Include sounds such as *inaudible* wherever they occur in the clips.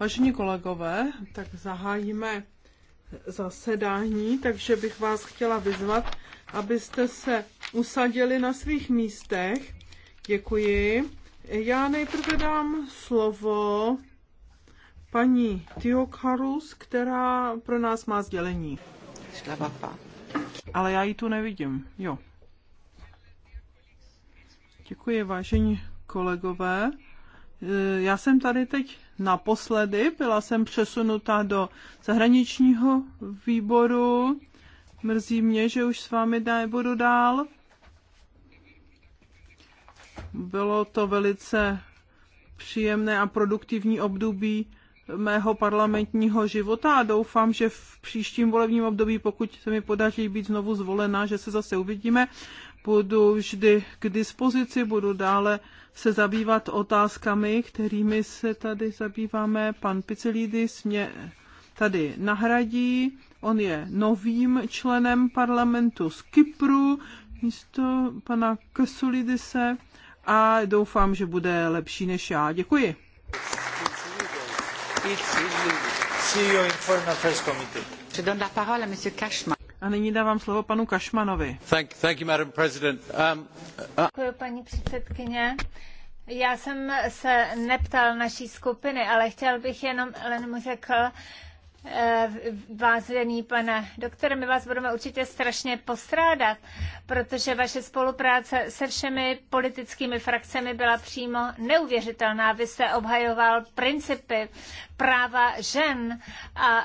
Vážení kolegové, tak zahájíme zasedání, takže bych vás chtěla vyzvat, abyste se usadili na svých místech. Děkuji. Já nejprve dám slovo paní Tiokarus, která pro nás má sdělení. Ale já ji tu nevidím. Jo. Děkuji, vážení kolegové. Eh, já jsem tady teď naposledy, byla jsem přesunuta do zahraničního výboru. Mrzí mě, že už s vámi nebudu dál. Bylo to velice příjemné a produktivní období mého parlamentního života a doufám, že v příštím volebním období, pokud se mi podaří být znovu zvolena, že se zase uvidíme budu vždy k dispozici, budu dále se zabývat otázkami, kterými se tady zabýváme. Pan Picelidis mě tady nahradí. On je novým členem parlamentu z Kypru místo pana Kasulidise a doufám, že bude lepší než já. Děkuji. Předám Je la parole à monsieur Cashman slovo Thank, you, President. Um, uh, paní předsedkyně. Já jsem se neptal naší skupiny, ale chtěl bych jenom Elenu řekl, eh, vážený pane doktore, my vás budeme určitě strašně postrádat, protože vaše spolupráce se všemi politickými frakcemi byla přímo neuvěřitelná. Vy jste obhajoval principy, práva žen a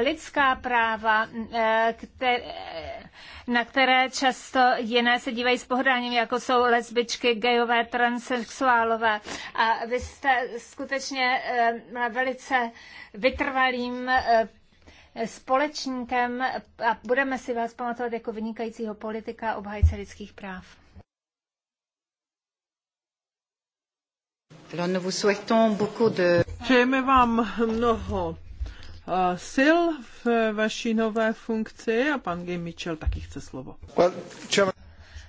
lidská práva, eh, eh, na které často jiné se dívají s pohodáním, jako jsou lesbičky, gejové, transsexuálové. A vy jste skutečně eh, velice vytrvalým společníkem a budeme si vás pamatovat jako vynikajícího politika obhájce lidských práv. Přejeme vám mnoho eh, sil v vaší nové funkci a pan G. Mitchell taky chce slovo.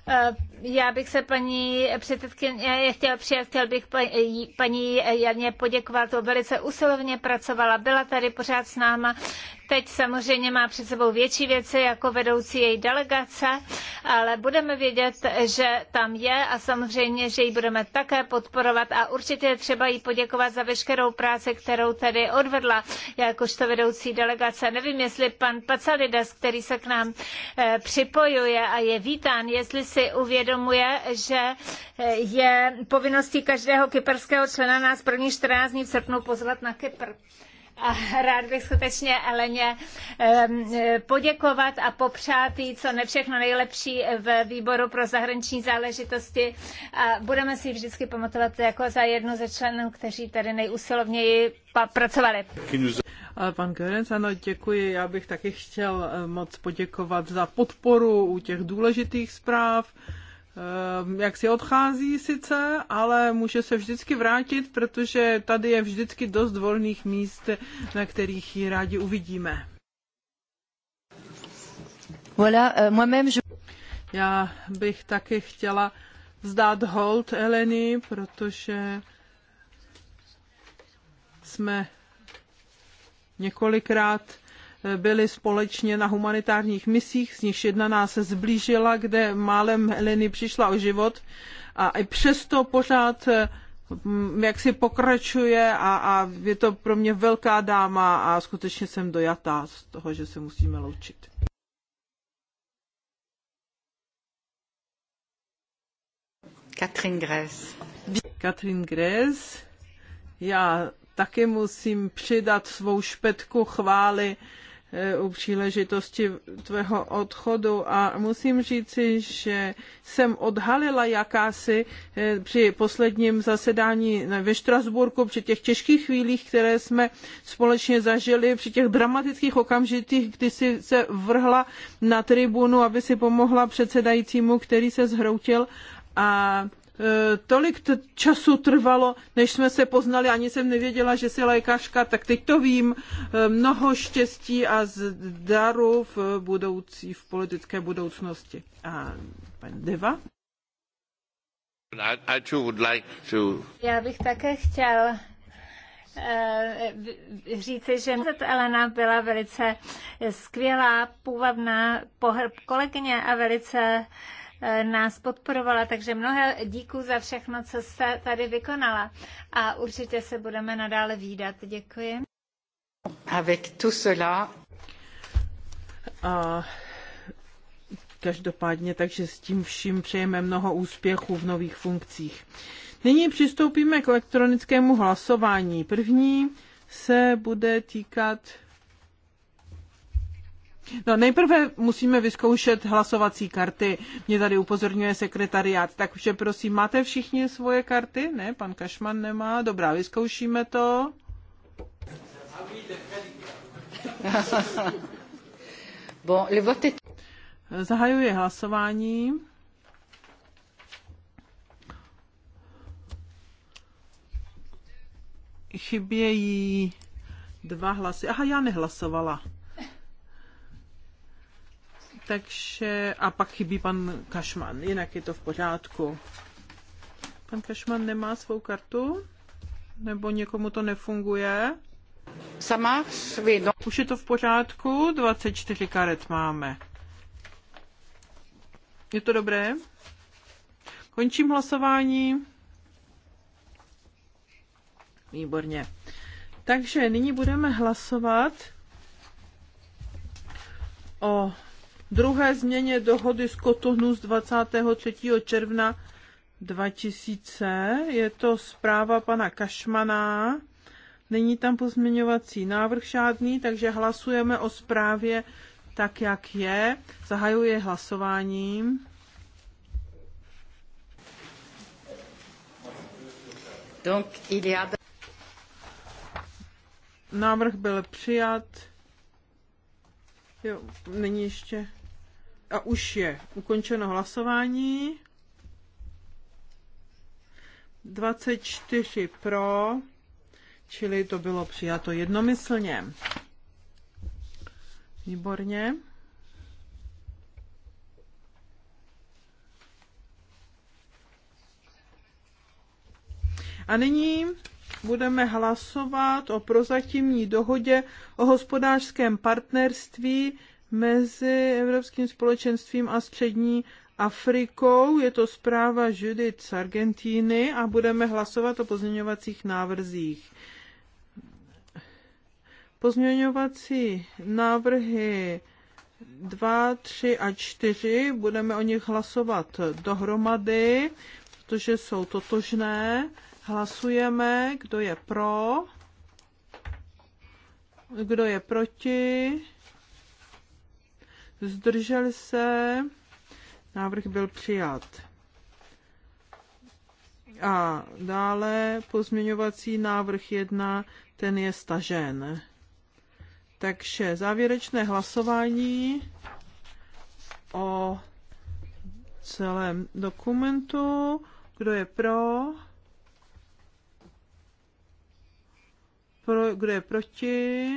Eh, já bych se paní předsedkyně chtěl přijat, chtěl bych paní Janě poděkovat, to velice usilovně pracovala, byla tady pořád s náma, Teď samozřejmě má před sebou větší věci jako vedoucí její delegace, ale budeme vědět, že tam je a samozřejmě, že ji budeme také podporovat a určitě je třeba jí poděkovat za veškerou práci, kterou tedy odvedla jakožto vedoucí delegace. Nevím, jestli pan Pacalides, který se k nám eh, připojuje a je vítán, jestli si uvědomuje, že eh, je povinností každého kyperského člena nás první 14 dní v srpnu pozvat na Kypr. A rád bych skutečně Eleně poděkovat a popřát jí co ne všechno nejlepší v výboru pro zahraniční záležitosti. A budeme si vždycky pamatovat jako za jednu ze členů, kteří tady nejusilovněji pracovali. Pan Kerenc, ano, děkuji. Já bych taky chtěl moc poděkovat za podporu u těch důležitých zpráv. Ehm, jak si odchází sice, ale může se vždycky vrátit, protože tady je vždycky dost volných míst, na kterých ji rádi uvidíme. Voilà, euh, moi-même je... Já bych taky chtěla vzdát hold Eleni, protože jsme několikrát byli společně na humanitárních misích, z nichž jedna nás se zblížila, kde málem Eleny přišla o život a i přesto pořád mm, jak si pokračuje a, a je to pro mě velká dáma a skutečně jsem dojatá z toho, že se musíme loučit. Katrin Grez. Katrin Grez, Já taky musím přidat svou špetku chvály E, u příležitosti tvého odchodu a musím říci, že jsem odhalila jakási e, při posledním zasedání ve Štrasburku, při těch těžkých chvílích, které jsme společně zažili, při těch dramatických okamžitých, kdy si se vrhla na tribunu, aby si pomohla předsedajícímu, který se zhroutil a Eh, tolik času trvalo, než jsme se poznali, ani jsem nevěděla, že jsi lékařka, tak teď to vím. Eh, mnoho štěstí a zdaru v budoucí, v politické budoucnosti. A pan Deva? Já bych také chtěl eh, říci, že Elena byla velice skvělá, půvabná kolegyně a velice E, nás podporovala, takže mnohé díků za všechno, co jste tady vykonala a určitě se budeme nadále výdat. Děkuji. Avec tout cela. A každopádně, takže s tím vším přejeme mnoho úspěchů v nových funkcích. Nyní přistoupíme k elektronickému hlasování. První se bude týkat No, nejprve musíme vyzkoušet hlasovací karty. Mě tady upozorňuje sekretariát, takže prosím, máte všichni svoje karty? Ne, pan Kašman nemá. Dobrá, vyzkoušíme to. *laughs* bon, Zahajuji hlasování. Chybějí dva hlasy. Aha, já nehlasovala takže a pak chybí pan Kašman, jinak je to v pořádku. Pan Kašman nemá svou kartu? Nebo někomu to nefunguje? Sama svědom. Už je to v pořádku, 24 karet máme. Je to dobré? Končím hlasování. Výborně. Takže nyní budeme hlasovat o druhé změně dohody z Kotonu z 23. června 2000. Je to zpráva pana Kašmana. Není tam pozměňovací návrh žádný, takže hlasujeme o zprávě tak, jak je. Zahajuje hlasováním. Donc, il y a... Návrh byl přijat. Jo, není ještě a už je ukončeno hlasování. 24 pro, čili to bylo přijato jednomyslně. Výborně. A nyní budeme hlasovat o prozatímní dohodě o hospodářském partnerství mezi Evropským společenstvím a střední Afrikou. Je to zpráva Judith z Argentíny a budeme hlasovat o pozměňovacích návrzích. Pozměňovací návrhy 2, 3 a 4 budeme o nich hlasovat dohromady, protože jsou totožné. Hlasujeme, kdo je pro, kdo je proti zdržel se, návrh byl přijat. A dále pozměňovací návrh 1, ten je stažen. Takže závěrečné hlasování o celém dokumentu. Kdo je pro? pro kdo je proti?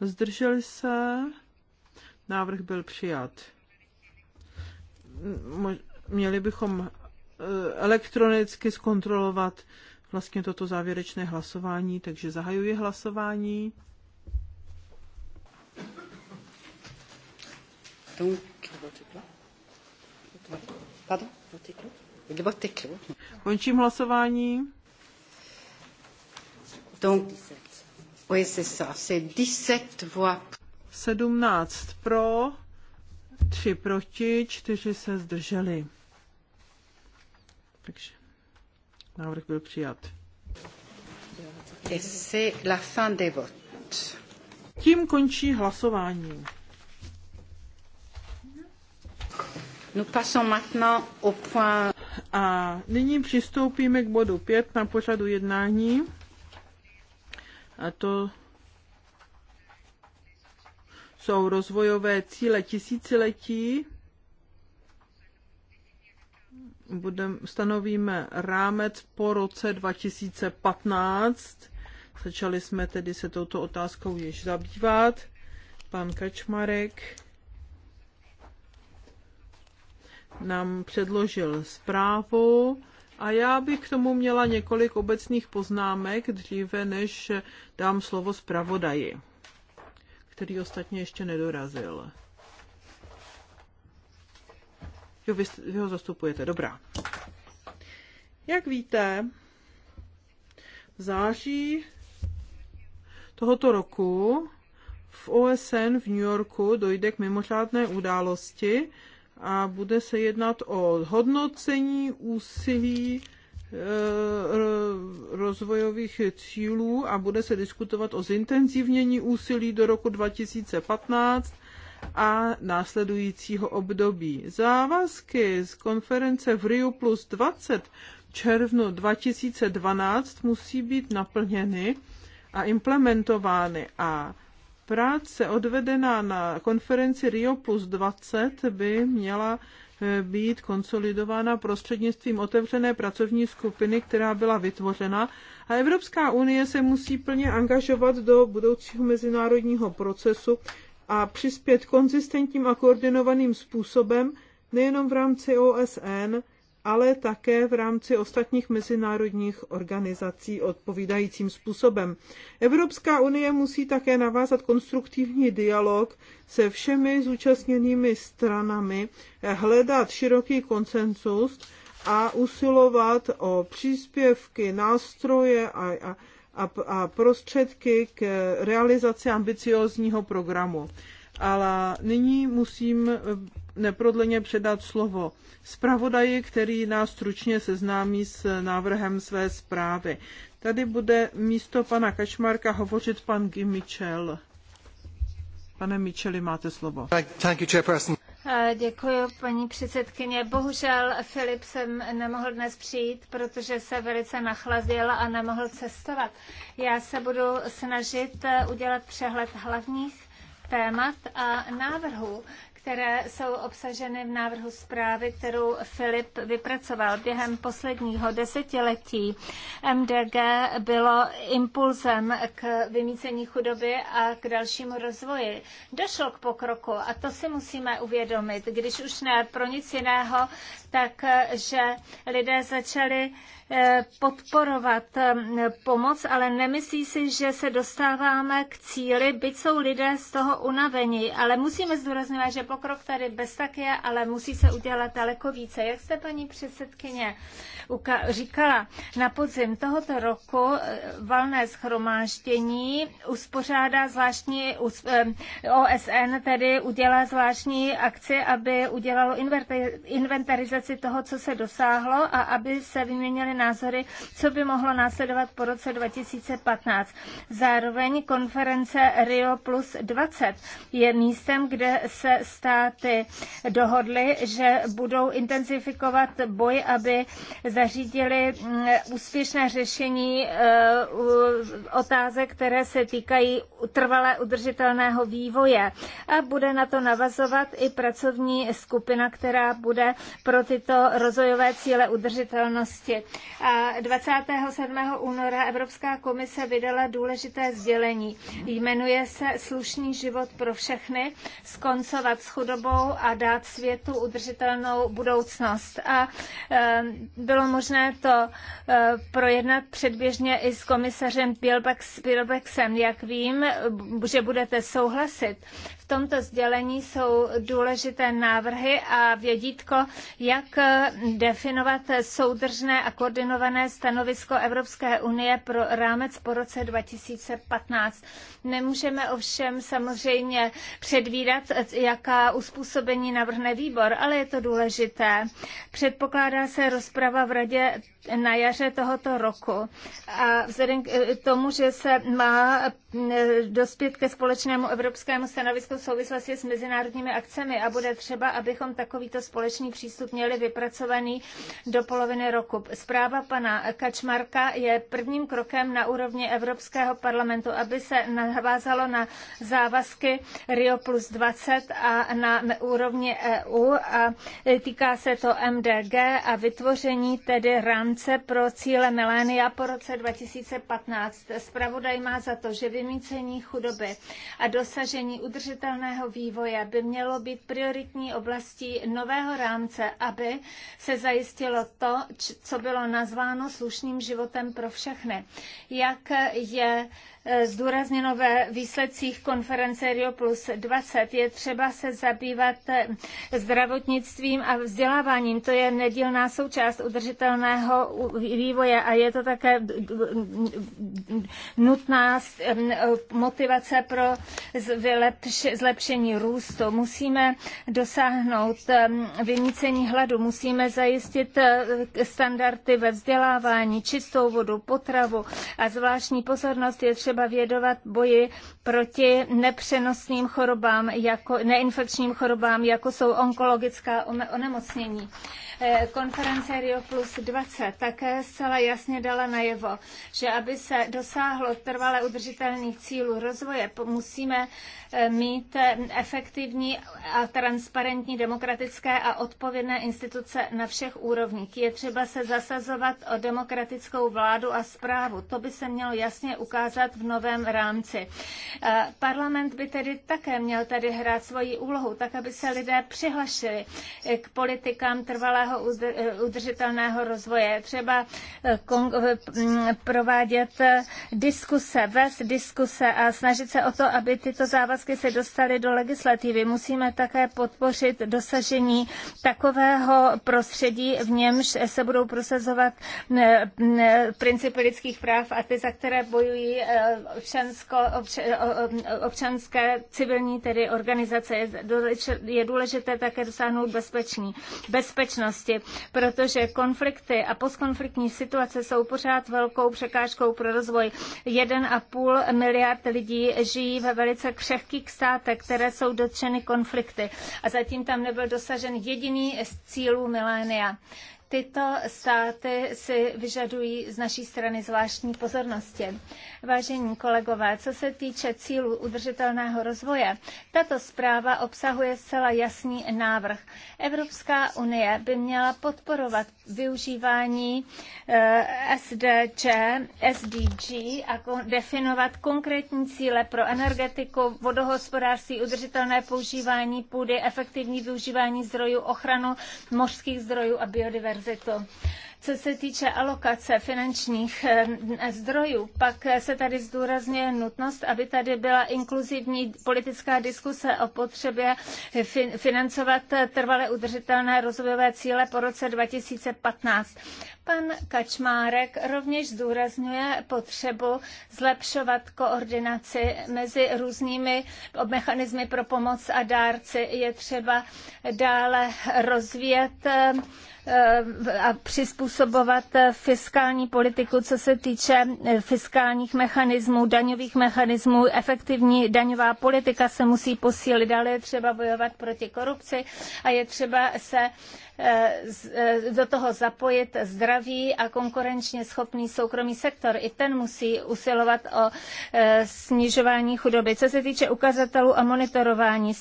Zdrželi se? Návrh byl přijat. Měli bychom e, elektronicky zkontrolovat vlastně toto závěrečné hlasování, takže zahajuji hlasování. Končím hlasování. Donc, oui, c'est ça, c'est 17 voix. 17 pro, 3 proti, 4 se zdrželi. Takže návrh byl přijat. la fin des votes. Tím končí hlasování. A nyní přistoupíme k bodu 5 na pořadu jednání. A to jsou rozvojové cíle tisíciletí. Budem, stanovíme rámec po roce 2015. Začali jsme tedy se touto otázkou již zabývat. Pan Kačmarek nám předložil zprávu. A já bych k tomu měla několik obecných poznámek, dříve než dám slovo zpravodaji který ostatně ještě nedorazil. Jo, vy, vy ho zastupujete, dobrá. Jak víte, v září tohoto roku v OSN v New Yorku dojde k mimořádné události a bude se jednat o hodnocení úsilí Eh, rozvojových cílů a bude se diskutovat o zintenzivnění úsilí do roku 2015 a následujícího období. Závazky z konference v Rio plus 20 červnu 2012 musí být naplněny a implementovány a práce odvedená na konferenci Rio plus 20 by měla být konsolidována prostřednictvím otevřené pracovní skupiny, která byla vytvořena. A Evropská unie se musí plně angažovat do budoucího mezinárodního procesu a přispět konzistentním a koordinovaným způsobem nejenom v rámci OSN, ale také v rámci ostatních mezinárodních organizací odpovídajícím způsobem. Evropská unie musí také navázat konstruktivní dialog se všemi zúčastněnými stranami, hledat široký konsenzus a usilovat o příspěvky, nástroje a, a, a, a prostředky k realizaci ambiciozního programu. Ale nyní musím neprodleně předat slovo zpravodaji, který nás stručně seznámí s návrhem své zprávy. Tady bude místo pana Kačmarka hovořit pan Guy Mitchell. Pane Micheli, máte slovo. Thank you, chairperson. Děkuji, paní předsedkyně. Bohužel Filip jsem nemohl dnes přijít, protože se velice nachlazil a nemohl cestovat. Já se budu snažit udělat přehled hlavních témat a návrhů, které jsou obsaženy v návrhu zprávy, kterou Filip vypracoval. Během posledního desetiletí MDG bylo impulzem k vymícení chudoby a k dalšímu rozvoji. Došlo k pokroku a to si musíme uvědomit, když už ne pro nic jiného, tak že lidé začali Eh, podporovat eh, pomoc, ale nemyslí si, že se dostáváme k cíli, byť jsou lidé z toho unavení. Ale musíme zdůrazňovat, že pokrok tady bez tak je, ale musí se udělat daleko více. Jak jste, paní předsedkyně, říkala, na podzim tohoto roku eh, valné schromáždění uspořádá zvláštní OSN, tedy udělá zvláštní akci, aby udělalo inventarizaci toho, co se dosáhlo a aby se vyměnili názory, co by mohlo následovat po roce 2015. Zároveň konference Rio plus 20 je místem, kde se státy dohodly, že budou intenzifikovat boj, aby zařídili mm, úspěšné řešení eh, otázek, které se týkají trvalé udržitelného vývoje. A bude na to navazovat i pracovní skupina, která bude pro tyto rozvojové cíle udržitelnosti. A 27. února Evropská komise vydala důležité sdělení. Jmenuje se Slušný život pro všechny, skoncovat s chudobou a dát světu udržitelnou budoucnost. A bylo možné to e, projednat předběžně i s komisařem Pilbexem. Jak vím, že budete souhlasit, v tomto sdělení jsou důležité návrhy a vědítko, jak e, definovat soudržné a koordinované stanovisko Evropské unie pro rámec po roce 2015. Nemůžeme ovšem samozřejmě předvídat, jaká uspůsobení navrhne výbor, ale je to důležité. Předpokládá se rozprava v radě na jaře tohoto roku. A vzhledem k tomu, že se má dospět ke společnému evropskému stanovisku v souvislosti s mezinárodními akcemi a bude třeba, abychom takovýto společný přístup měli vypracovaný do poloviny roku. Zpráva pana Kačmarka je prvním krokem na úrovni Evropského parlamentu, aby se navázalo na závazky Rio plus 20 a na úrovni EU a týká se to MDG a vytvoření tedy rámce pro cíle milénia po roce 2015. Zpravodaj má za to, že vymícení chudoby a dosažení udržitelného vývoje by mělo být prioritní oblastí nového rámce, aby se zajistilo to, co bylo nazváno slušným životem pro všechny. Jak je Eh, zdůrazněno ve výsledcích konference Rio plus 20. Je třeba se zabývat eh, zdravotnictvím a vzděláváním. To je nedílná součást udržitelného vývoje a je to také nutná eh, motivace pro zlepšení růstu. Musíme dosáhnout vymícení hladu, musíme zajistit standardy ve vzdělávání, čistou vodu, potravu a zvláštní pozornost je třeba třeba vědovat boji proti nepřenosným chorobám, jako, neinfekčním chorobám, jako jsou onkologická onemocnění. Eh, konference Rio Plus 20 také zcela jasně dala najevo, že aby se dosáhlo trvale udržitelných cílů rozvoje, musíme mít efektivní a transparentní demokratické a odpovědné instituce na všech úrovních. Je třeba se zasazovat o demokratickou vládu a zprávu. To by se mělo jasně ukázat v novém rámci. Eh, Parlament by tedy také měl tady hrát svoji úlohu, tak aby se lidé přihlašili k politikám trvalého udržitelného rozvoje. Třeba eh, eh, provádět diskuse, vést diskuse a snažit se o to, aby tyto závazky otázky se dostaly do legislativy. Musíme také podpořit dosažení takového prostředí, v němž se budou prosazovat principy lidských práv a ty, za které bojují eh, občansko, obč, občanské civilní tedy organizace. Je důležité také dosáhnout bezpeční, bezpečnosti, protože konflikty a postkonfliktní situace jsou pořád velkou překážkou pro rozvoj. 1,5 miliard lidí žijí ve velice křehkých křehkých státech, které jsou dotčeny konflikty a zatím tam nebyl dosažen jediný z cílů milénia. Tyto státy si vyžadují z naší strany zvláštní pozornosti. Vážení kolegové, co se týče cílů udržitelného rozvoje, tato zpráva obsahuje zcela jasný návrh. Evropská unie by měla podporovat využívání eh, SDČ, SDG a definovat konkrétní cíle pro energetiku, vodohospodářství, udržitelné používání půdy, efektivní využívání zdrojů, ochranu mořských zdrojů a biodiverzitu. Co se týče alokace finančních eh, zdrojů, pak eh, se tady zdůrazňuje nutnost, aby tady byla inkluzivní politická diskuse o potřebě financovat eh, trvale udržitelné rozvojové cíle po roce 2015. Pan Kačmárek rovněž zdůrazňuje potřebu zlepšovat koordinaci mezi různými mechanismy pro pomoc a dárci. Je třeba dále rozvíjet Eh, a přizpůsobovat eh, fiskální politiku, co se týče eh, fiskálních mechanismů, daňových mechanismů. Efektivní daňová politika se musí posílit, dále je třeba bojovat proti korupci a je třeba se Eh, eh, do toho zapojit zdravý a konkurenčně schopný soukromý sektor. I ten musí usilovat o eh, snižování chudoby. Co se týče ukazatelů a monitorování,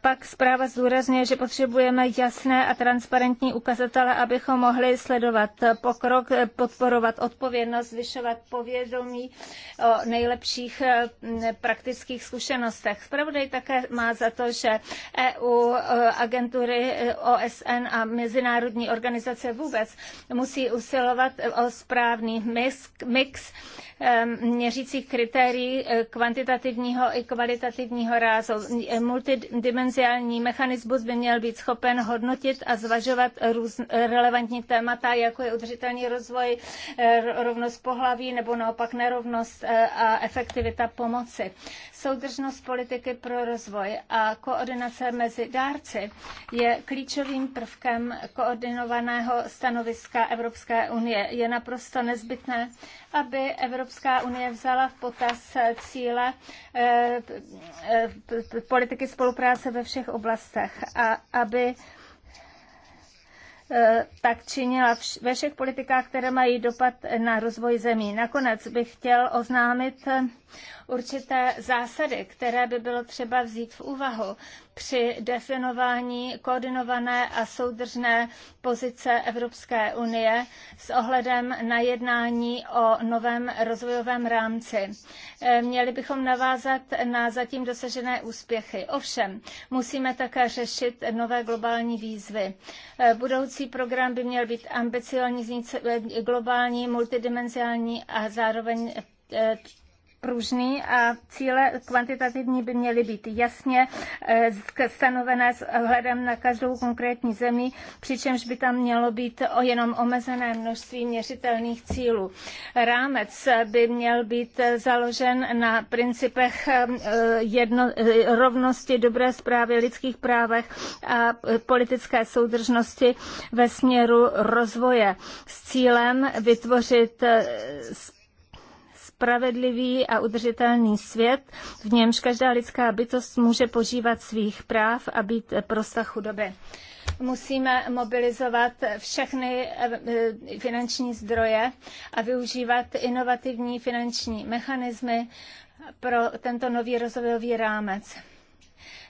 pak zpráva zdůrazňuje, že potřebujeme jasné a transparentní ukazatele, abychom mohli sledovat pokrok, podporovat odpovědnost, zvyšovat povědomí o nejlepších praktických zkušenostech. Spravodaj také má za to, že EU, agentury OSN a mezinárodní organizace vůbec musí usilovat o správný mix, mix Ehm, měřících kritérií eh, kvantitativního i kvalitativního rázu. Eh, multidimenziální mechanismus by měl být schopen hodnotit a zvažovat růz, relevantní témata, jako je udržitelný rozvoj, eh, rovnost pohlaví nebo naopak nerovnost a efektivita pomoci. Soudržnost politiky pro rozvoj a koordinace mezi dárci je klíčovým prvkem koordinovaného stanoviska Evropské unie. Je naprosto nezbytné, aby Evropská unie vzala v potaz cíle eh, eh, politiky spolupráce ve všech oblastech a aby eh, tak činila ve všech politikách, které mají dopad na rozvoj zemí. Nakonec bych chtěl oznámit určité zásady, které by bylo třeba vzít v úvahu při definování koordinované a soudržné pozice Evropské unie s ohledem na jednání o novém rozvojovém rámci. Eh, měli bychom navázat na zatím dosažené úspěchy. Ovšem, musíme také řešit nové globální výzvy. Eh, budoucí program by měl být ambiciozní, globální, multidimenziální a zároveň eh, pružný a cíle kvantitativní by měly být jasně eh, stanovené s ohledem na každou konkrétní zemi, přičemž by tam mělo být o jenom omezené množství měřitelných cílů. Rámec by měl být založen na principech eh, jedno, eh, rovnosti, dobré zprávy, lidských právech a politické soudržnosti ve směru rozvoje s cílem vytvořit spravedlivý a udržitelný svět, v němž každá lidská bytost může požívat svých práv a být prosta chudoby musíme mobilizovat všechny eh, finanční zdroje a využívat inovativní finanční mechanismy pro tento nový rozvojový rámec.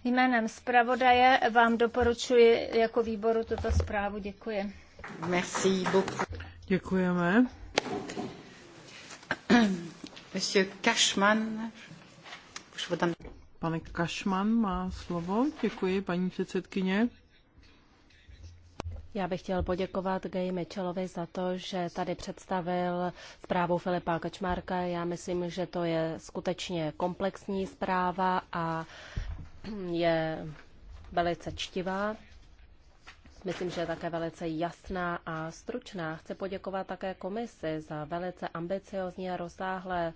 Jménem zpravodaje vám doporučuji jako výboru tuto zprávu. Děkuji. Merci beaucoup. Děkujeme. Monsieur Cashman. Už Pane Kašman má slovo. Děkuji, paní předsedkyně. Já bych chtěl poděkovat Gay Mitchellovi za to, že tady představil zprávu Filipa Kačmárka. Já myslím, že to je skutečně komplexní zpráva a je velice čtivá. Myslím, že je také velice jasná a stručná. Chci poděkovat také komisi za velice ambiciozní a rozsáhlé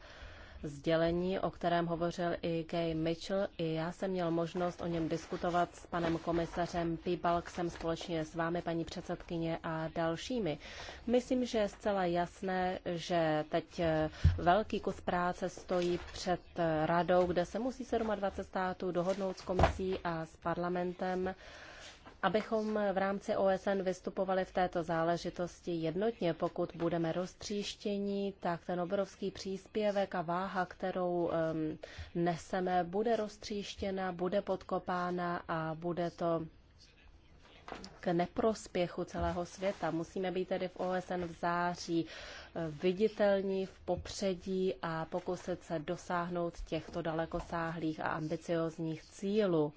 sdělení, o kterém hovořil i Gay Mitchell. I já jsem měl možnost o něm diskutovat s panem komisařem Pibalksem společně s vámi, paní předsedkyně, a dalšími. Myslím, že je zcela jasné, že teď eh, velký kus práce stojí před eh, radou, kde se musí 27 států dohodnout s komisí a s parlamentem abychom v rámci OSN vystupovali v této záležitosti jednotně. Pokud budeme roztříštění, tak ten obrovský příspěvek a váha, kterou um, neseme, bude roztříštěna, bude podkopána a bude to k neprospěchu celého světa. Musíme být tedy v OSN v září eh, viditelní v popředí a pokusit se dosáhnout těchto dalekosáhlých a ambiciozních cílů.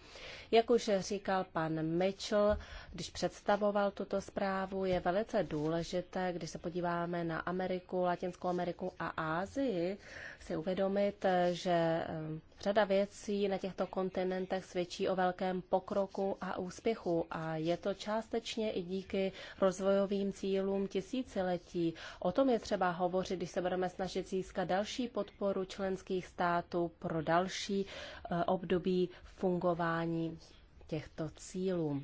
Jak už říkal pan Mitchell, když představoval tuto zprávu, je velice důležité, když se podíváme na Ameriku, Latinskou Ameriku a Ázii, si uvědomit, eh, že eh, Řada věcí na těchto kontinentech svědčí o velkém pokroku a úspěchu a je to částečně i díky rozvojovým cílům tisíciletí. O tom je třeba hovořit, když se budeme snažit získat další podporu členských států pro další eh, období fungování těchto cílů.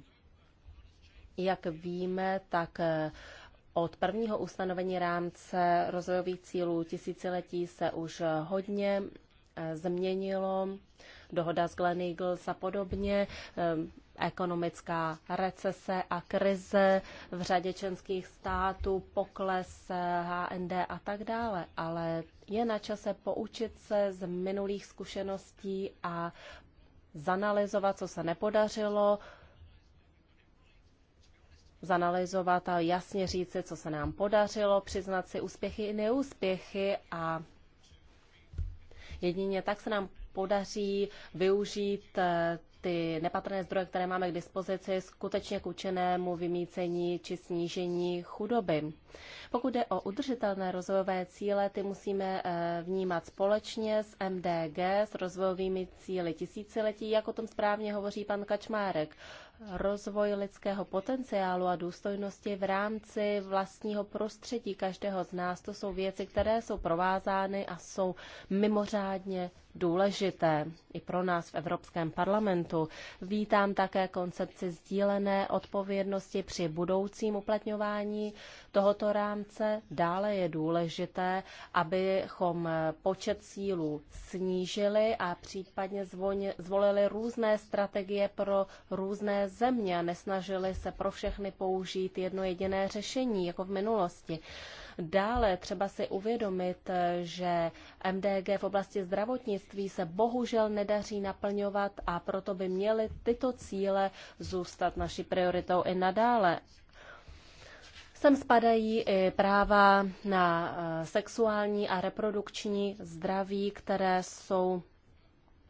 Jak víme, tak eh, od prvního ustanovení rámce rozvojových cílů tisíciletí se už hodně změnilo, dohoda s Glen Eagles a podobně, ehm, ekonomická recese a krize v řadě členských států, pokles HND eh, a tak dále. Ale je na čase poučit se z minulých zkušeností a zanalizovat, co se nepodařilo, zanalizovat a jasně říci, co se nám podařilo, přiznat si úspěchy i neúspěchy a Jedině tak se nám podaří využít eh, ty nepatrné zdroje, které máme k dispozici, skutečně k účinnému vymícení či snížení chudoby. Pokud jde o udržitelné rozvojové cíle, ty musíme eh, vnímat společně s MDG, s rozvojovými cíly tisíciletí, jak o tom správně hovoří pan Kačmárek rozvoj lidského potenciálu a důstojnosti v rámci vlastního prostředí každého z nás, to jsou věci, které jsou provázány a jsou mimořádně důležité i pro nás v Evropském parlamentu. Vítám také koncepci sdílené odpovědnosti při budoucím uplatňování tohoto rámce. Dále je důležité, abychom počet cílů snížili a případně zvolili různé strategie pro různé země a nesnažili se pro všechny použít jedno jediné řešení, jako v minulosti. Dále třeba si uvědomit, že MDG v oblasti zdravotnictví se bohužel nedaří naplňovat a proto by měly tyto cíle zůstat naší prioritou i nadále. Sem spadají i práva na eh, sexuální a reprodukční zdraví, které jsou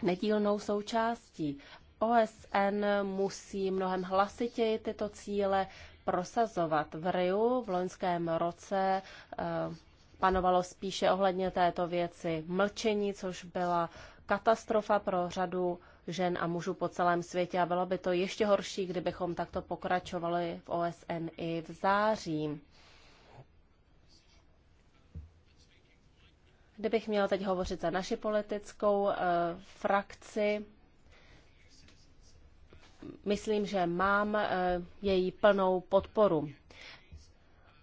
nedílnou součástí. OSN musí mnohem hlasitěji tyto cíle prosazovat. V Riu v loňském roce eh, panovalo spíše ohledně této věci mlčení, což byla katastrofa pro řadu žen a mužů po celém světě a bylo by to ještě horší, kdybychom takto pokračovali v OSN i v září. Kdybych měl teď hovořit za naši politickou e, frakci, myslím, že mám eh, její plnou podporu.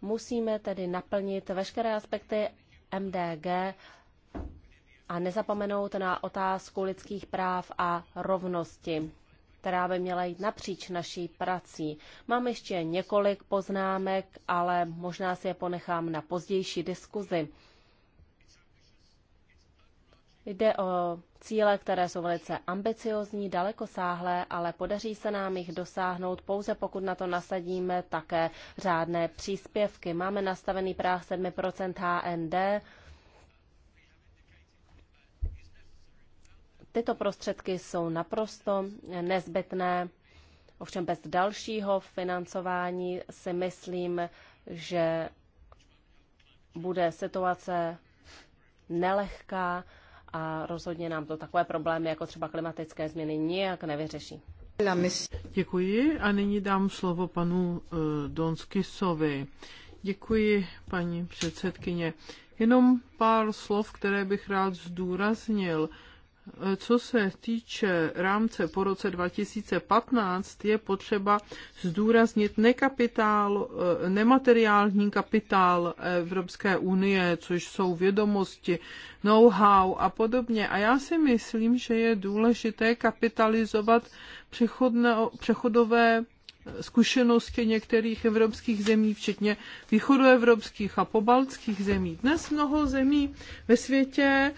Musíme tedy naplnit veškeré aspekty MDG a nezapomenout na otázku lidských práv a rovnosti, která by měla jít napříč naší prací. Mám ještě několik poznámek, ale možná si je ponechám na pozdější diskuzi. Jde o cíle, které jsou velice ambiciozní, dalekosáhlé, ale podaří se nám jich dosáhnout pouze pokud na to nasadíme také řádné příspěvky. Máme nastavený práh 7% HND. Tyto prostředky jsou naprosto nezbytné. Ovšem bez dalšího financování si myslím, že bude situace nelehká a rozhodně nám to takové problémy, jako třeba klimatické změny, nijak nevyřeší. Děkuji a nyní dám slovo panu eh, Donskisovi. Děkuji, paní předsedkyně. Jenom pár slov, které bych rád zdůraznil co se týče rámce po roce 2015, je potřeba zdůraznit nekapitál, eh, nemateriální kapitál Evropské unie, což jsou vědomosti, know-how a podobně. A já si myslím, že je důležité kapitalizovat přechodné, přechodové zkušenosti některých evropských zemí, včetně východoevropských a pobaltských zemí. Dnes mnoho zemí ve světě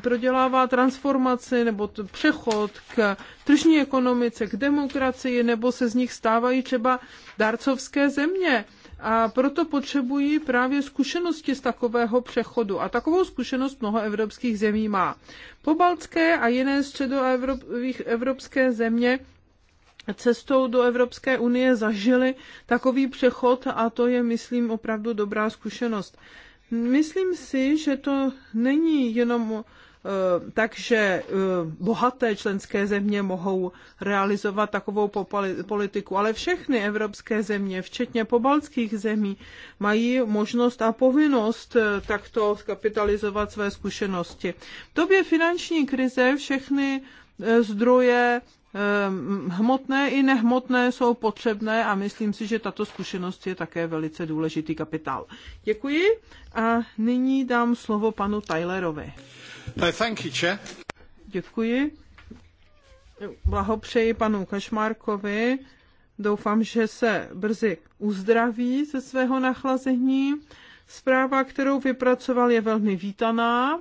prodělává transformaci nebo přechod k tržní ekonomice, k demokracii, nebo se z nich stávají třeba darcovské země. A proto potřebují právě zkušenosti z takového přechodu. A takovou zkušenost mnoho evropských zemí má. Pobaltské a jiné středoevropské země cestou do Evropské unie zažili takový přechod a to je, myslím, opravdu dobrá zkušenost. Myslím si, že to není jenom eh, takže eh, bohaté členské země mohou realizovat takovou politiku, ale všechny evropské země, včetně pobaltských zemí, mají možnost a povinnost eh, takto skapitalizovat své zkušenosti. V době finanční krize všechny Eh, zdroje eh, hmotné i nehmotné jsou potřebné a myslím si, že tato zkušenost je také velice důležitý kapitál. Děkuji a nyní dám slovo panu Tylerovi. Eh, thank you, chair. Děkuji. Blahopřeji panu Kašmárkovi. Doufám, že se brzy uzdraví ze svého nachlazení. Zpráva, kterou vypracoval, je velmi vítaná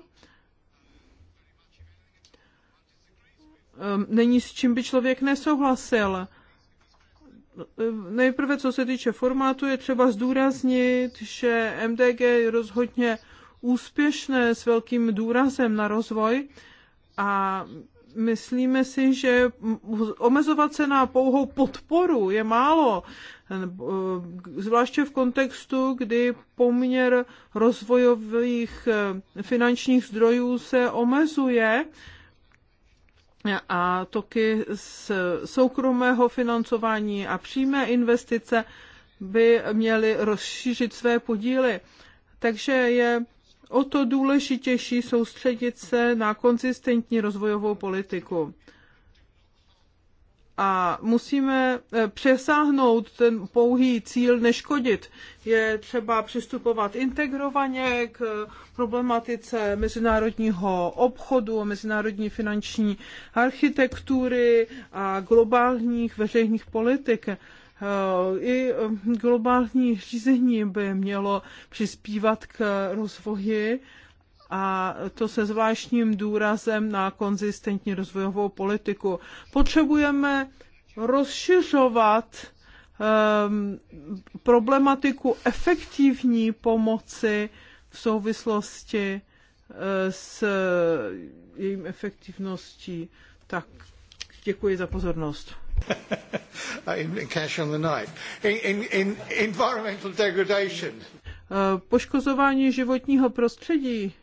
Ehm, není s čím by člověk nesouhlasil. Ehm, nejprve, co se týče formátu, je třeba zdůraznit, že MDG je rozhodně úspěšné s velkým důrazem na rozvoj a myslíme si, že omezovat se na pouhou podporu je málo, ehm, zvláště v kontextu, kdy poměr rozvojových finančních zdrojů se omezuje a toky z soukromého financování a přímé investice by měly rozšířit své podíly. Takže je o to důležitější soustředit se na konzistentní rozvojovou politiku a musíme eh, přesáhnout ten pouhý cíl neškodit. Je třeba přistupovat integrovaně k eh, problematice mezinárodního obchodu, mezinárodní finanční architektury a globálních veřejných politik. Eh, I globální řízení by mělo přispívat k rozvoji a to se zvláštním důrazem na konzistentní rozvojovou politiku. Potřebujeme rozšiřovat um, problematiku efektivní pomoci v souvislosti e, s jejím efektivností. Tak děkuji za pozornost. *laughs* cash on the night. environmental degradation. E, poškozování životního prostředí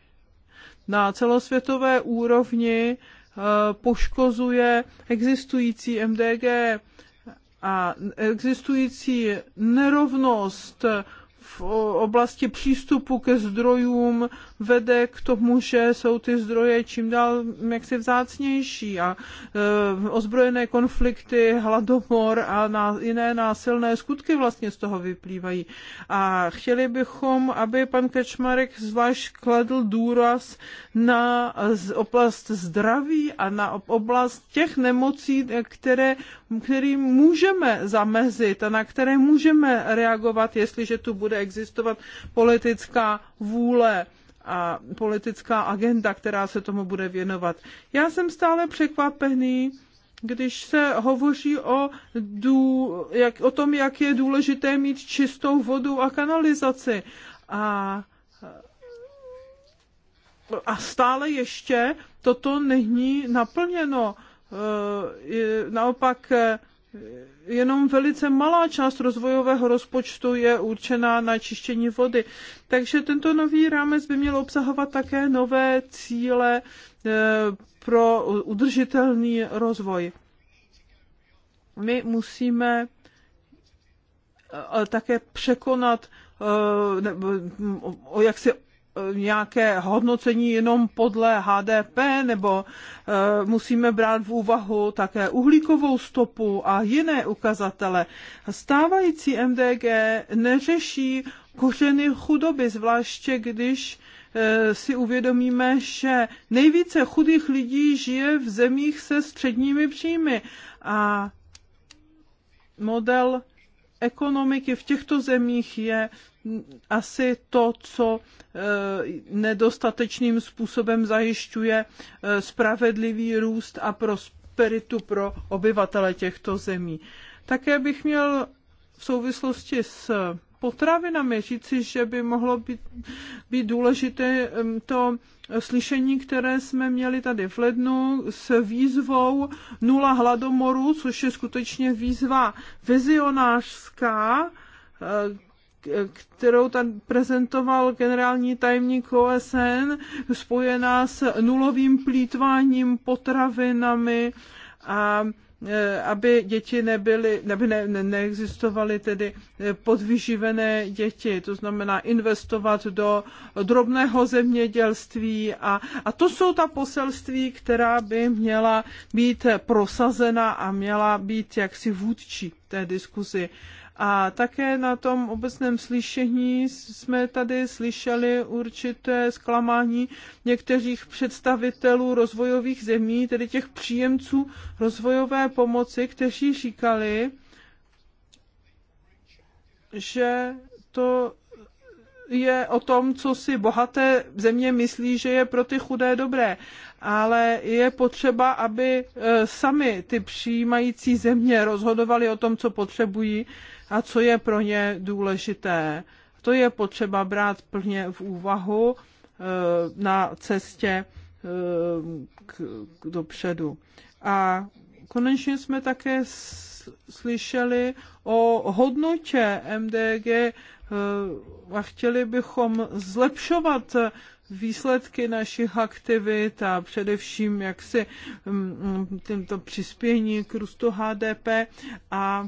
na celosvětové úrovni eh, poškozuje existující MDG a existující nerovnost oblasti přístupu ke zdrojům vede k tomu, že jsou ty zdroje čím dál jaksi vzácnější a eh, ozbrojené konflikty, hladomor a jiné násilné skutky vlastně z toho vyplývají. A chtěli bychom, aby pan Kečmarek zvlášť kladl důraz na oblast zdraví a na oblast těch nemocí, které kterým můžeme zamezit a na které můžeme reagovat, jestliže tu bude existovat politická vůle a politická agenda, která se tomu bude věnovat. Já jsem stále překvapený, když se hovoří o, dů, jak, o tom, jak je důležité mít čistou vodu a kanalizaci. A, a stále ještě toto není naplněno. Eh, naopak eh, jenom velice malá část rozvojového rozpočtu je určená na čištění vody. Takže tento nový rámec by měl obsahovat také nové cíle eh, pro udržitelný rozvoj. My musíme také překonat mm, o jak se nějaké hodnocení jenom podle HDP, nebo eh, musíme brát v úvahu také uhlíkovou stopu a jiné ukazatele. Stávající MDG neřeší kořeny chudoby, zvláště když eh, si uvědomíme, že nejvíce chudých lidí žije v zemích se středními příjmy a model ekonomiky v těchto zemích je asi to, co eh, nedostatečným způsobem zajišťuje eh, spravedlivý růst a prosperitu pro obyvatele těchto zemí. Také bych měl v souvislosti s potravinami říci, že by mohlo být, být důležité mm, to slyšení, které jsme měli tady v lednu s výzvou nula hladomoru, což je skutečně výzva vizionářská, eh, kterou tam prezentoval generální tajemník OSN, spojená s nulovým plítváním potravinami a eh, aby děti nebyly, aby ne, ne, neexistovaly tedy eh, podvyživené děti, to znamená investovat do drobného zemědělství a, a to jsou ta poselství, která by měla být prosazena a měla být jaksi vůdčí té diskuzi. A také na tom obecném slyšení jsme tady slyšeli určité zklamání některých představitelů rozvojových zemí, tedy těch příjemců rozvojové pomoci, kteří říkali, že to je o tom, co si bohaté země myslí, že je pro ty chudé dobré. Ale je potřeba, aby eh, sami ty přijímající země rozhodovali o tom, co potřebují a co je pro ně důležité. To je potřeba brát plně v úvahu eh, na cestě eh, k, k dopředu. A konečně jsme také slyšeli o hodnotě MDG eh, a chtěli bychom zlepšovat výsledky našich aktivit a především jak si mm, mm, tímto přispění k růstu HDP a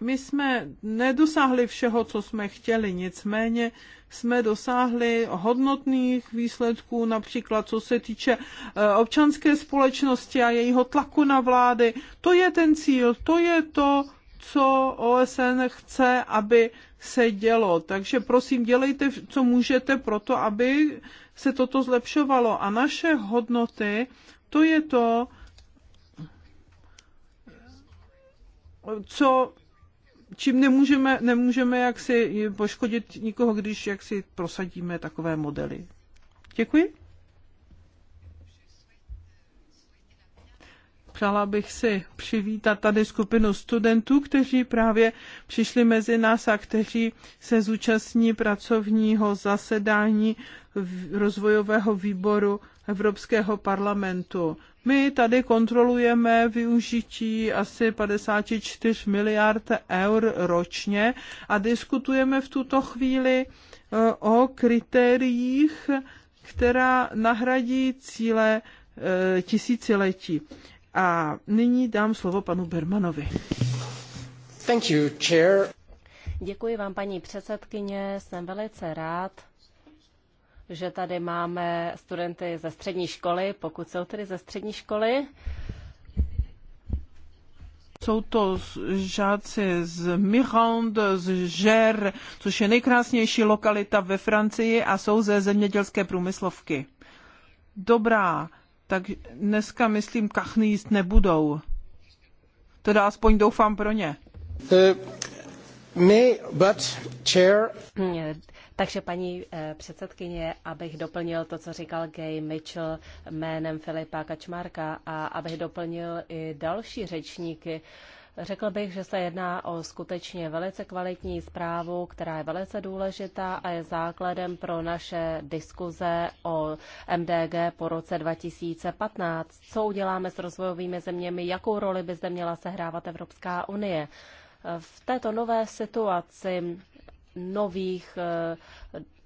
my jsme nedosáhli všeho, co jsme chtěli, nicméně jsme dosáhli hodnotných výsledků, například co se týče e, občanské společnosti a jejího tlaku na vlády. To je ten cíl, to je to, co OSN chce, aby se dělo. Takže prosím, dělejte, co můžete pro to, aby se toto zlepšovalo. A naše hodnoty, to je to, co čím nemůžeme, nemůžeme jaksi poškodit nikoho, když jaksi prosadíme takové modely. Děkuji. Přála bych si přivítat tady skupinu studentů, kteří právě přišli mezi nás a kteří se zúčastní pracovního zasedání rozvojového výboru Evropského parlamentu. My tady kontrolujeme využití asi 54 miliard eur ročně a diskutujeme v tuto chvíli e, o kritériích, která nahradí cíle e, tisíciletí. A nyní dám slovo panu Bermanovi. Thank you, chair. Děkuji vám, paní předsedkyně. Jsem velice rád, že tady máme studenty ze střední školy, pokud jsou tedy ze střední školy. Jsou to žáci z Mirande, z Žer, což je nejkrásnější lokalita ve Francii a jsou ze zemědělské průmyslovky. Dobrá, tak dneska, myslím, kachny jíst nebudou. Teda aspoň doufám pro ně. Uh, eh, me, but, chair... Takže paní eh, předsedkyně, abych doplnil to, co říkal Gay Mitchell jménem Filipa Kačmarka a abych doplnil i další řečníky, Řekl bych, že se jedná o skutečně velice kvalitní zprávu, která je velice důležitá a je základem pro naše diskuze o MDG po roce 2015. Co uděláme s rozvojovými zeměmi, jakou roli by zde měla sehrávat Evropská unie. V této nové situaci nových eh,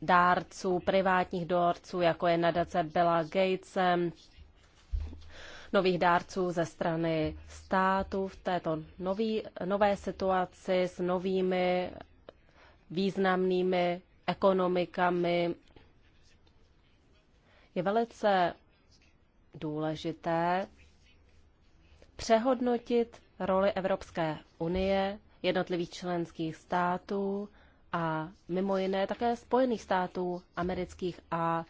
dárců, privátních dárců, jako je nadace Bela Gatesem, nových dárců ze strany státu v této nový, nové situaci s novými významnými ekonomikami je velice důležité přehodnotit roli Evropské unie, jednotlivých členských států a mimo jiné také Spojených států amerických a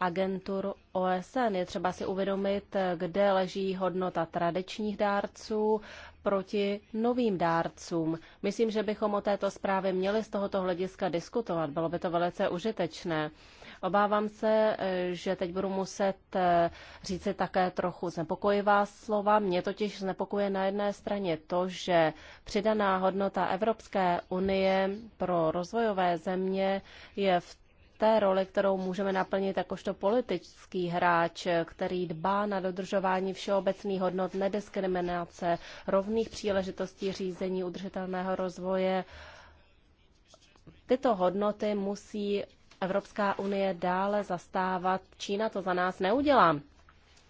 agentur OSN. Je třeba si uvědomit, kde leží hodnota tradičních dárců proti novým dárcům. Myslím, že bychom o této zprávě měli z tohoto hlediska diskutovat. Bylo by to velice užitečné. Obávám se, eh, že teď budu muset eh, říci také trochu znepokojivá slova. Mě totiž znepokuje na jedné straně to, že přidaná hodnota Evropské unie pro rozvojové země je v té roli, kterou můžeme naplnit jakožto politický hráč, který dbá na dodržování všeobecných hodnot nediskriminace, rovných příležitostí řízení udržitelného rozvoje. Tyto hodnoty musí Evropská unie dále zastávat. Čína to za nás neudělá.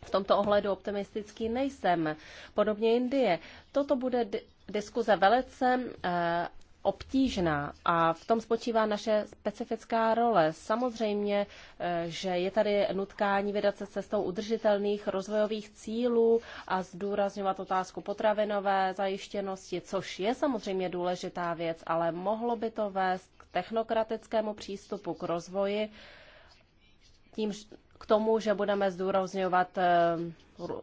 V tomto ohledu optimistický nejsem. Podobně Indie. Toto bude diskuze velice eh, obtížná a v tom spočívá naše specifická role. Samozřejmě, eh, že je tady nutkání vydat se cestou udržitelných rozvojových cílů a zdůrazňovat otázku potravinové zajištěnosti, což je samozřejmě důležitá věc, ale mohlo by to vést technokratickému přístupu k rozvoji, tím, k tomu, že budeme zdůrazňovat eh,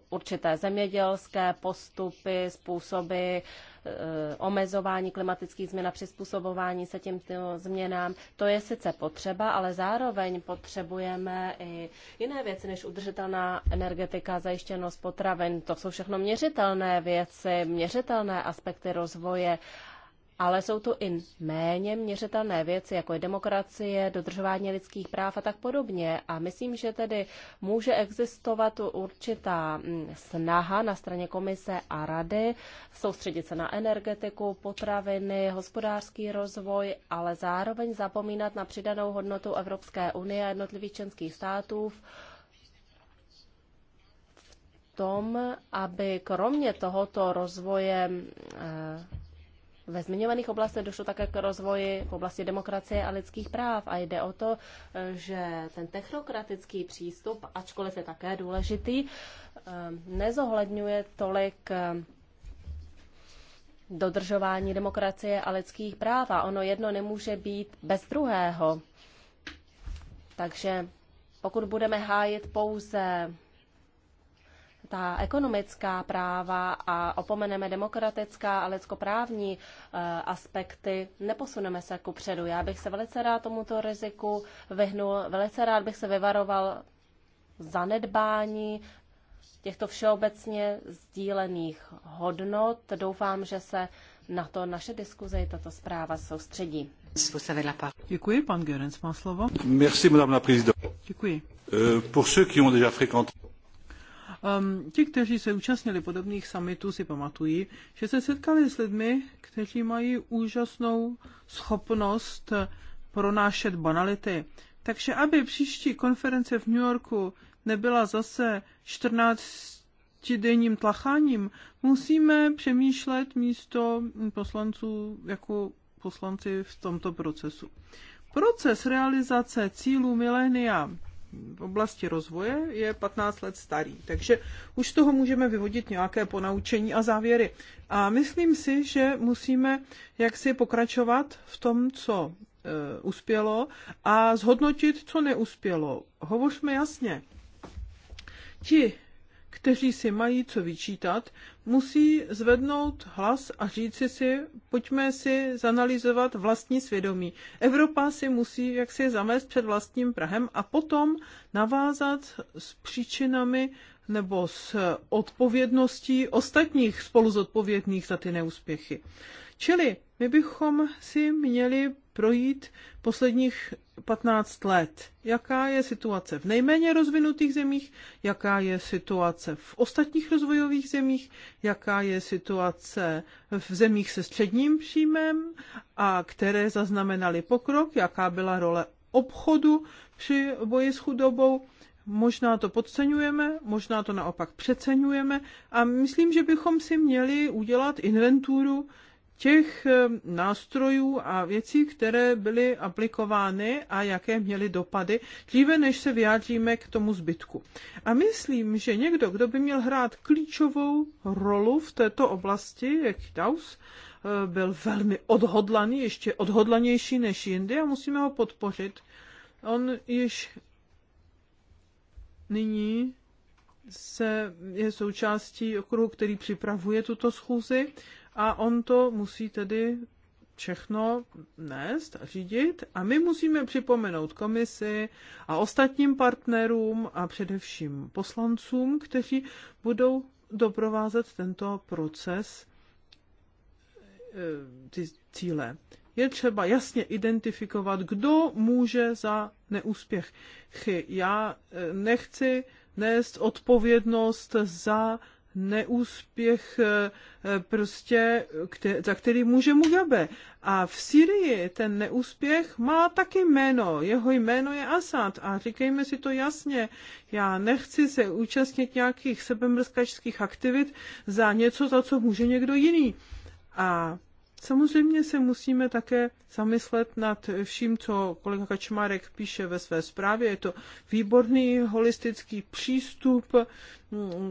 určité zemědělské postupy, způsoby eh, omezování klimatických změn a přizpůsobování se těmto změnám. To je sice potřeba, ale zároveň potřebujeme i jiné věci než udržitelná energetika, zajištěnost potravin. To jsou všechno měřitelné věci, měřitelné aspekty rozvoje ale jsou tu i méně měřitelné věci, jako je demokracie, dodržování lidských práv a tak podobně. A myslím, že tedy může existovat určitá mm, snaha na straně komise a rady soustředit se na energetiku, potraviny, hospodářský rozvoj, ale zároveň zapomínat na přidanou hodnotu Evropské unie a jednotlivých členských států v tom, aby kromě tohoto rozvoje eh, ve zmiňovaných oblastech došlo také k rozvoji v oblasti demokracie a lidských práv a jde o to, že ten technokratický přístup, ačkoliv je také důležitý, eh, nezohledňuje tolik eh, dodržování demokracie a lidských práv a ono jedno nemůže být bez druhého. Takže pokud budeme hájit pouze ta ekonomická práva a opomeneme demokratická a lidskoprávní eh, aspekty, neposuneme se ku předu. Já bych se velice rád tomuto riziku vyhnul, velice rád bych se vyvaroval zanedbání těchto všeobecně sdílených hodnot. Doufám, že se na to naše diskuze i tato zpráva soustředí. Děkuji, pan Görens má slovo. Merci, madame la Děkuji. Uh, pour ceux qui ont déjà fréquenté... Um, ti, kteří se účastnili podobných summitů, si pamatují, že se setkali s lidmi, kteří mají úžasnou schopnost pronášet banality. Takže aby příští konference v New Yorku nebyla zase 14 denním tlacháním, musíme přemýšlet místo poslanců jako poslanci v tomto procesu. Proces realizace cílů milénia v oblasti rozvoje je 15 let starý. Takže už z toho můžeme vyvodit nějaké ponaučení a závěry. A myslím si, že musíme jaksi pokračovat v tom, co e, uspělo a zhodnotit, co neuspělo. Hovořme jasně. Ti, kteří si mají co vyčítat, musí zvednout hlas a říci si, pojďme si zanalizovat vlastní svědomí. Evropa si musí jaksi zamést před vlastním Prahem a potom navázat s příčinami nebo s odpovědností ostatních spoluzodpovědných za ty neúspěchy. Čili my bychom si měli projít posledních 15 let. Jaká je situace v nejméně rozvinutých zemích, jaká je situace v ostatních rozvojových zemích, jaká je situace v zemích se středním příjmem a které zaznamenaly pokrok, jaká byla role obchodu při boji s chudobou. Možná to podceňujeme, možná to naopak přeceňujeme a myslím, že bychom si měli udělat inventuru těch ehm, nástrojů a věcí, které byly aplikovány a jaké měly dopady, dříve než se vyjádříme k tomu zbytku. A myslím, že někdo, kdo by měl hrát klíčovou rolu v této oblasti, jak Klaus, eh, byl velmi odhodlaný, ještě odhodlanější než jindy a musíme ho podpořit. On již nyní se je součástí okruhu, který připravuje tuto schůzi a on to musí tedy všechno nést a řídit a my musíme připomenout komisi a ostatním partnerům a především poslancům, kteří budou doprovázet tento proces eh, ty cíle. Je třeba jasně identifikovat, kdo může za neúspěch. Já eh, nechci nést odpovědnost za neúspěch, eh, eh, prostě, za který může Mugabe. A v Syrii ten neúspěch má taky jméno. Jeho jméno je Asad. A říkejme si to jasně. Já nechci se účastnit nějakých sebemrzkačských aktivit za něco, za co může někdo jiný. A Samozřejmě se musíme také zamyslet nad vším, co kolega Kačmarek píše ve své zprávě. Je to výborný holistický přístup,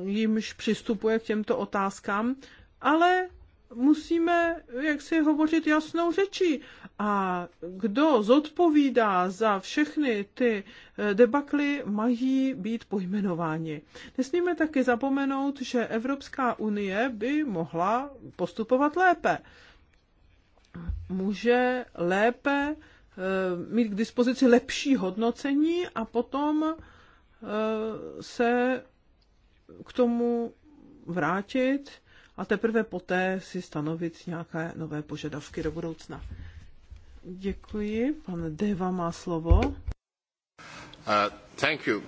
jimž přistupuje k těmto otázkám, ale musíme jak si hovořit jasnou řečí. A kdo zodpovídá za všechny ty eh, debakly, mají být pojmenováni. Nesmíme taky zapomenout, že Evropská unie by mohla postupovat lépe může lépe eh, mít k dispozici lepší hodnocení a potom eh, se k tomu vrátit a teprve poté si stanovit nějaké nové požadavky do budoucna. Děkuji. Pan Deva má slovo. Uh, thank you.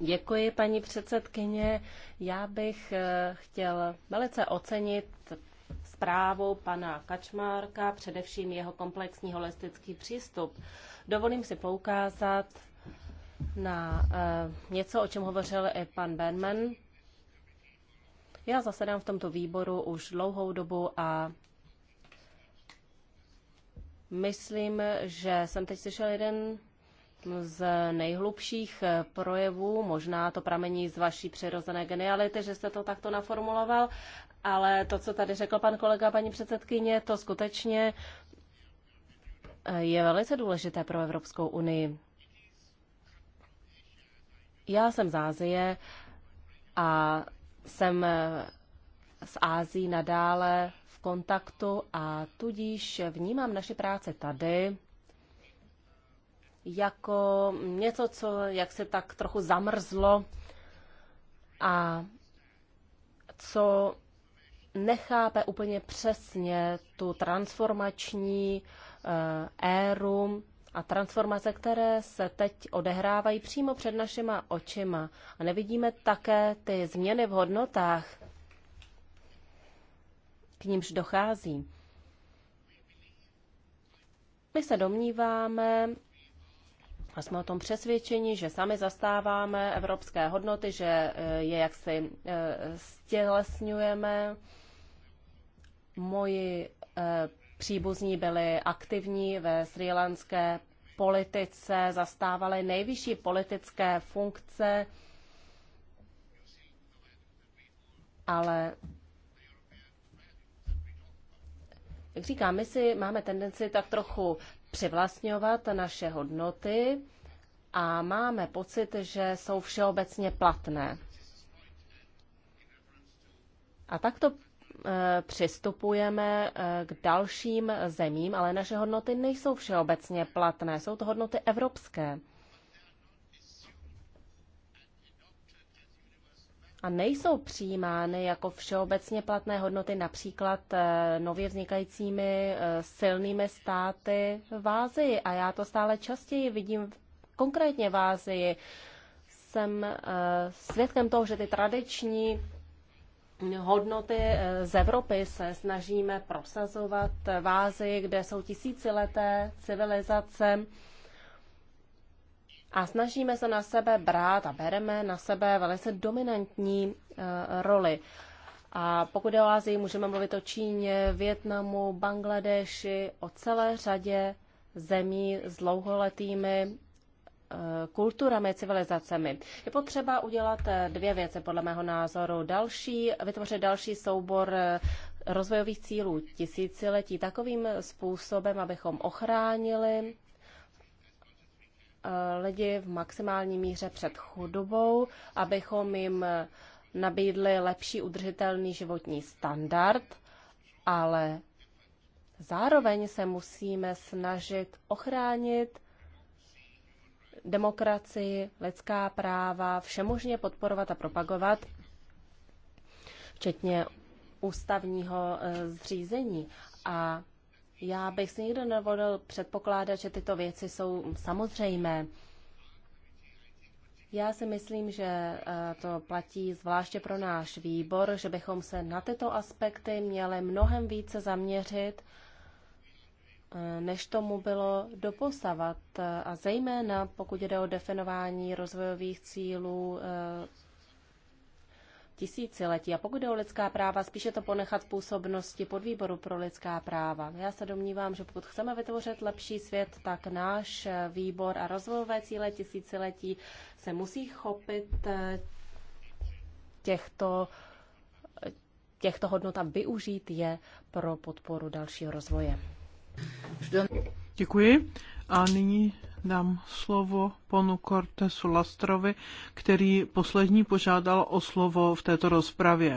Děkuji, paní předsedkyně. Já bych eh, chtěl velice ocenit zprávu pana Kačmárka, především jeho komplexní holistický přístup. Dovolím si poukázat na eh, něco, o čem hovořil i pan Benman. Já zasedám v tomto výboru už dlouhou dobu a myslím, že jsem teď slyšel jeden z nejhlubších eh, projevů, možná to pramení z vaší přirozené geniality, že jste to takto naformuloval, ale to, co tady řekl pan kolega, paní předsedkyně, to skutečně eh, je velice důležité pro Evropskou unii. Já jsem z Ázie a jsem s eh, Ázií nadále v kontaktu a tudíž vnímám naši práci tady jako něco, co jak se tak trochu zamrzlo a co nechápe úplně přesně tu transformační eh, éru a transformace, které se teď odehrávají přímo před našima očima. A nevidíme také ty změny v hodnotách, k nímž dochází. My se domníváme, a jsme o tom přesvědčeni, že sami zastáváme evropské hodnoty, že eh, je jaksi eh, stělesňujeme. Moji eh, příbuzní byli aktivní ve srílanské politice, zastávali nejvyšší politické funkce, ale jak říkám, my si máme tendenci tak trochu přivlastňovat naše hodnoty a máme pocit, že jsou všeobecně platné. A takto e, přistupujeme e, k dalším zemím, ale naše hodnoty nejsou všeobecně platné, jsou to hodnoty evropské. a nejsou přijímány jako všeobecně platné hodnoty například eh, nově vznikajícími eh, silnými státy v Ázii. A já to stále častěji vidím konkrétně v Ázii. Jsem eh, svědkem toho, že ty tradiční hodnoty z Evropy se snažíme prosazovat v Ázii, kde jsou tisícileté civilizace, a snažíme se na sebe brát a bereme na sebe velice dominantní e, roli. A pokud je o Ázii, můžeme mluvit o Číně, Větnamu, Bangladeši, o celé řadě zemí s dlouholetými e, kulturami, civilizacemi. Je potřeba udělat e, dvě věci, podle mého názoru. Další, vytvořit další soubor rozvojových cílů tisíciletí takovým způsobem, abychom ochránili lidi v maximální míře před chudobou, abychom jim nabídli lepší udržitelný životní standard, ale zároveň se musíme snažit ochránit demokracii, lidská práva, všemožně podporovat a propagovat, včetně ústavního eh, zřízení. A já bych si nikdo nevolil předpokládat, že tyto věci jsou samozřejmé. Já si myslím, že eh, to platí zvláště pro náš výbor, že bychom se na tyto aspekty měli mnohem více zaměřit, eh, než tomu bylo doposavat. Eh, a zejména pokud jde o definování rozvojových cílů tisíciletí. A pokud jde o lidská práva, spíše to ponechat v působnosti podvýboru pro lidská práva. Já se domnívám, že pokud chceme vytvořit lepší svět, tak náš výbor a rozvojové cíle tisíciletí se musí chopit eh, těchto, těchto hodnot a využít je pro podporu dalšího rozvoje. Děkuji. A nyní dám slovo panu Cortesu Lastrovi, který poslední požádal o slovo v této rozpravě.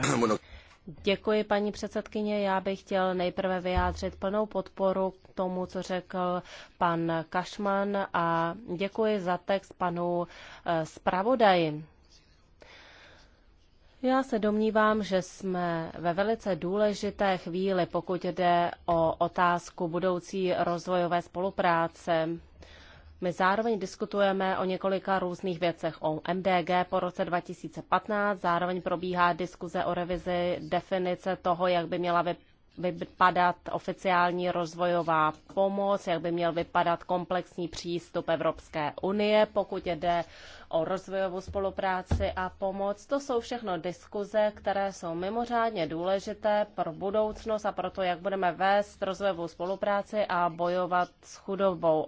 Děkuji, paní předsedkyně. Já bych chtěl nejprve vyjádřit plnou podporu k tomu, co řekl pan Kašman a děkuji za text panu eh, zpravodaji. Já se domnívám, že jsme ve velice důležité chvíli, pokud jde o otázku budoucí rozvojové spolupráce. My zároveň diskutujeme o několika různých věcech, o MDG po roce 2015, zároveň probíhá diskuze o revizi definice toho, jak by měla vypadat oficiální rozvojová pomoc, jak by měl vypadat komplexní přístup Evropské unie, pokud jde o rozvojovou spolupráci a pomoc. To jsou všechno diskuze, které jsou mimořádně důležité pro budoucnost a pro to, jak budeme vést rozvojovou spolupráci a bojovat s chudobou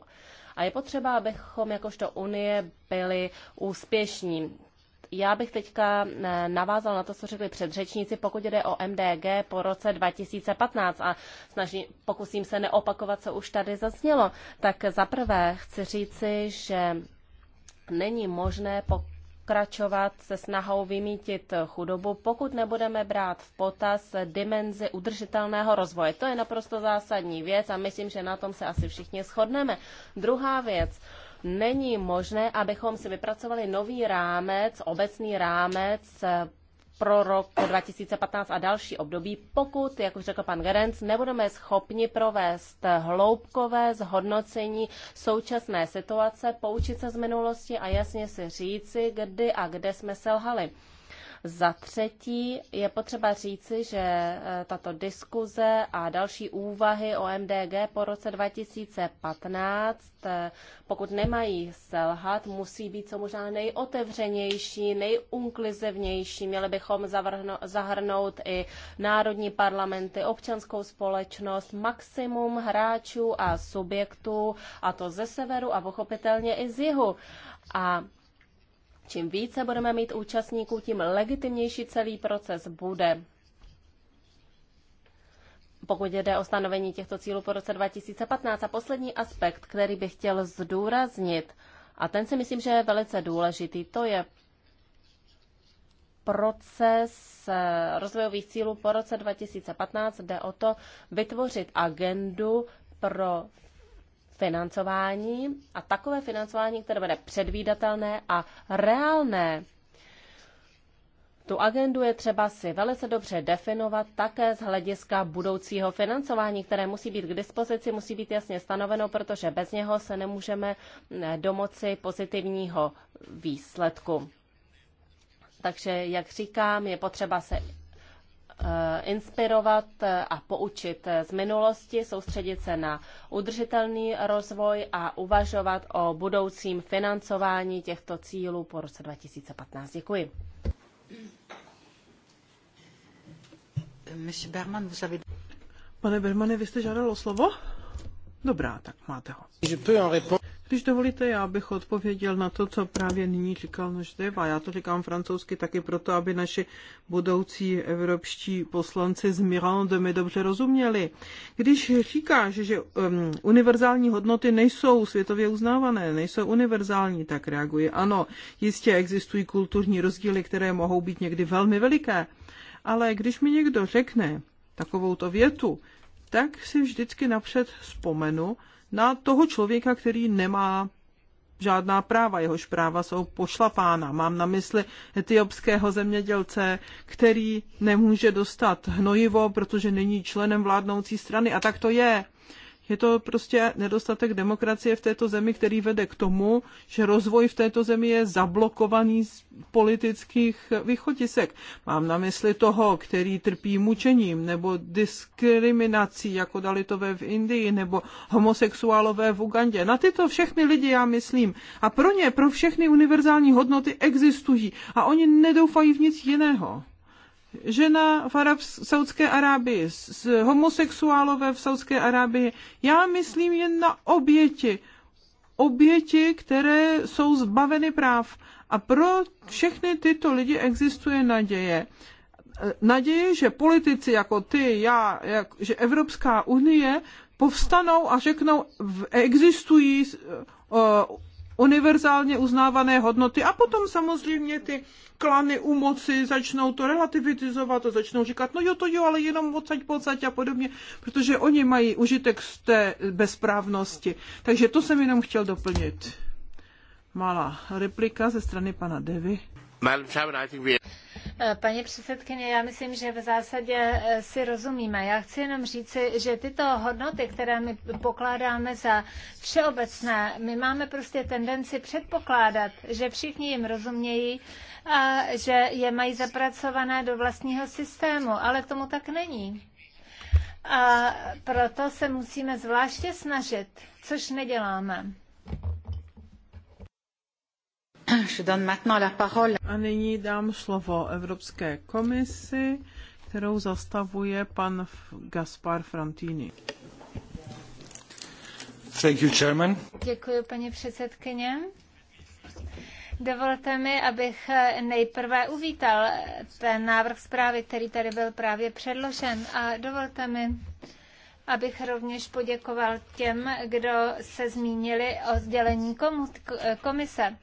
a je potřeba, abychom jakožto Unie byli úspěšní. Já bych teďka eh, navázal na to, co řekli předřečníci, pokud jde o MDG po roce 2015 a snažím, pokusím se neopakovat, co už tady zaznělo. Tak zaprvé chci říci, že není možné, pokud pokračovat se snahou vymítit chudobu, pokud nebudeme brát v potaz dimenzi udržitelného rozvoje. To je naprosto zásadní věc a myslím, že na tom se asi všichni shodneme. Druhá věc. Není možné, abychom si vypracovali nový rámec, obecný rámec pro rok 2015 a další období, pokud, jak už řekl pan Gerenc, nebudeme schopni provést hloubkové zhodnocení současné situace, poučit se z minulosti a jasně si říci, kdy a kde jsme selhali. Za třetí je potřeba říci, že e, tato diskuze a další úvahy o MDG po roce 2015, e, pokud nemají selhat, musí být co možná nejotevřenější, nejunklizivnější. Měli bychom zahrnout i národní parlamenty, občanskou společnost, maximum hráčů a subjektů, a to ze severu a pochopitelně i z jihu. A Čím více budeme mít účastníků, tím legitimnější celý proces bude. Pokud jde o stanovení těchto cílů po roce 2015 a poslední aspekt, který bych chtěl zdůraznit, a ten si myslím, že je velice důležitý, to je proces eh, rozvojových cílů po roce 2015. Jde o to vytvořit agendu pro financování a takové financování, které bude předvídatelné a reálné. Tu agendu je třeba si velice dobře definovat také z hlediska budoucího financování, které musí být k dispozici, musí být jasně stanoveno, protože bez něho se nemůžeme eh, domoci pozitivního výsledku. Takže, jak říkám, je potřeba se Eh, inspirovat eh, a poučit z minulosti, soustředit se na udržitelný rozvoj a uvažovat o budoucím financování těchto cílů po roce 2015. Děkuji. Pane Bermane, vy jste žádal o slovo? Dobrá, tak máte ho. Když dovolíte, já bych odpověděl na to, co právě nyní říkal náš a Já to říkám francouzsky taky proto, aby naši budoucí evropští poslanci z Mirande mi dobře rozuměli. Když říkáš, že um, univerzální hodnoty nejsou světově uznávané, nejsou univerzální, tak reaguji. Ano, jistě existují kulturní rozdíly, které mohou být někdy velmi veliké, ale když mi někdo řekne takovouto větu, tak si vždycky napřed vzpomenu, na toho člověka, který nemá žádná práva, jehož práva jsou pošlapána. Mám na mysli etiopského zemědělce, který nemůže dostat hnojivo, protože není členem vládnoucí strany. A tak to je. Je to prostě nedostatek demokracie v této zemi, který vede k tomu, že rozvoj v této zemi je zablokovaný z politických východisek. Mám na mysli toho, který trpí mučením nebo diskriminací, jako dalitové v Indii, nebo homosexuálové v Ugandě. Na tyto všechny lidi já myslím. A pro ně, pro všechny univerzální hodnoty existují. A oni nedoufají v nic jiného žena v Arabs, Saudské Arábii, homosexuálové v Saudské Arábii. Já myslím jen na oběti. Oběti, které jsou zbaveny práv. A pro všechny tyto lidi existuje naděje. Naděje, že politici jako ty, já, jak, že Evropská unie povstanou a řeknou, existují uh, univerzálně uznávané hodnoty a potom samozřejmě ty klany u moci začnou to relativizovat a začnou říkat, no jo, to jo, ale jenom odsaď, podsaď a podobně, protože oni mají užitek z té bezprávnosti. Takže to jsem jenom chtěl doplnit. Malá replika ze strany pana Devy. Eh, paní předsedkyně, já myslím, že v zásadě eh, si rozumíme. Já chci jenom říci, že tyto hodnoty, které my pokládáme za všeobecné, my máme prostě tendenci předpokládat, že všichni jim rozumějí, a že je mají zapracované do vlastního systému, ale tomu tak není. A proto se musíme zvláště snažit, což neděláme. A nyní dám slovo Evropské komisi, kterou zastavuje pan Gaspar Frantini. Thank you, chairman. Děkuji, paní předsedkyně. Dovolte mi, abych nejprve uvítal ten návrh zprávy, který tady byl právě předložen a dovolte mi, abych rovněž poděkoval těm, kdo se zmínili o sdělení komise,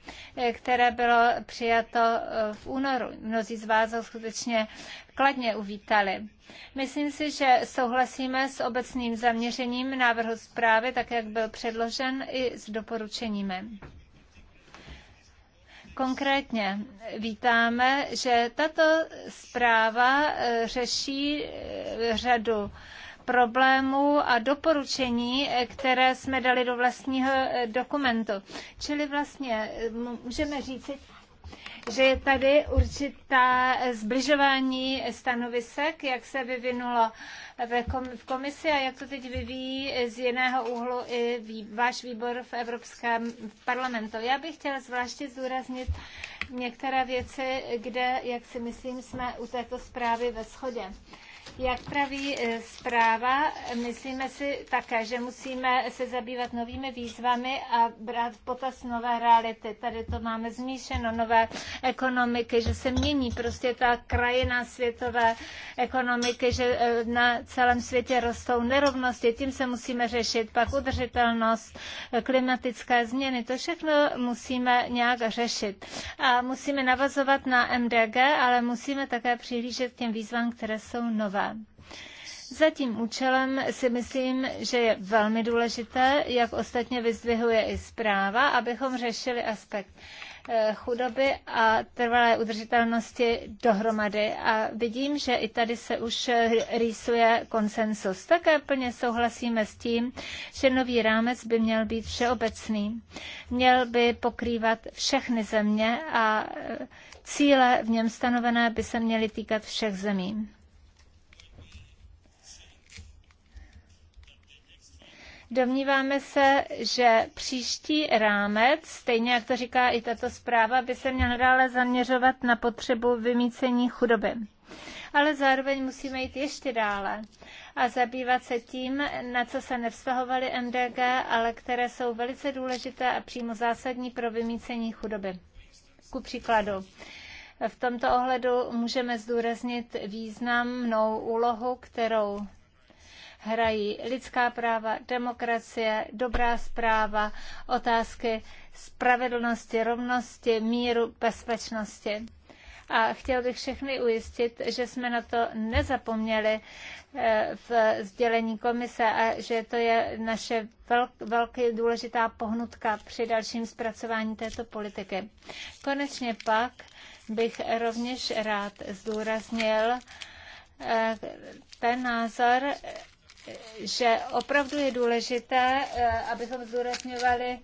které bylo přijato eh, v únoru. Mnozí z vás ho skutečně kladně uvítali. Myslím si, že souhlasíme s obecným zaměřením návrhu zprávy, tak jak byl předložen, i s doporučeními. Konkrétně vítáme, že tato zpráva eh, řeší eh, řadu problémů a doporučení, eh, které jsme dali do vlastního dokumentu. Čili vlastně můžeme říct, že je tady určitá zbližování stanovisek, jak se vyvinulo v komisi a jak to teď vyvíjí z jiného úhlu i váš výbor v Evropském parlamentu. Já bych chtěla zvláště zdůraznit některé věci, kde, jak si myslím, jsme u této zprávy ve shodě. Jak praví e, zpráva, myslíme si také, že musíme se zabývat novými výzvami a brát v potaz nové reality. Tady to máme zmíšeno, nové ekonomiky, že se mění prostě ta krajina světové ekonomiky, že e, na celém světě rostou nerovnosti, tím se musíme řešit, pak udržitelnost, e, klimatické změny, to všechno musíme nějak řešit. A musíme navazovat na MDG, ale musíme také přihlížet k těm výzvám, které jsou nové nové. Za tím účelem si myslím, že je velmi důležité, jak ostatně vyzdvihuje i zpráva, abychom řešili aspekt eh, chudoby a trvalé udržitelnosti dohromady. A vidím, že i tady se už rýsuje konsensus. Také plně souhlasíme s tím, že nový rámec by měl být všeobecný. Měl by pokrývat všechny země a eh, cíle v něm stanovené by se měly týkat všech zemí. Domníváme se, že příští rámec, stejně jak to říká i tato zpráva, by se měl dále zaměřovat na potřebu vymícení chudoby. Ale zároveň musíme jít ještě dále a zabývat se tím, na co se nevztahovaly MDG, ale které jsou velice důležité a přímo zásadní pro vymícení chudoby. Ku příkladu, v tomto ohledu můžeme zdůraznit významnou úlohu, kterou hrají lidská práva, demokracie, dobrá zpráva, otázky spravedlnosti, rovnosti, míru, bezpečnosti. A chtěl bych všechny ujistit, že jsme na to nezapomněli eh, v sdělení komise a že to je naše velký důležitá pohnutka při dalším zpracování této politiky. Konečně pak bych rovněž rád zdůraznil eh, ten názor, že opravdu je důležité, eh, abychom zdůrazňovali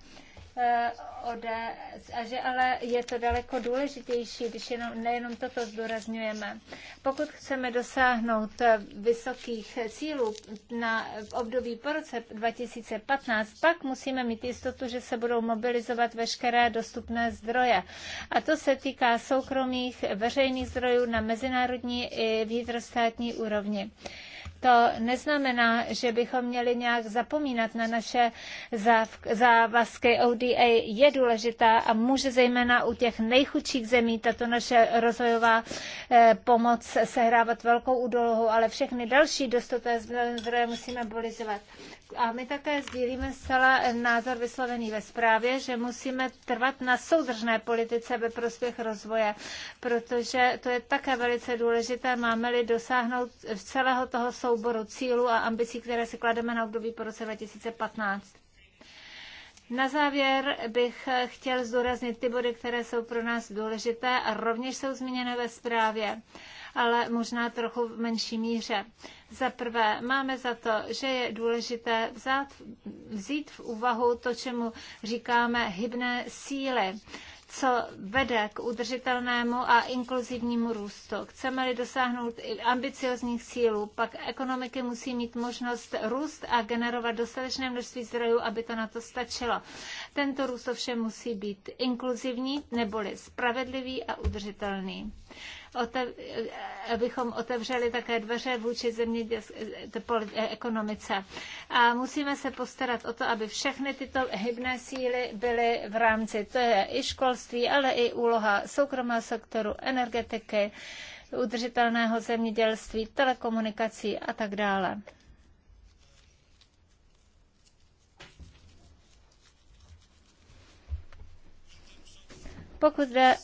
eh, ODS a že ale je to daleko důležitější, když jenom, nejenom toto zdůrazňujeme. Pokud chceme dosáhnout eh, vysokých cílů na období po roce 2015, pak musíme mít jistotu, že se budou mobilizovat veškeré dostupné zdroje. A to se týká soukromých veřejných zdrojů na mezinárodní i vnitrostátní úrovni. To neznamená, že bychom měli nějak zapomínat na naše závazky. ODA je důležitá a může zejména u těch nejchudších zemí tato naše rozvojová eh, pomoc sehrávat velkou úlohu, ale všechny další dostupné zdroje musíme mobilizovat. A my také sdílíme zcela názor vyslovený ve zprávě, že musíme trvat na soudržné politice ve prospěch rozvoje, protože to je také velice důležité, máme-li dosáhnout celého toho souboru cílů a ambicí, které si klademe na období po roce 2015. Na závěr bych chtěl zdůraznit ty body, které jsou pro nás důležité a rovněž jsou zmíněny ve zprávě ale možná trochu v menší míře. Za prvé, máme za to, že je důležité vzát, vzít v úvahu to, čemu říkáme hybné síly co vede k udržitelnému a inkluzivnímu růstu. Chceme-li dosáhnout ambiciozních cílů, pak ekonomiky musí mít možnost růst a generovat dostatečné množství zdrojů, aby to na to stačilo. Tento růst ovšem musí být inkluzivní, neboli spravedlivý a udržitelný abychom otevřeli také dveře vůči eh, ekonomice. A musíme se postarat o to, aby všechny tyto hybné síly byly v rámci, to je i školství, ale i úloha soukromého sektoru, energetiky, udržitelného zemědělství, telekomunikací a tak dále. Pokud jde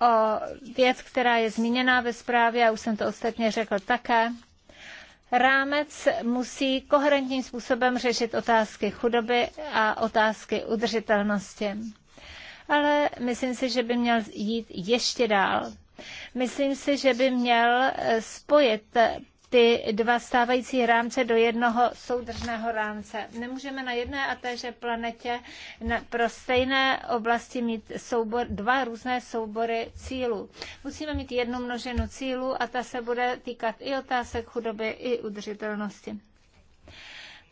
o věc, která je zmíněná ve zprávě, a už jsem to ostatně řekl také. Rámec musí koherentním způsobem řešit otázky chudoby a otázky udržitelnosti. Ale myslím si, že by měl jít ještě dál. Myslím si, že by měl spojit ty dva stávající rámce do jednoho soudržného rámce. Nemůžeme na jedné a téže planetě pro stejné oblasti mít soubor, dva různé soubory cílů. Musíme mít jednu množinu cílů a ta se bude týkat i otázek chudoby, i udržitelnosti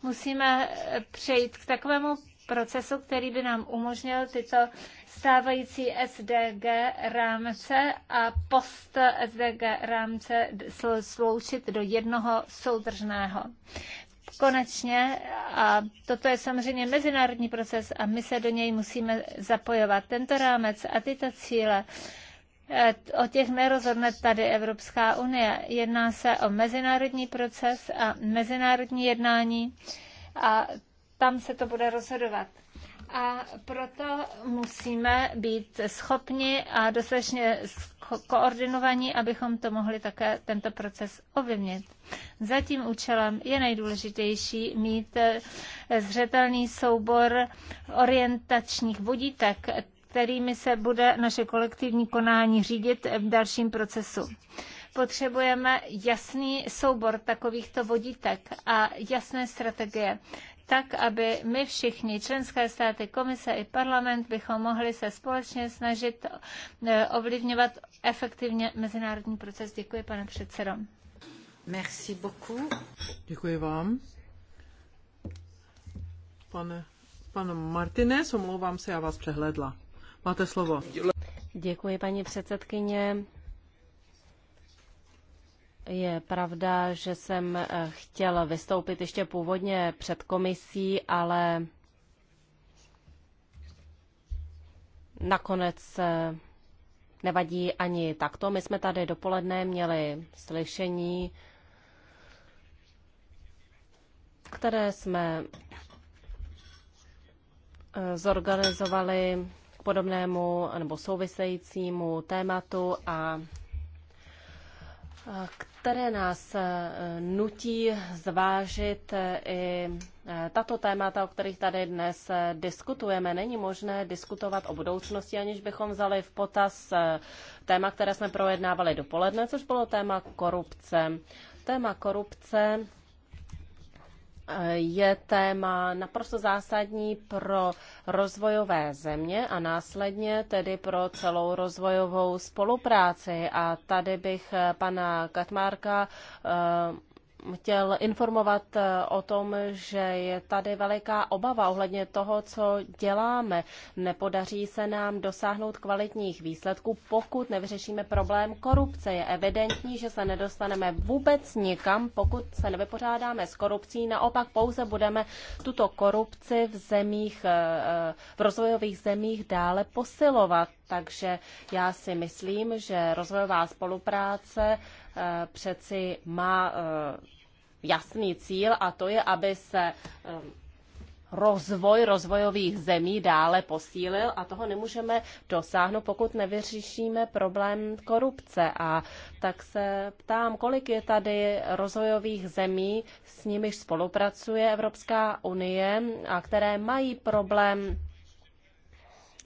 musíme přejít k takovému procesu, který by nám umožnil tyto stávající SDG rámce a post SDG rámce sloučit do jednoho soudržného konečně, a toto je samozřejmě mezinárodní proces a my se do něj musíme zapojovat. Tento rámec a tyto cíle, e, o těch nerozhodne tady Evropská unie. Jedná se o mezinárodní proces a mezinárodní jednání a tam se to bude rozhodovat. A proto musíme být schopni a dostatečně koordinovaní, abychom to mohli také tento proces ovlivnit. Za tím účelem je nejdůležitější mít eh, zřetelný soubor orientačních vodítek, kterými se bude naše kolektivní konání řídit v dalším procesu potřebujeme jasný soubor takovýchto vodítek a jasné strategie tak, aby my všichni, členské státy, komise i parlament, bychom mohli se společně snažit eh, ovlivňovat efektivně mezinárodní proces. Děkuji, pane předsedo. Merci beaucoup. Děkuji vám. Pane, pan Martinez, omlouvám se, já vás přehledla. Máte slovo. Děkuji, paní předsedkyně. Je pravda, že jsem eh, chtěl vystoupit ještě původně před komisí, ale nakonec eh, nevadí ani takto. My jsme tady dopoledne měli slyšení, které jsme eh, zorganizovali k podobnému nebo souvisejícímu tématu a které nás eh, nutí zvážit eh, i eh, tato témata, o kterých tady dnes diskutujeme. Není možné diskutovat o budoucnosti, aniž bychom vzali v potaz téma, které jsme projednávali dopoledne, což bylo téma korupce. Téma korupce je téma naprosto zásadní pro rozvojové země a následně tedy pro celou rozvojovou spolupráci. A tady bych pana Katmárka eh, chtěl informovat eh, o tom, že je tady veliká obava ohledně toho, co děláme. Nepodaří se nám dosáhnout kvalitních výsledků, pokud nevyřešíme problém korupce. Je evidentní, že se nedostaneme vůbec nikam, pokud se nevypořádáme s korupcí. Naopak pouze budeme tuto korupci v zemích, eh, eh, v rozvojových zemích dále posilovat. Takže já si myslím, že rozvojová spolupráce přeci má jasný cíl a to je, aby se ehm, rozvoj rozvojových zemí dále posílil a toho nemůžeme dosáhnout, pokud nevyřešíme problém korupce. A tak se ptám, kolik je tady rozvojových zemí, s nimiž spolupracuje Evropská unie a které mají problém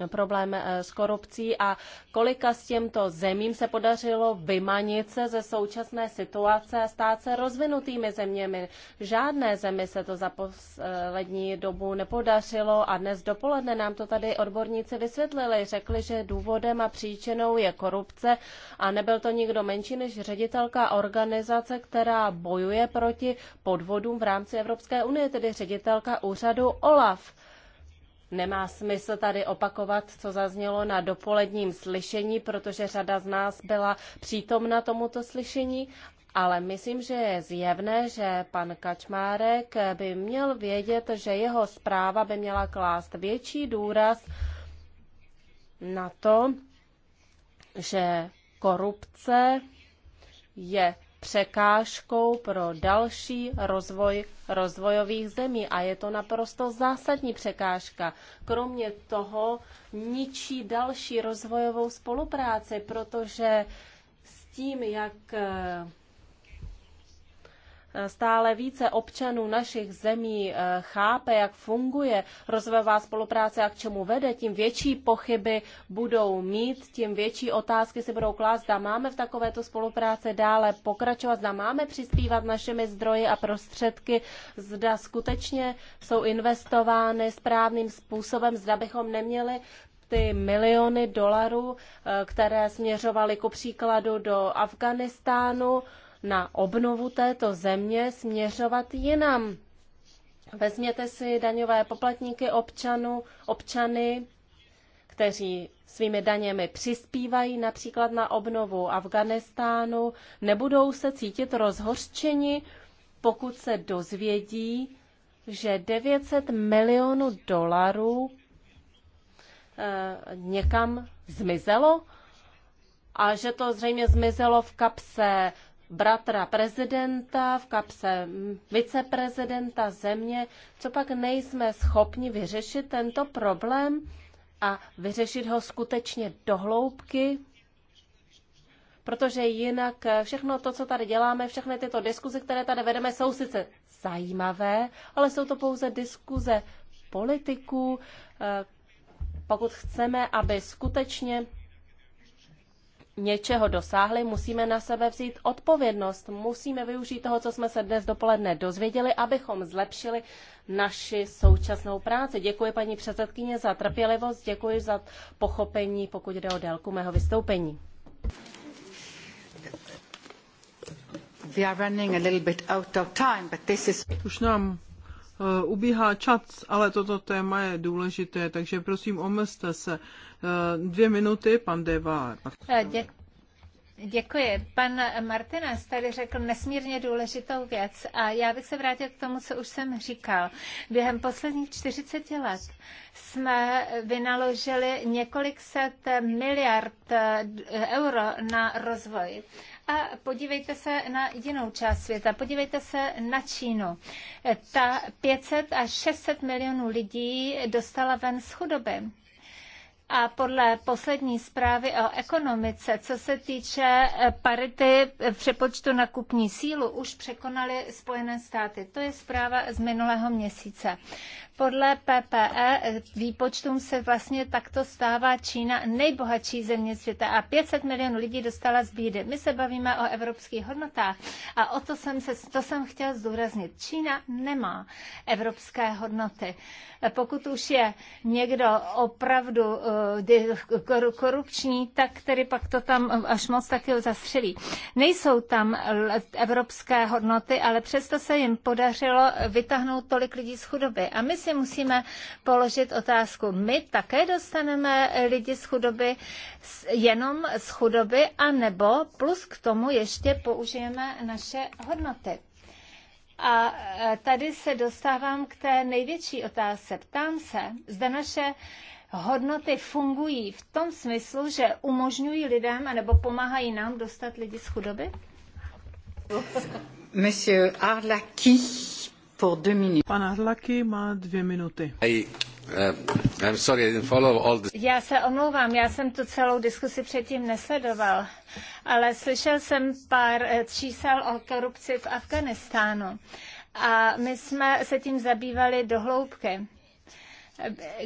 problém eh, s korupcí a kolika s těmto zemím se podařilo vymanit se ze současné situace a stát se rozvinutými zeměmi. Žádné zemi se to za poslední dobu nepodařilo a dnes dopoledne nám to tady odborníci vysvětlili. Řekli, že důvodem a příčinou je korupce a nebyl to nikdo menší než ředitelka organizace, která bojuje proti podvodům v rámci Evropské unie, tedy ředitelka úřadu OLAF. Nemá smysl tady opakovat, co zaznělo na dopoledním slyšení, protože řada z nás byla přítomna tomuto slyšení, ale myslím, že je zjevné, že pan Kačmárek by měl vědět, že jeho zpráva by měla klást větší důraz na to, že korupce je překážkou pro další rozvoj rozvojových zemí a je to naprosto zásadní překážka. Kromě toho ničí další rozvojovou spolupráci, protože s tím, jak stále více občanů našich zemí eh, chápe, jak funguje rozvojová spolupráce a k čemu vede, tím větší pochyby budou mít, tím větší otázky si budou klást, zda máme v takovéto spolupráce dále pokračovat, zda máme přispívat našimi zdroji a prostředky, zda skutečně jsou investovány správným způsobem, zda bychom neměli ty miliony dolarů, eh, které směřovaly ku příkladu do Afganistánu, na obnovu této země směřovat jinam. Vezměte si daňové poplatníky občanů, občany, kteří svými daněmi přispívají například na obnovu Afganistánu, nebudou se cítit rozhořčeni, pokud se dozvědí, že 900 milionů dolarů eh, někam zmizelo a že to zřejmě zmizelo v kapse bratra prezidenta, v kapse viceprezidenta země, co pak nejsme schopni vyřešit tento problém a vyřešit ho skutečně dohloubky, protože jinak všechno to, co tady děláme, všechny tyto diskuze, které tady vedeme, jsou sice zajímavé, ale jsou to pouze diskuze politiků, eh, pokud chceme, aby skutečně něčeho dosáhli, musíme na sebe vzít odpovědnost. Musíme využít toho, co jsme se dnes dopoledne dozvěděli, abychom zlepšili naši současnou práci. Děkuji paní předsedkyně za trpělivost, děkuji za pochopení, pokud jde o délku mého vystoupení. Už nám Eh, ubíhá čas, ale toto téma je důležité, takže prosím omezte se. Eh, dvě minuty, pan Deva. Eh, děkuji. Děkuji. Pan Martinez tady řekl nesmírně důležitou věc a já bych se vrátil k tomu, co už jsem říkal. Během posledních 40 let jsme vynaložili několik set miliard euro na rozvoj. A podívejte se na jinou část světa, podívejte se na Čínu. Ta 500 až 600 milionů lidí dostala ven z chudoby. A podle poslední zprávy o ekonomice, co se týče eh, parity přepočtu na kupní sílu, už překonali Spojené státy. To je zpráva z minulého měsíce. Podle PPE výpočtům se vlastně takto stává Čína nejbohatší země světa a 500 milionů lidí dostala z bídy. My se bavíme o evropských hodnotách a o to jsem, se, to jsem chtěla zdůraznit. Čína nemá evropské hodnoty. Pokud už je někdo opravdu eh, korupční, tak tedy pak to tam až moc taky zastřelí. Nejsou tam evropské hodnoty, ale přesto se jim podařilo vytáhnout tolik lidí z chudoby. A my si si musíme položit otázku. My také dostaneme lidi z chudoby jenom z chudoby, anebo plus k tomu ještě použijeme naše hodnoty. A e, tady se dostávám k té největší otázce. Ptám se, zda naše hodnoty fungují v tom smyslu, že umožňují lidem anebo pomáhají nám dostat lidi z chudoby? Monsieur Arlaki, Pan má dvě minuty. Uh, já se omlouvám, já jsem tu celou diskusi předtím nesledoval, ale slyšel jsem pár eh, čísel o korupci v Afganistánu a my jsme se tím zabývali do hloubky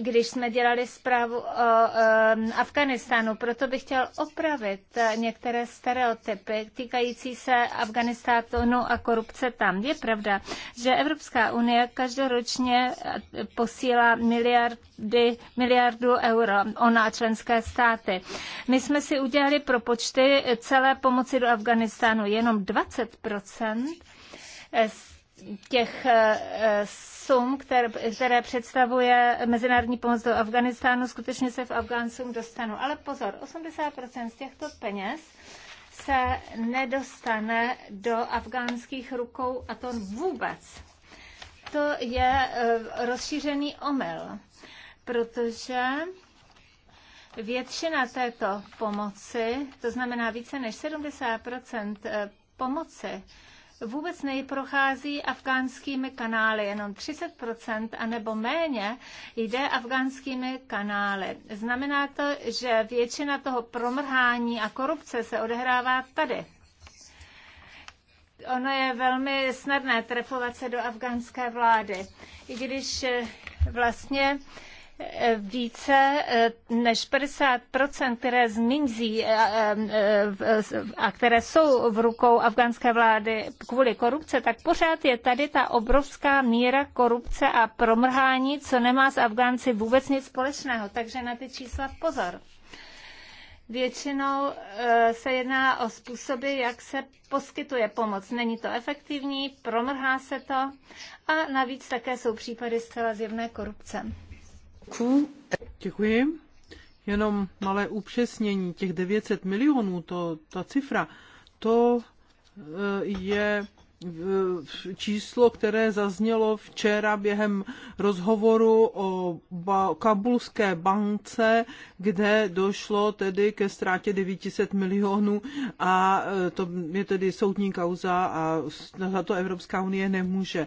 když jsme dělali zprávu o um, Afganistánu. Proto bych chtěl opravit některé stereotypy týkající se Afganistánu a korupce tam. Je pravda, že Evropská unie každoročně posílá miliardy, miliardu euro, ona členské státy. My jsme si udělali propočty celé pomoci do Afganistánu jenom 20 těch eh, sum, které, které představuje mezinárodní pomoc do Afganistánu, skutečně se v Afgáncům dostanou. Ale pozor, 80% z těchto peněz se nedostane do afgánských rukou a to vůbec. To je eh, rozšířený omyl, protože většina této pomoci, to znamená více než 70 eh, pomoci, vůbec neprochází afgánskými kanály. Jenom 30% anebo méně jde afgánskými kanály. Znamená to, že většina toho promrhání a korupce se odehrává tady. Ono je velmi snadné trefovat se do afgánské vlády, i když eh, vlastně více eh, než 50%, které zmizí eh, eh, a které jsou v rukou afgánské vlády kvůli korupce, tak pořád je tady ta obrovská míra korupce a promrhání, co nemá s Afgánci vůbec nic společného. Takže na ty čísla pozor. Většinou se jedná o způsoby, jak se poskytuje pomoc. Není to efektivní, promrhá se to a navíc také jsou případy zcela zjevné korupce. Děkuji. Jenom malé upřesnění, těch 900 milionů, to, ta cifra, to eh, je eh, číslo, které zaznělo včera během rozhovoru o ba- kabulské bance, kde došlo tedy ke ztrátě 900 milionů a eh, to je tedy soudní kauza a za to Evropská unie nemůže.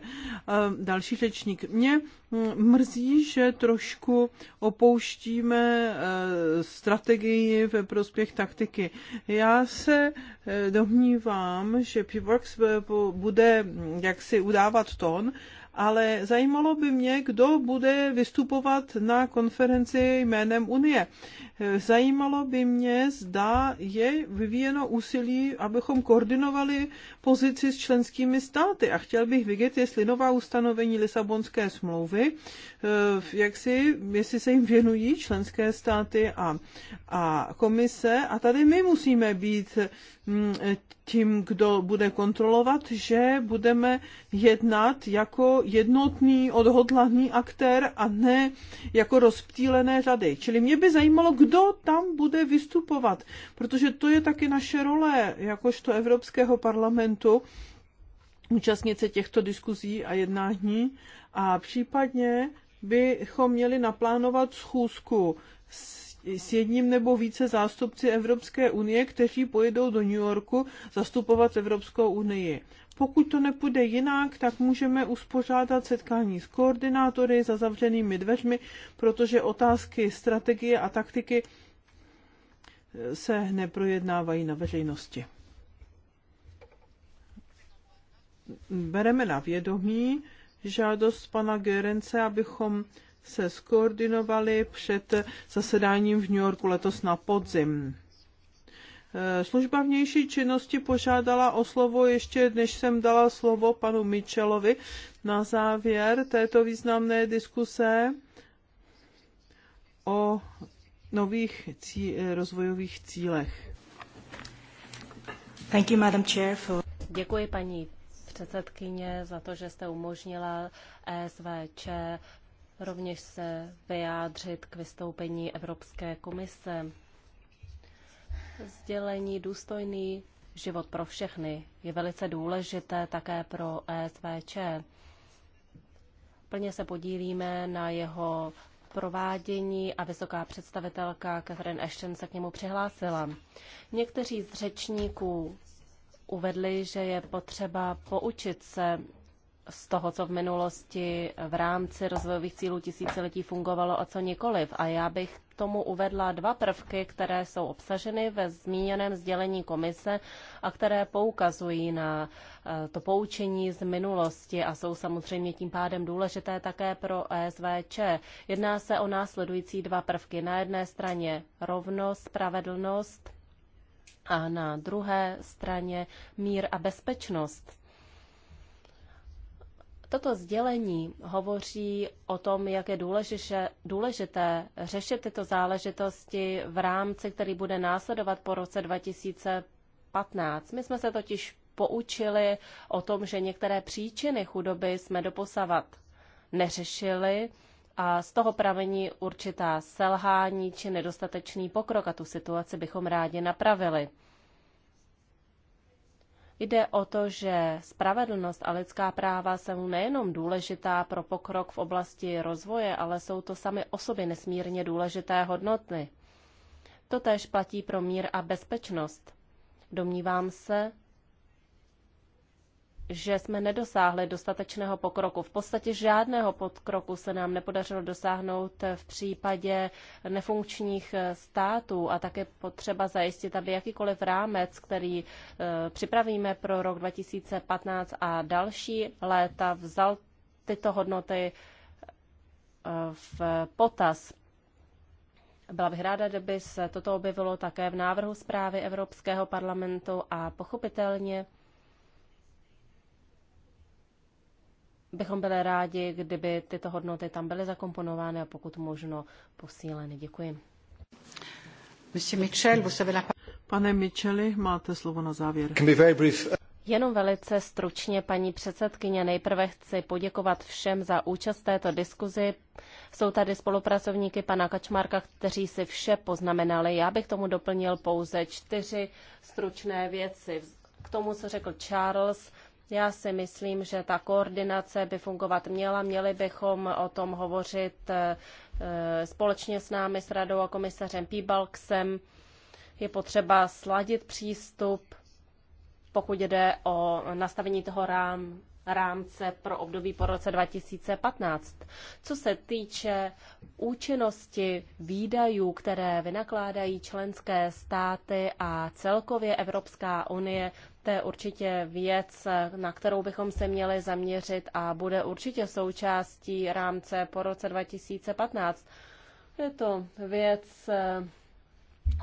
Další řečník. Mě Mm, mrzí, že trošku opouštíme eh, strategii ve prospěch taktiky. Já se eh, domnívám, že Pivox eh, bude mm, jaksi udávat tón ale zajímalo by mě, kdo bude vystupovat na konferenci jménem Unie. Zajímalo by mě, zda je vyvíjeno úsilí, abychom koordinovali pozici s členskými státy. A chtěl bych vidět, jestli nová ustanovení Lisabonské smlouvy Eh, jak si, jestli se jim věnují členské státy a, a komise. A tady my musíme být mm, tím, kdo bude kontrolovat, že budeme jednat jako jednotný, odhodlaný aktér a ne jako rozptýlené řady. Čili mě by zajímalo, kdo tam bude vystupovat, protože to je taky naše role, jakožto Evropského parlamentu, účastnit se těchto diskuzí a jednání a případně bychom měli naplánovat schůzku s, s jedním nebo více zástupci Evropské unie, kteří pojedou do New Yorku zastupovat Evropskou unii. Pokud to nepůjde jinak, tak můžeme uspořádat setkání s koordinátory za zavřenými dveřmi, protože otázky strategie a taktiky se neprojednávají na veřejnosti. Bereme na vědomí, žádost pana Gerence, abychom se skoordinovali před zasedáním v New Yorku letos na podzim. Eh, služba vnější činnosti požádala o slovo ještě, než jsem dala slovo panu Mitchellovi na závěr této významné diskuse o nových cí, eh, rozvojových cílech. Thank you, Madam Chair, for... Děkuji paní předsedkyně, za to, že jste umožnila ESVČ rovněž se vyjádřit k vystoupení Evropské komise. Sdělení důstojný život pro všechny je velice důležité také pro ESVČ. Plně se podílíme na jeho provádění a vysoká představitelka Catherine Ashton se k němu přihlásila. Někteří z řečníků uvedli, že je potřeba poučit se z toho, co v minulosti v rámci rozvojových cílů tisíciletí fungovalo a co nikoliv. A já bych tomu uvedla dva prvky, které jsou obsaženy ve zmíněném sdělení komise a které poukazují na eh, to poučení z minulosti a jsou samozřejmě tím pádem důležité také pro ESVČ. Jedná se o následující dva prvky. Na jedné straně rovnost, spravedlnost a na druhé straně mír a bezpečnost. Toto sdělení hovoří o tom, jak je důležité, důležité řešit tyto záležitosti v rámci, který bude následovat po roce 2015. My jsme se totiž poučili o tom, že některé příčiny chudoby jsme doposavat neřešili a z toho pramení určitá selhání či nedostatečný pokrok a tu situaci bychom rádi napravili. Jde o to, že spravedlnost a lidská práva jsou nejenom důležitá pro pokrok v oblasti rozvoje, ale jsou to sami o sobě nesmírně důležité hodnoty. Totež platí pro mír a bezpečnost. Domnívám se, že jsme nedosáhli dostatečného pokroku. V podstatě žádného pokroku se nám nepodařilo dosáhnout v případě nefunkčních eh, států a také potřeba zajistit, aby jakýkoliv rámec, který eh, připravíme pro rok 2015 a další léta, vzal tyto hodnoty eh, v potaz. Byla bych ráda, kdyby se toto objevilo také v návrhu zprávy Evropského parlamentu a pochopitelně bychom byli rádi, kdyby tyto hodnoty tam byly zakomponovány a pokud možno posíleny. Děkuji. Pane Micheli, máte slovo na závěr. Jenom velice stručně, paní předsedkyně, nejprve chci poděkovat všem za účast této diskuzi. Jsou tady spolupracovníky pana Kačmarka, kteří si vše poznamenali. Já bych tomu doplnil pouze čtyři stručné věci. K tomu, co řekl Charles, já si myslím, že ta koordinace by fungovat měla. Měli bychom o tom hovořit eh, eh, společně s námi, s radou a komisařem Píbalksem. Je potřeba sladit přístup, pokud jde o nastavení toho rám, rámce pro období po roce 2015. Co se týče účinnosti výdajů, které vynakládají členské státy a celkově Evropská unie, to je určitě věc, na kterou bychom se měli zaměřit a bude určitě součástí rámce po roce 2015. Je to věc,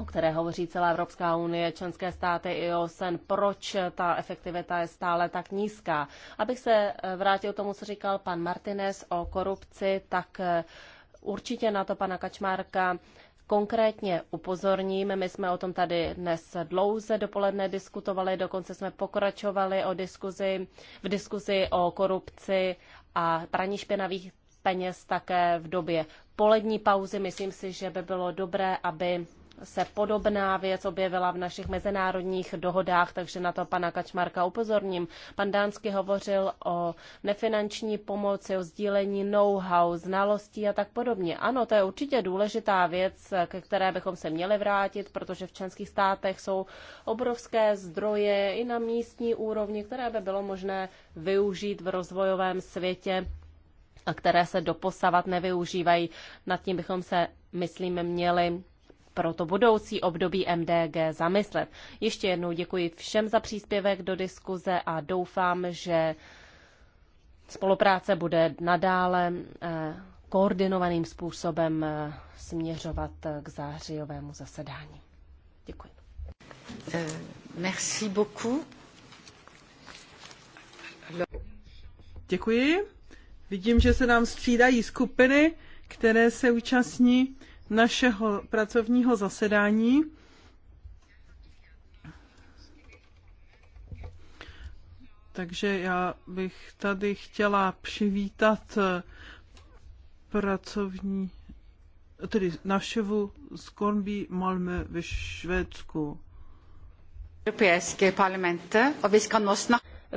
o které hovoří celá Evropská unie, členské státy i OSN, proč ta efektivita je stále tak nízká. Abych se eh, vrátil k tomu, co říkal pan Martinez o korupci, tak eh, určitě na to pana Kačmárka konkrétně upozorním. My jsme o tom tady dnes dlouze dopoledne diskutovali, dokonce jsme pokračovali o diskuzi, v diskuzi o korupci a praní špinavých peněz také v době polední pauzy. Myslím si, že by bylo dobré, aby se podobná věc objevila v našich mezinárodních dohodách, takže na to pana Kačmarka upozorním. Pan Dánsky hovořil o nefinanční pomoci, o sdílení know-how, znalostí a tak podobně. Ano, to je určitě důležitá věc, ke které bychom se měli vrátit, protože v členských státech jsou obrovské zdroje i na místní úrovni, které by bylo možné využít v rozvojovém světě a které se doposavat nevyužívají. Nad tím bychom se, myslím, měli pro to budoucí období MDG zamyslet. Ještě jednou děkuji všem za příspěvek do diskuze a doufám, že spolupráce bude nadále eh, koordinovaným způsobem eh, směřovat eh, k zářijovému zasedání. Děkuji. Merci beaucoup. Děkuji. Vidím, že se nám střídají skupiny, které se účastní našeho pracovního zasedání. Takže já bych tady chtěla přivítat eh, pracovní, tedy naševu z Kornby Malmö ve Švédsku. Evropské parlamente a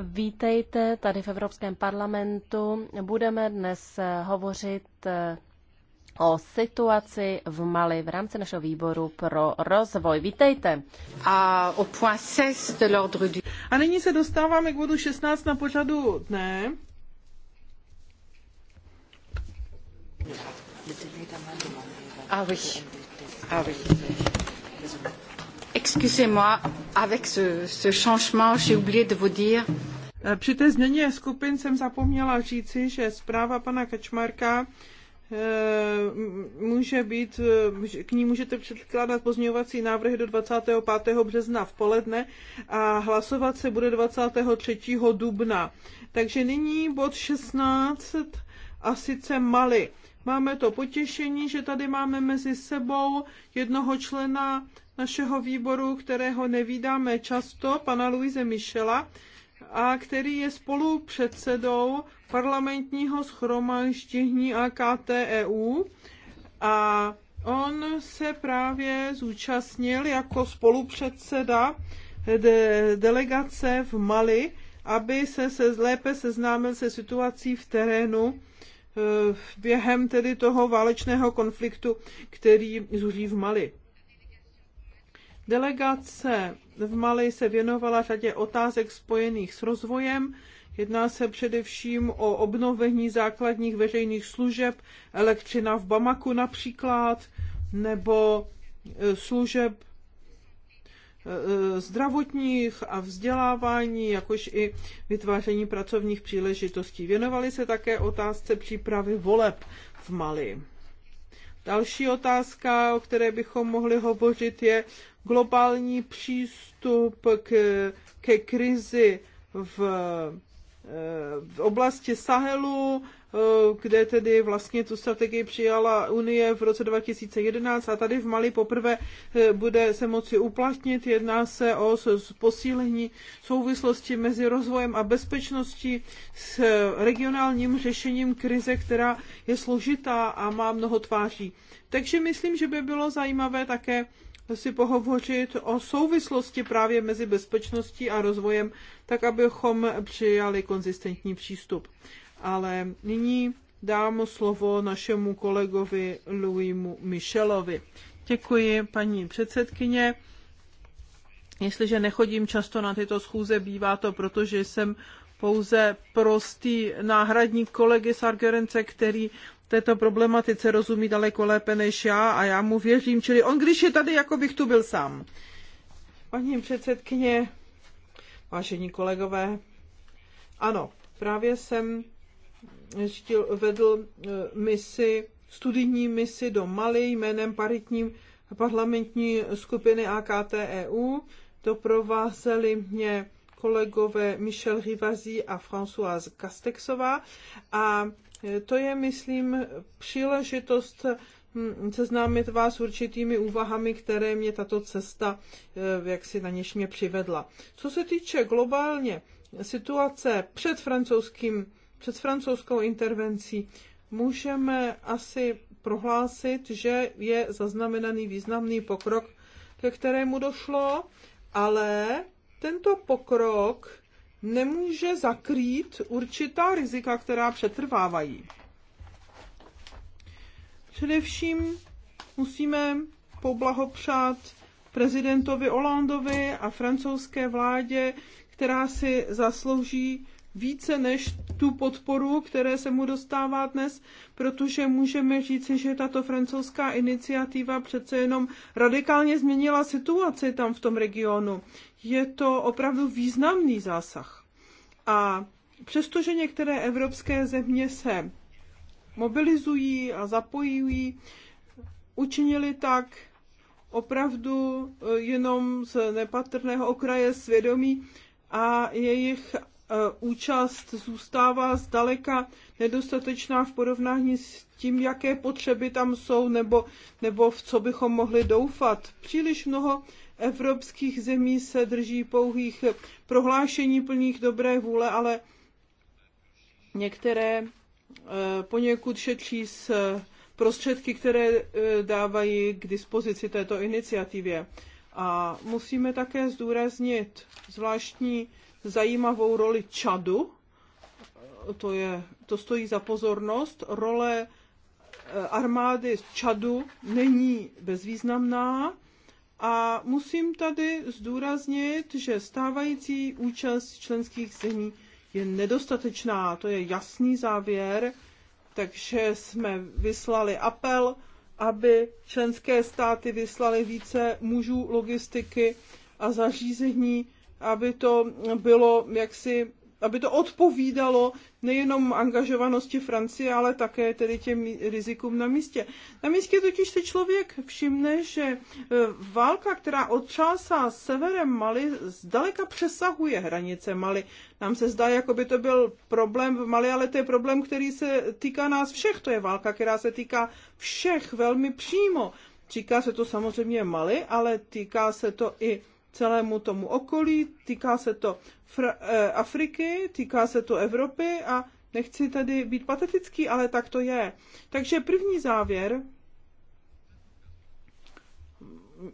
Vítejte tady v Evropském parlamentu. Budeme dnes hovořit eh, o situaci v Mali v rámci našeho výboru pro rozvoj. Vítejte. A, nyní se dostáváme k bodu 16 na pořadu dne. Ah oui. Ah oui. Excusez-moi, avec ce, ce changement, j'ai oublié de vous dire. Při té změně skupin jsem zapomněla říci, že zpráva pana Kačmarka Eh, může být, eh, k ní můžete předkládat pozměňovací návrhy do 25. března v poledne a hlasovat se bude 23. dubna. Takže nyní bod 16 a sice Mali. Máme to potěšení, že tady máme mezi sebou jednoho člena našeho výboru, kterého nevídáme často, pana Luise Michela, a který je spolupředsedou parlamentního schromaždění EU, a on se právě zúčastnil jako spolupředseda de- delegace v Mali, aby se, se lépe seznámil se situací v terénu e, během tedy toho válečného konfliktu, který zuří v Mali. Delegace v Mali se věnovala řadě otázek spojených s rozvojem. Jedná se především o obnovení základních veřejných služeb, elektřina v Bamaku například, nebo e, služeb e, e, zdravotních a vzdělávání, jakož i vytváření pracovních příležitostí. Věnovali se také otázce přípravy voleb v Mali. Další otázka, o které bychom mohli hovořit, je globální přístup k, ke krizi v, eh, v oblasti Sahelu, eh, kde tedy vlastně tu strategii přijala Unie v roce 2011 a tady v Mali poprvé eh, bude se moci uplatnit. Jedná se o posílení souvislosti mezi rozvojem a bezpečností s regionálním řešením krize, která je složitá a má mnoho tváří. Takže myslím, že by bylo zajímavé také si pohovořit o souvislosti právě mezi bezpečností a rozvojem, tak abychom přijali konzistentní přístup. Ale nyní dám slovo našemu kolegovi Louisu Michelovi. Děkuji, paní předsedkyně. Jestliže nechodím často na tyto schůze, bývá to, protože jsem pouze prostý náhradník kolegy Sargerence, který této problematice rozumí daleko lépe než já a já mu věřím, čili on když je tady, jako bych tu byl sám. Paní předsedkyně, vážení kolegové, ano, právě jsem ještě vedl eh, misi, studijní misi do Mali jménem paritní parlamentní skupiny AKTEU. Doprovázeli mě kolegové Michel Rivazí a Françoise Castexová. a to je, myslím, příležitost hm, seznámit vás s určitými úvahami, které mě tato cesta, eh, jak si na něž mě přivedla. Co se týče globálně situace před, francouzským, před francouzskou intervencí, můžeme asi prohlásit, že je zaznamenaný významný pokrok, ke kterému došlo, ale tento pokrok nemůže zakrýt určitá rizika, která přetrvávají. Především musíme poblahopřát prezidentovi Olandovi a francouzské vládě, která si zaslouží více než tu podporu, které se mu dostává dnes, protože můžeme říci, že tato francouzská iniciativa přece jenom radikálně změnila situaci tam v tom regionu. Je to opravdu významný zásah. A přestože některé evropské země se mobilizují a zapojují, učinili tak opravdu eh, jenom z nepatrného okraje svědomí a jejich eh, účast zůstává zdaleka nedostatečná v porovnání s tím, jaké potřeby tam jsou nebo, nebo v co bychom mohli doufat. Příliš mnoho evropských zemí se drží pouhých prohlášení plných dobré vůle, ale některé eh, poněkud šetří s eh, prostředky, které eh, dávají k dispozici této iniciativě. A musíme také zdůraznit zvláštní zajímavou roli Čadu. To, je, to stojí za pozornost. Role armády Čadu není bezvýznamná a musím tady zdůraznit, že stávající účast členských zemí je nedostatečná. To je jasný závěr, takže jsme vyslali apel, aby členské státy vyslali více mužů logistiky a zařízení, aby to bylo jaksi aby to odpovídalo nejenom angažovanosti Francie, ale také tedy těm rizikům na místě. Na místě totiž se člověk všimne, že e, válka, která otřásá severem Mali, zdaleka přesahuje hranice Mali. Nám se zdá, jako by to byl problém v Mali, ale to je problém, který se týká nás všech. To je válka, která se týká všech velmi přímo. Říká se to samozřejmě Mali, ale týká se to i celému tomu okolí, týká se to Fra- eh, Afriky, týká se to Evropy a nechci tady být patetický, ale tak to je. Takže první závěr.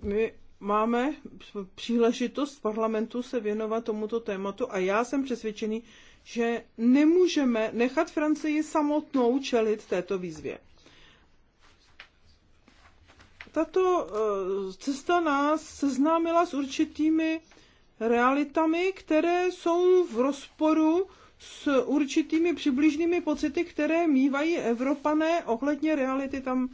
My máme příležitost v parlamentu se věnovat tomuto tématu a já jsem přesvědčený, že nemůžeme nechat Francii samotnou čelit této výzvě. Tato eh, cesta nás seznámila s určitými realitami, které jsou v rozporu s určitými přibližnými pocity, které mývají Evropané ohledně reality tam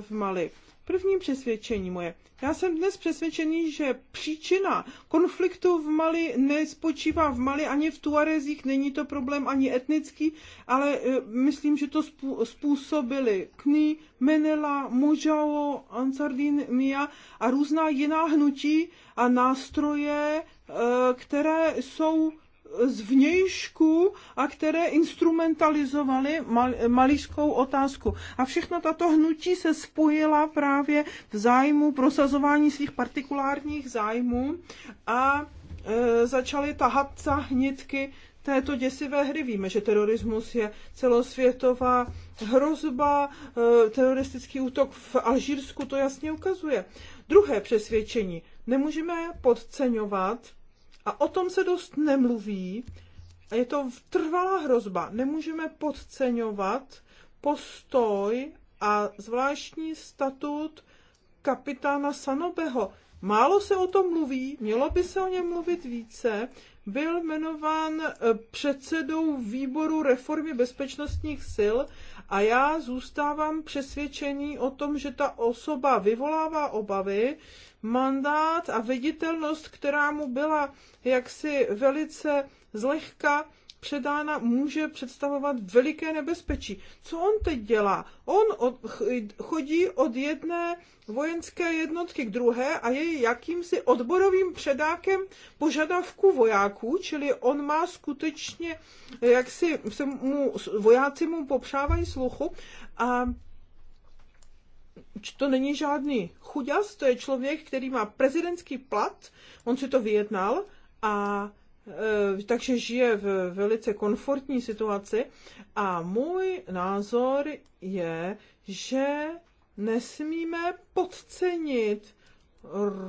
v Mali. První přesvědčení moje. Já jsem dnes přesvědčený, že příčina konfliktu v Mali nespočívá v Mali ani v Tuarezích, není to problém ani etnický, ale e, myslím, že to způsobili Kny, Menela, Mojao, Ansardin, Mia a různá jiná hnutí a nástroje, e, které jsou zvnějšku a které instrumentalizovaly malířskou otázku. A všechno tato hnutí se spojila právě v zájmu prosazování svých partikulárních zájmů a e, začaly tahat za hnitky této děsivé hry. Víme, že terorismus je celosvětová hrozba, e, teroristický útok v Alžírsku to jasně ukazuje. Druhé přesvědčení. Nemůžeme podceňovat a o tom se dost nemluví. A je to trvalá hrozba. Nemůžeme podceňovat postoj a zvláštní statut kapitána Sanobeho. Málo se o tom mluví, mělo by se o něm mluvit více. Byl jmenován eh, předsedou výboru reformy bezpečnostních sil a já zůstávám přesvědčený o tom, že ta osoba vyvolává obavy, mandát a viditelnost, která mu byla jaksi velice zlehka předána, může představovat veliké nebezpečí. Co on teď dělá? On od, chodí od jedné vojenské jednotky k druhé a je jakýmsi odborovým předákem požadavku vojáků, čili on má skutečně, jak si se mu, vojáci mu popřávají sluchu a to není žádný chuděz, to je člověk, který má prezidentský plat, on si to vyjednal a e, takže žije v velice komfortní situaci a můj názor je, že nesmíme podcenit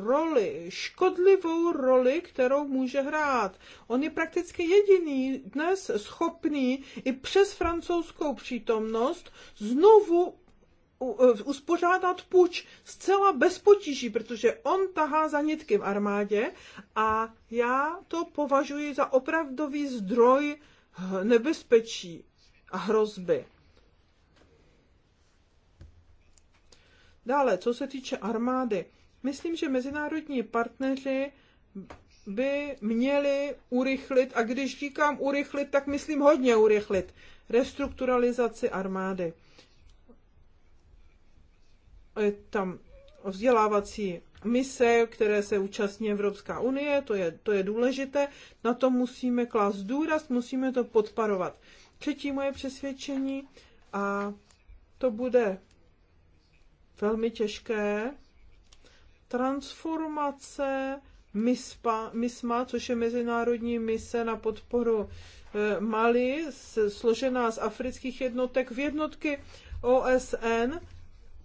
roli, škodlivou roli, kterou může hrát. On je prakticky jediný dnes schopný i přes francouzskou přítomnost znovu E, uspořádat puč zcela bez potíží, protože on tahá za nitky v armádě a já to považuji za opravdový zdroj nebezpečí a hrozby. Dále, co se týče armády, myslím, že mezinárodní partneři by měli urychlit, a když říkám urychlit, tak myslím hodně urychlit, restrukturalizaci armády je tam vzdělávací mise, které se účastní Evropská unie, to je, to je důležité, na to musíme klást důraz, musíme to podparovat. Třetí moje přesvědčení a to bude velmi těžké, transformace MISPA, MISMA, což je mezinárodní mise na podporu eh, Mali, složená z afrických jednotek v jednotky OSN,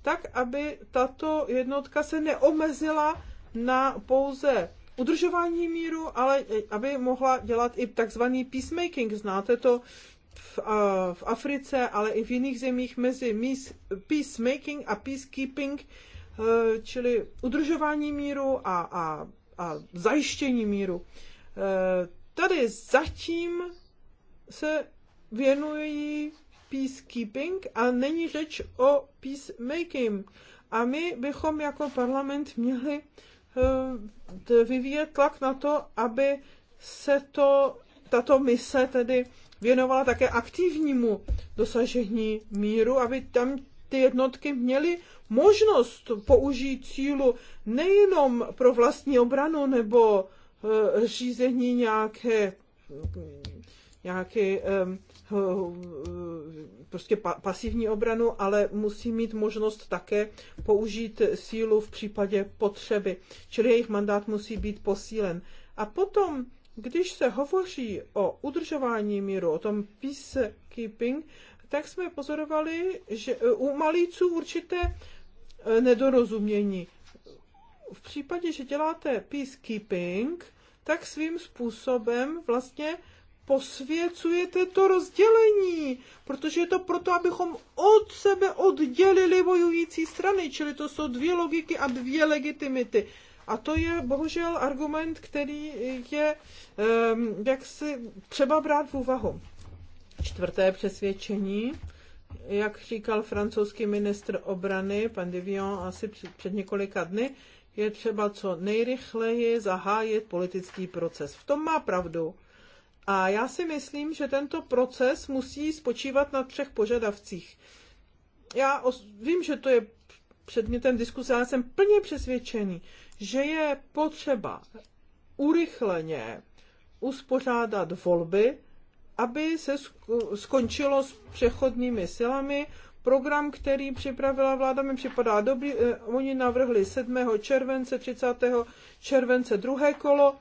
tak aby tato jednotka se neomezila na pouze udržování míru, ale aby mohla dělat i takzvaný peacemaking. Znáte to v, v Africe, ale i v jiných zemích mezi peacemaking a peacekeeping, e, čili udržování míru a, a, a zajištění míru. E, tady zatím se věnují peacekeeping a není řeč o peacemaking. A my bychom jako parlament měli eh, vyvíjet tlak na to, aby se to, tato mise tedy věnovala také aktivnímu dosažení míru, aby tam ty jednotky měly možnost použít cílu nejenom pro vlastní obranu nebo eh, řízení nějaké, nějaké eh, prostě pa, pasivní obranu, ale musí mít možnost také použít sílu v případě potřeby. Čili jejich mandát musí být posílen. A potom, když se hovoří o udržování míru, o tom peacekeeping, tak jsme pozorovali, že e, u malíců určité e, nedorozumění. V případě, že děláte peacekeeping, tak svým způsobem vlastně posvěcujete to rozdělení, protože je to proto, abychom od sebe oddělili bojující strany, čili to jsou dvě logiky a dvě legitimity. A to je bohužel argument, který je ehm, jak si třeba brát v úvahu. Čtvrté přesvědčení, jak říkal francouzský ministr obrany, pan Divion, asi před, před několika dny, je třeba co nejrychleji zahájit politický proces. V tom má pravdu. A já si myslím, že tento proces musí spočívat na třech požadavcích. Já vím, že to je předmětem diskuse, ale jsem plně přesvědčený, že je potřeba urychleně uspořádat volby, aby se skončilo s přechodnými silami. Program, který připravila vláda, mi připadá dobrý. Eh, oni navrhli 7. července, 30. července druhé kolo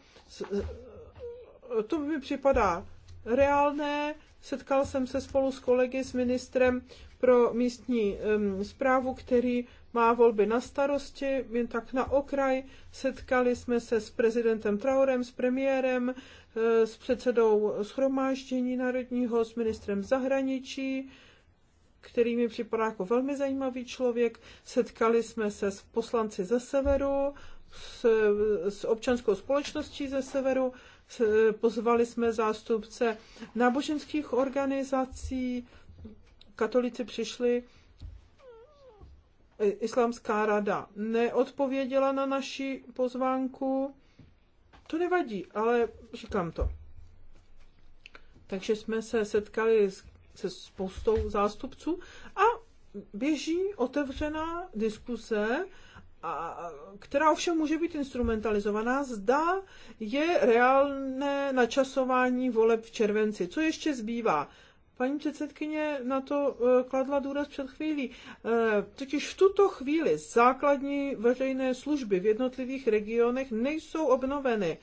to mi připadá reálné. Setkal jsem se spolu s kolegy, s ministrem pro místní um, zprávu, který má volby na starosti, jen tak na okraj. Setkali jsme se s prezidentem Traorem, s premiérem, eh, s předsedou schromáždění národního, s ministrem zahraničí, který mi připadá jako velmi zajímavý člověk. Setkali jsme se s poslanci ze severu, s, s občanskou společností ze severu pozvali jsme zástupce náboženských organizací, katolici přišli, Islámská rada neodpověděla na naši pozvánku. To nevadí, ale říkám to. Takže jsme se setkali se spoustou zástupců a běží otevřená diskuse, a, která ovšem může být instrumentalizovaná, zda je reálné načasování voleb v červenci. Co ještě zbývá? Paní předsedkyně na to e, kladla důraz před chvílí. E, totiž v tuto chvíli základní veřejné služby v jednotlivých regionech nejsou obnoveny e,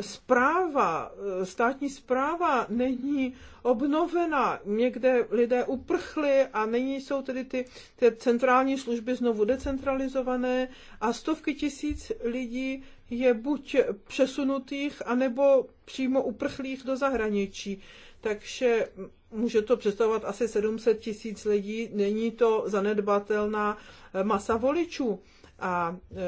zpráva, eh, eh, státní zpráva není obnovena. Někde lidé uprchli a není, jsou tedy ty, ty centrální služby znovu decentralizované a stovky tisíc lidí je buď přesunutých, anebo přímo uprchlých do zahraničí. Takže může to představovat asi 700 tisíc lidí, není to zanedbatelná masa voličů. A e,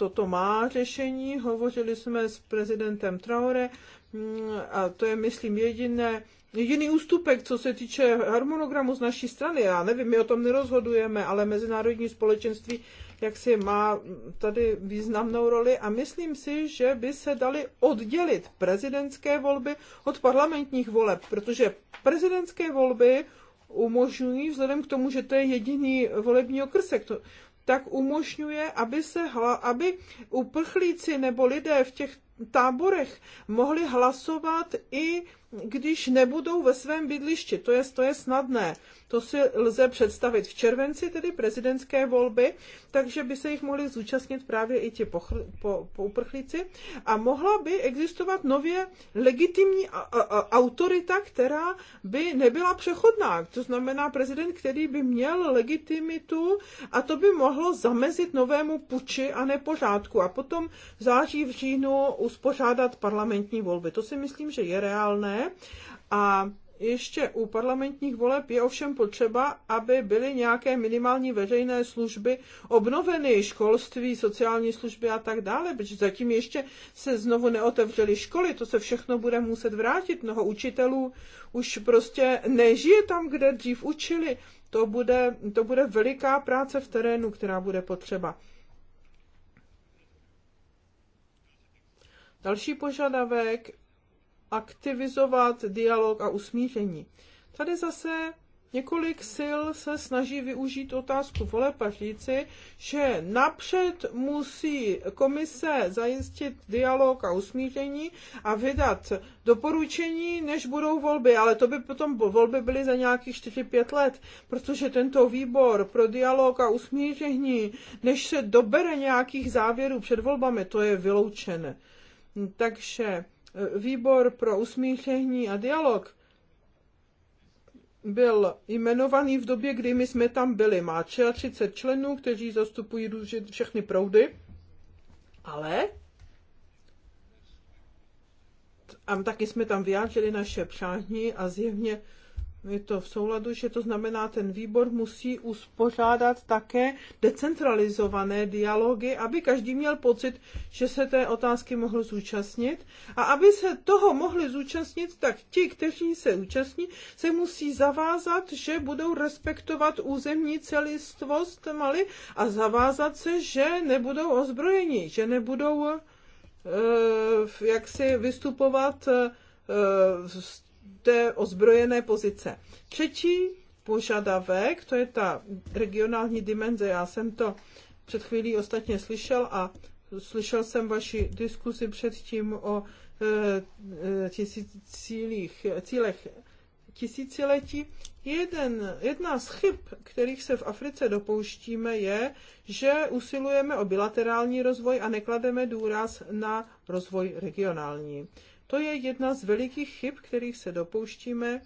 toto má řešení. Hovořili jsme s prezidentem Traore mm, a to je, myslím, jediné, jediný ústupek, co se týče harmonogramu z naší strany. Já nevím, my o tom nerozhodujeme, ale mezinárodní společenství jak si má tady významnou roli a myslím si, že by se dali oddělit prezidentské volby od parlamentních voleb, protože prezidentské volby umožňují, vzhledem k tomu, že to je jediný volební okrsek, to, tak umožňuje, aby, se hla, aby uprchlíci nebo lidé v těch táborech mohli hlasovat i když nebudou ve svém bydlišti. To je, to je snadné. To si lze představit v červenci, tedy prezidentské volby, takže by se jich mohli zúčastnit právě i ti pochr- po, po uprchlíci. A mohla by existovat nově legitimní a, a, a, autorita, která by nebyla přechodná. To znamená prezident, který by měl legitimitu a to by mohlo zamezit novému puči a nepořádku. A potom v září v říjnu uspořádat parlamentní volby. To si myslím, že je reálné a ještě u parlamentních voleb je ovšem potřeba, aby byly nějaké minimální veřejné služby obnoveny, školství, sociální služby a tak dále, protože zatím ještě se znovu neotevřely školy, to se všechno bude muset vrátit. Mnoho učitelů už prostě nežije tam, kde dřív učili. To bude, to bude veliká práce v terénu, která bude potřeba. Další požadavek aktivizovat dialog a usmíření. Tady zase Několik sil se snaží využít otázku voleb a říci, že napřed musí komise zajistit dialog a usmíření a vydat doporučení, než budou volby, ale to by potom volby byly za nějakých 4-5 let, protože tento výbor pro dialog a usmíření, než se dobere nějakých závěrů před volbami, to je vyloučené. Takže výbor pro usmíření a dialog byl jmenovaný v době, kdy my jsme tam byli. Má 33 členů, kteří zastupují všechny proudy, ale a taky jsme tam vyjádřili naše přání a zjevně je to v souladu, že to znamená, ten výbor musí uspořádat také decentralizované dialogy, aby každý měl pocit, že se té otázky mohl zúčastnit. A aby se toho mohli zúčastnit, tak ti, kteří se účastní, se musí zavázat, že budou respektovat územní celistvost Mali a zavázat se, že nebudou ozbrojeni, že nebudou jak eh, jaksi vystupovat eh, s ozbrojené pozice. Třetí požadavek, to je ta regionální dimenze, já jsem to před chvílí ostatně slyšel a slyšel jsem vaši diskusi předtím o e, e, tisícílích, cílech tisíciletí. Jeden, jedna z chyb, kterých se v Africe dopouštíme, je, že usilujeme o bilaterální rozvoj a neklademe důraz na rozvoj regionální. To je jedna z velikých chyb, kterých se dopouštíme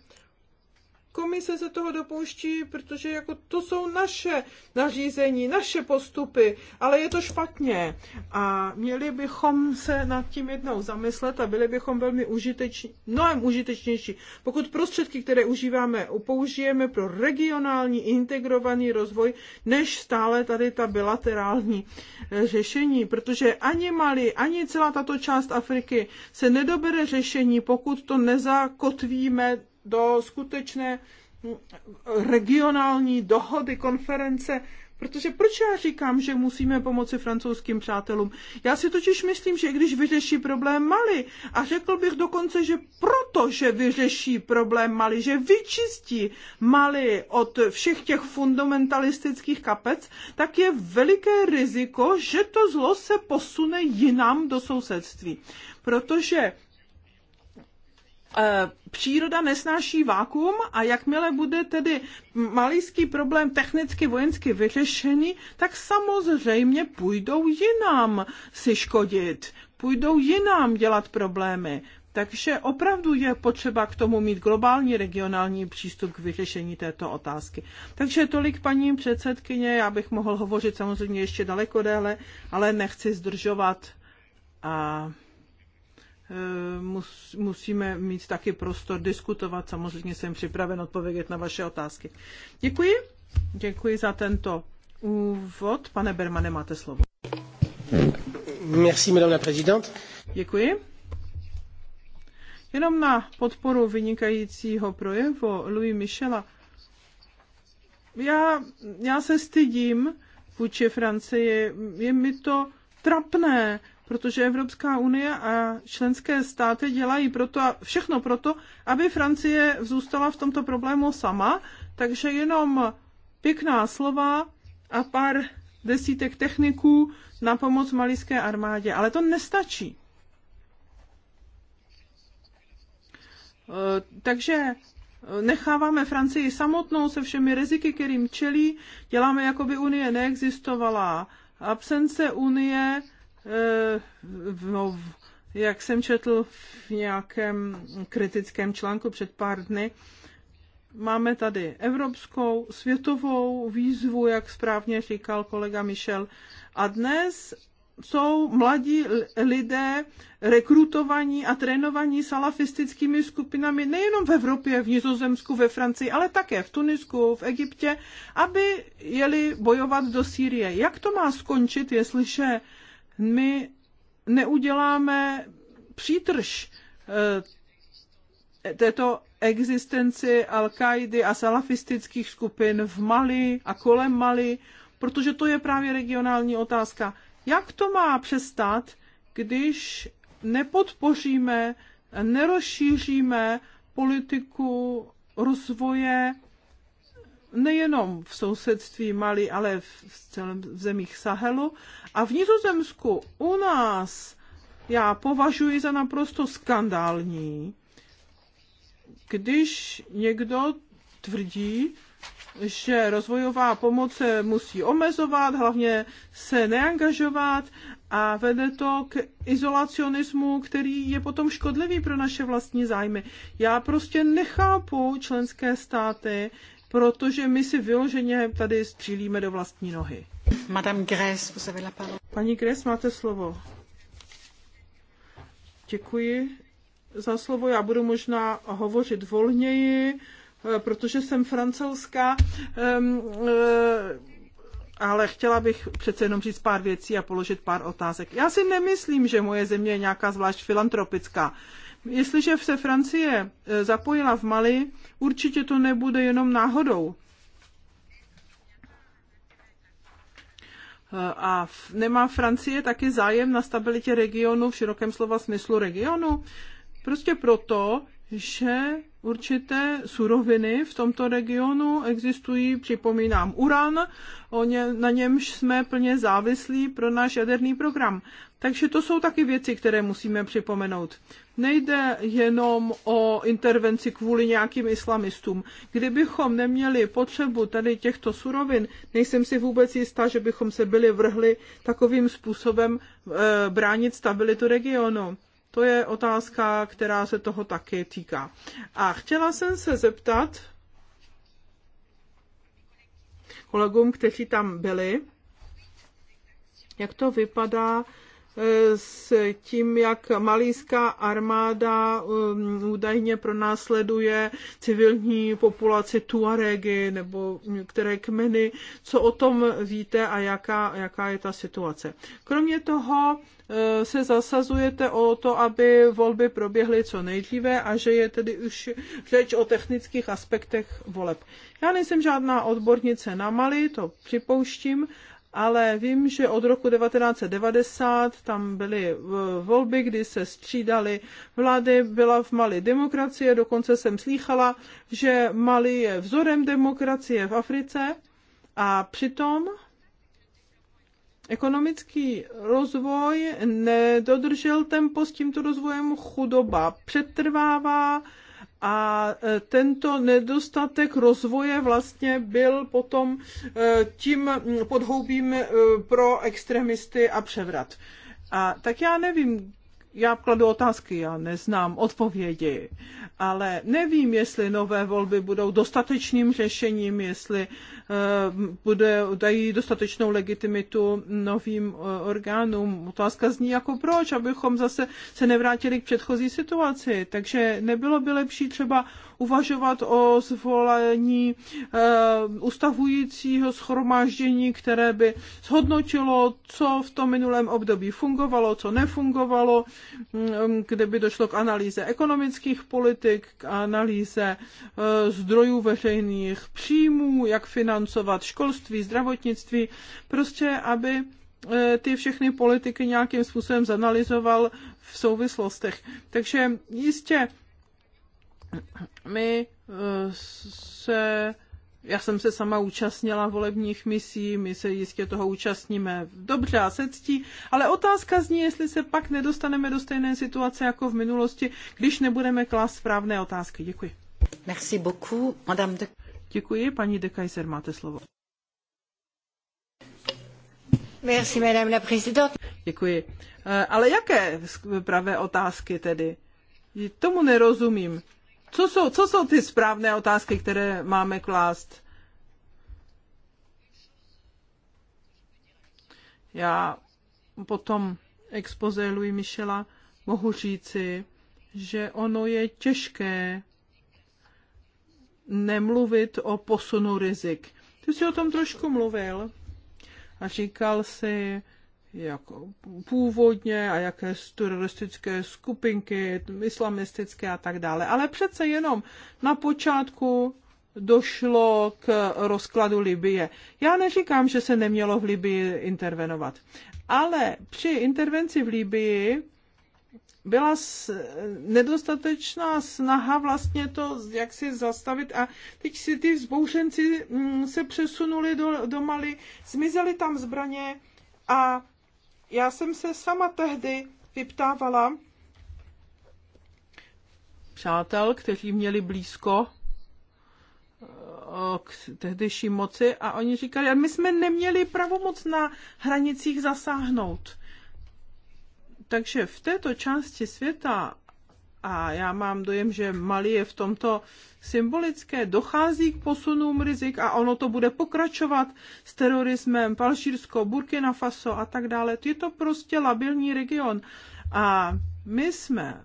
komise se toho dopouští, protože jako to jsou naše nařízení, naše postupy, ale je to špatně. A měli bychom se nad tím jednou zamyslet a byli bychom velmi užiteční, mnohem užitečnější, pokud prostředky, které užíváme, použijeme pro regionální integrovaný rozvoj, než stále tady ta bilaterální eh, řešení, protože ani Mali, ani celá tato část Afriky se nedobere řešení, pokud to nezakotvíme do skutečné mm, regionální dohody, konference, protože proč já říkám, že musíme pomoci francouzským přátelům? Já si totiž myslím, že když vyřeší problém Mali, a řekl bych dokonce, že proto, že vyřeší problém Mali, že vyčistí Mali od všech těch fundamentalistických kapec, tak je veliké riziko, že to zlo se posune jinam do sousedství. Protože Eh, příroda nesnáší vákum a jakmile bude tedy malýský problém technicky vojensky vyřešený, tak samozřejmě půjdou jinam si škodit, půjdou jinam dělat problémy. Takže opravdu je potřeba k tomu mít globální regionální přístup k vyřešení této otázky. Takže tolik paní předsedkyně, já bych mohl hovořit samozřejmě ještě daleko déle, ale nechci zdržovat. A Eh, musíme mít taky prostor diskutovat. Samozřejmě jsem připraven odpovědět na vaše otázky. Děkuji. Děkuji za tento úvod. Pane Bermane, máte slovo. Merci, madame la présidente. Děkuji. Jenom na podporu vynikajícího projevu Louis Michela. Já, já se stydím vůči Francii. Je mi to trapné, protože Evropská unie a členské státy dělají proto, všechno proto, aby Francie zůstala v tomto problému sama, takže jenom pěkná slova a pár desítek techniků na pomoc malijské armádě. Ale to nestačí. Eh, takže eh, necháváme Francii samotnou se všemi riziky, kterým čelí, děláme, jako by Unie neexistovala. Absence Unie Eh, no, jak jsem četl v nějakém kritickém článku před pár dny, máme tady evropskou, světovou výzvu, jak správně říkal kolega Michel. A dnes jsou mladí lidé rekrutovaní a trénovaní salafistickými skupinami nejenom v Evropě, v Nizozemsku, ve Francii, ale také v Tunisku, v Egyptě, aby jeli bojovat do Sýrie. Jak to má skončit, jestliže my neuděláme přítrž eh, této existenci Al-Kaidy a salafistických skupin v Mali a kolem Mali, protože to je právě regionální otázka. Jak to má přestat, když nepodpoříme, nerozšíříme politiku rozvoje nejenom v sousedství Mali, ale v, celém, v zemích Sahelu. A v Nizozemsku u nás já považuji za naprosto skandální, když někdo tvrdí, že rozvojová pomoc se musí omezovat, hlavně se neangažovat a vede to k izolacionismu, který je potom škodlivý pro naše vlastní zájmy. Já prostě nechápu členské státy, protože my si vyloženě tady střílíme do vlastní nohy. Madame Gress, vous avez la parole. Paní Gress, máte slovo. Děkuji za slovo. Já budu možná hovořit volněji, eh, protože jsem francouzská, ehm, eh, ale chtěla bych přece jenom říct pár věcí a položit pár otázek. Já si nemyslím, že moje země je nějaká zvlášť filantropická. Jestliže se Francie e, zapojila v Mali, určitě to nebude jenom náhodou. E, a nemá Francie taky zájem na stabilitě regionu v širokém slova smyslu regionu? Prostě proto, že určité suroviny v tomto regionu existují, připomínám, uran, o ně, na němž jsme plně závislí pro náš jaderný program. Takže to jsou taky věci, které musíme připomenout nejde jenom o intervenci kvůli nějakým islamistům. Kdybychom neměli potřebu tady těchto surovin, nejsem si vůbec jistá, že bychom se byli vrhli takovým způsobem e, bránit stabilitu regionu. To je otázka, která se toho také týká. A chtěla jsem se zeptat kolegům, kteří tam byli, jak to vypadá s tím, jak malijská armáda um, údajně pronásleduje civilní populaci Tuaregy nebo některé kmeny. Co o tom víte a jaká, jaká je ta situace? Kromě toho uh, se zasazujete o to, aby volby proběhly co nejdříve a že je tedy už řeč o technických aspektech voleb. Já nejsem žádná odbornice na Mali, to připouštím, ale vím, že od roku 1990 tam byly eh, volby, kdy se střídaly vlády, byla v Mali demokracie, dokonce jsem slýchala, že Mali je vzorem demokracie v Africe a přitom Ekonomický rozvoj nedodržel tempo s tímto rozvojem, chudoba přetrvává, a e, tento nedostatek rozvoje vlastně byl potom e, tím podhoubím e, pro extremisty a převrat. A tak já nevím, já kladu otázky, já neznám odpovědi, ale nevím, jestli nové volby budou dostatečným řešením, jestli eh, bude, dají dostatečnou legitimitu novým eh, orgánům. Otázka zní jako proč, abychom zase se nevrátili k předchozí situaci. Takže nebylo by lepší třeba uvažovat o zvolení eh, ustavujícího schromáždění, které by zhodnotilo, co v tom minulém období fungovalo, co nefungovalo, mm, kde by došlo k analýze ekonomických politik, k analýze eh, zdrojů veřejných příjmů, jak financovat školství, zdravotnictví, prostě aby eh, ty všechny politiky nějakým způsobem zanalizoval v souvislostech. Takže jistě my eh, se, já jsem se sama účastnila volebních misí, my se jistě toho účastníme dobře a se ctí, ale otázka zní, jestli se pak nedostaneme do stejné situace jako v minulosti, když nebudeme klást správné otázky. Děkuji. Merci beaucoup, Madame de... Děkuji, paní de Kaiser, máte slovo. Merci, Madame la Présidente. Děkuji. Eh, ale jaké pravé otázky tedy? Tomu nerozumím co jsou, co jsou ty správné otázky, které máme klást? Já potom expoze Louis Michela mohu říci, že ono je těžké nemluvit o posunu rizik. Ty jsi o tom trošku mluvil a říkal si, jak původně a jaké teroristické skupinky, islamistické a tak dále. Ale přece jenom na počátku došlo k rozkladu Libie. Já neříkám, že se nemělo v Libii intervenovat, ale při intervenci v Libii byla nedostatečná snaha vlastně to jak si zastavit a teď si ty vzbouřenci mm, se přesunuli do, do Mali, zmizely tam zbraně a já jsem se sama tehdy vyptávala přátel, kteří měli blízko eh, k tehdejší moci a oni říkali, my jsme neměli pravomoc na hranicích zasáhnout. Takže v této části světa a já mám dojem, že Mali je v tomto symbolické. Dochází k posunům rizik a ono to bude pokračovat s terorismem, Palšírsko, Burkina Faso a tak dále. Je to prostě labilní region. A my jsme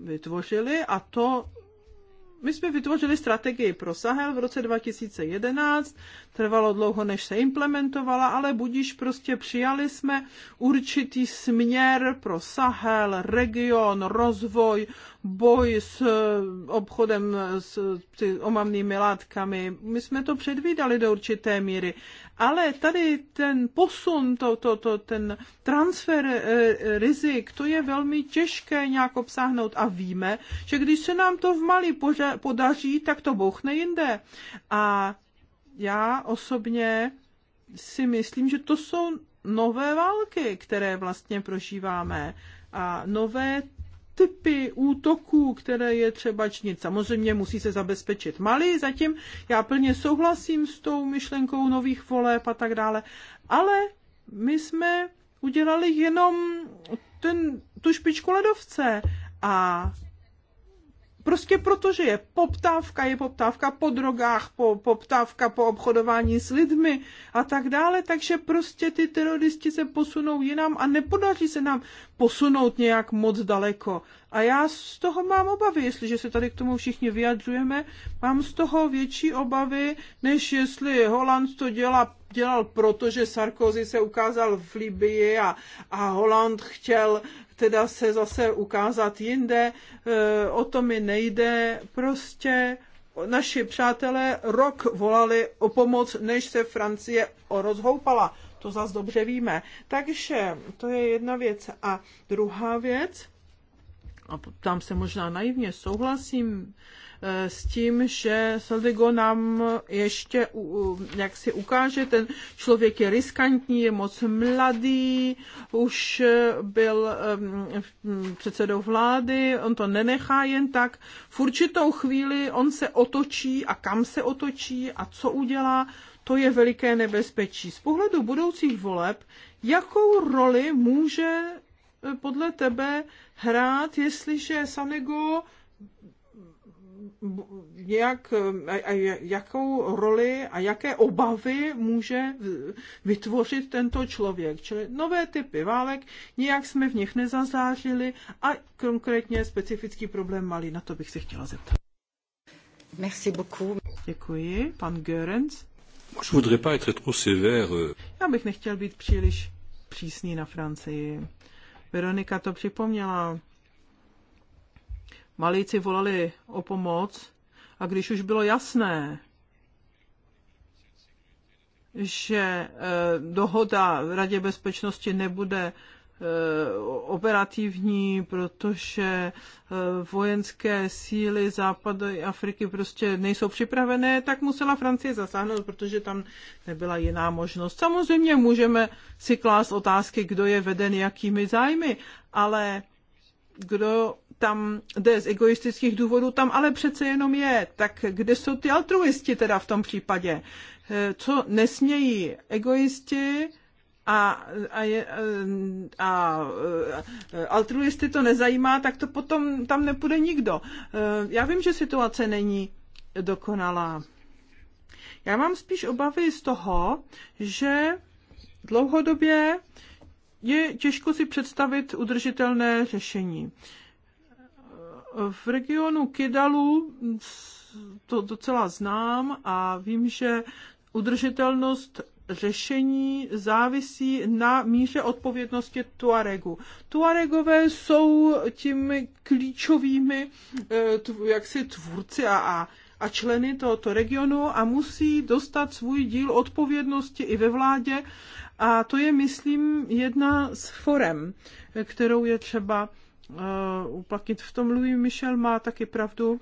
vytvořili a to my jsme vytvořili strategii pro Sahel v roce 2011, trvalo dlouho, než se implementovala, ale budíž prostě přijali jsme určitý směr pro Sahel, region, rozvoj, boj s eh, obchodem s omamnými látkami. My jsme to předvídali do určité míry, ale tady ten posun, to, to, to, ten transfer eh, rizik, to je velmi těžké nějak obsáhnout a víme, že když se nám to v Mali podaří, tak to bouchne jinde. A já osobně si myslím, že to jsou nové války, které vlastně prožíváme a nové typy útoků, které je třeba činit. Samozřejmě musí se zabezpečit Mali, zatím já plně souhlasím s tou myšlenkou nových voleb a tak dále, ale my jsme udělali jenom ten, tu špičku ledovce a Prostě protože je poptávka, je poptávka po drogách, po, poptávka po obchodování s lidmi a tak dále, takže prostě ty teroristi se posunou jinam a nepodaří se nám posunout nějak moc daleko. A já z toho mám obavy, jestliže se tady k tomu všichni vyjadřujeme, mám z toho větší obavy, než jestli Holand to dělá dělal proto, že Sarkozy se ukázal v Libii a, a Holand chtěl teda se zase ukázat jinde, e, o to mi nejde, prostě naši přátelé rok volali o pomoc, než se Francie rozhoupala. To zas dobře víme. Takže to je jedna věc. A druhá věc, a tam se možná naivně souhlasím E, s tím, že Sadigo nám ještě jak si ukáže, ten člověk je riskantní, je moc mladý, už byl předsedou vlády, on to nenechá jen tak. V určitou chvíli on se otočí a kam se otočí a co udělá, to je veliké nebezpečí. Z pohledu budoucích voleb, jakou roli může e, podle tebe hrát, jestliže Sanego jak, a, a, jakou roli a jaké obavy může vytvořit tento člověk. Čili nové typy válek, nějak jsme v nich nezazářili a konkrétně specifický problém malý, na to bych se chtěla zeptat. Merci beaucoup. Děkuji. Pan Görens. Euh. Já bych nechtěl být příliš přísný na Francii. Veronika to připomněla. Malíci volali o pomoc a když už bylo jasné, že e, dohoda v Radě bezpečnosti nebude e, operativní, protože e, vojenské síly západu Afriky prostě nejsou připravené, tak musela Francie zasáhnout, protože tam nebyla jiná možnost. Samozřejmě můžeme si klást otázky, kdo je veden jakými zájmy, ale kdo tam jde z egoistických důvodů, tam ale přece jenom je. Tak kde jsou ty altruisti teda v tom případě? Eh, co nesmějí egoisti a, a, je, eh, a, a eh, altruisty to nezajímá, tak to potom tam nepůjde nikdo. Já vím, že situace není dokonalá. Já mám spíš obavy z toho, že dlouhodobě je těžko si představit udržitelné řešení. V regionu Kidalu to docela znám a vím, že udržitelnost řešení závisí na míře odpovědnosti Tuaregu. Tuaregové jsou těmi klíčovými eh, jaksi tvůrci a, a a členy tohoto regionu a musí dostat svůj díl odpovědnosti i ve vládě. A to je, myslím, jedna z forem, kterou je třeba Eh, uplatnit. V tom Louis Michel má taky pravdu.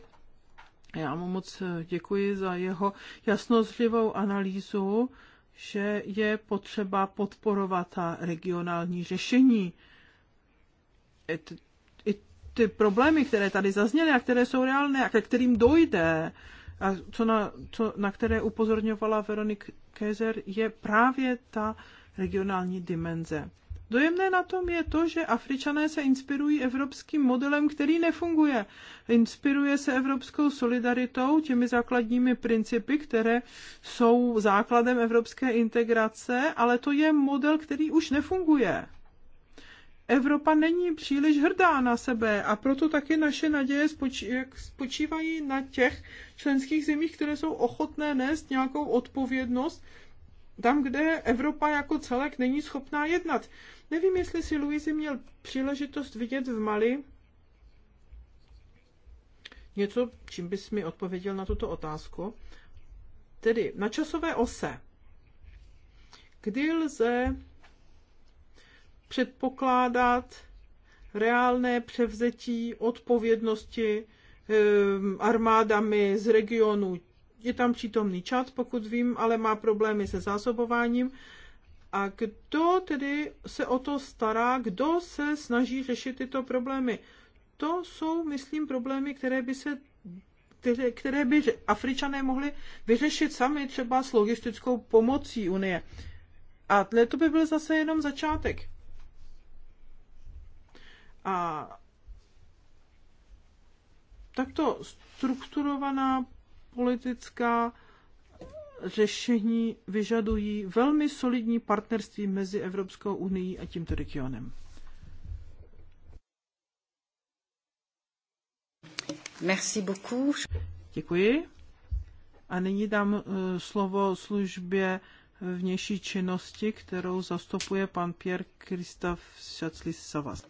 Já mu moc eh, děkuji za jeho jasnozlivou analýzu, že je potřeba podporovat ta regionální řešení. I ty, I ty problémy, které tady zazněly a které jsou reálné a ke kterým dojde, a co na, co, na které upozorňovala Veronik Kézer, je právě ta regionální dimenze. Dojemné na tom je to, že Afričané se inspirují evropským modelem, který nefunguje. Inspiruje se evropskou solidaritou, těmi základními principy, které jsou základem evropské integrace, ale to je model, který už nefunguje. Evropa není příliš hrdá na sebe a proto taky naše naděje spočívají na těch členských zemích, které jsou ochotné nést nějakou odpovědnost tam, kde Evropa jako celek není schopná jednat. Nevím, jestli si Luizi měl příležitost vidět v Mali něco, čím bys mi odpověděl na tuto otázku. Tedy na časové ose. Kdy lze předpokládat reálné převzetí odpovědnosti ehm, armádami z regionu. Je tam přítomný čat, pokud vím, ale má problémy se zásobováním a kdo tedy se o to stará, kdo se snaží řešit tyto problémy? To jsou, myslím, problémy, které by se které, by Afričané mohli vyřešit sami třeba s logistickou pomocí Unie. A to by byl zase jenom začátek. A takto strukturovaná politická řešení vyžadují velmi solidní partnerství mezi Evropskou unii a tímto regionem. Merci beaucoup. Děkuji. A nyní dám eh, slovo službě vnější činnosti, kterou zastupuje pan Pierre Christophe Šaclis Savas.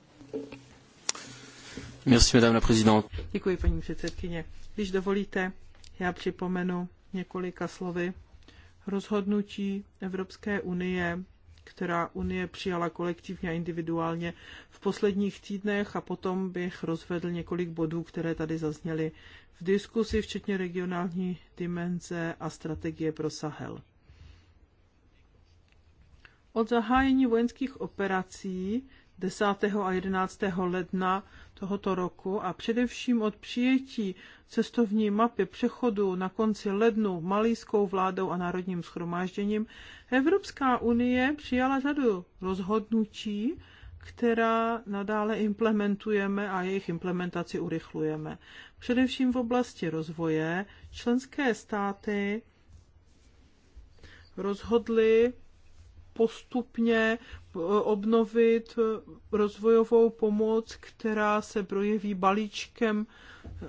Merci, madame la Děkuji, paní předsedkyně. Když dovolíte, já připomenu několika slovy rozhodnutí Evropské unie, která unie přijala kolektivně a individuálně v posledních týdnech a potom bych rozvedl několik bodů, které tady zazněly v diskusi, včetně regionální dimenze a strategie pro Sahel. Od zahájení vojenských operací 10. a 11. ledna tohoto roku a především od přijetí cestovní mapy přechodu na konci lednu malýskou vládou a národním schromážděním, Evropská unie přijala řadu rozhodnutí, která nadále implementujeme a jejich implementaci urychlujeme. Především v oblasti rozvoje členské státy rozhodly postupně obnovit rozvojovou pomoc, která se projeví balíčkem eh,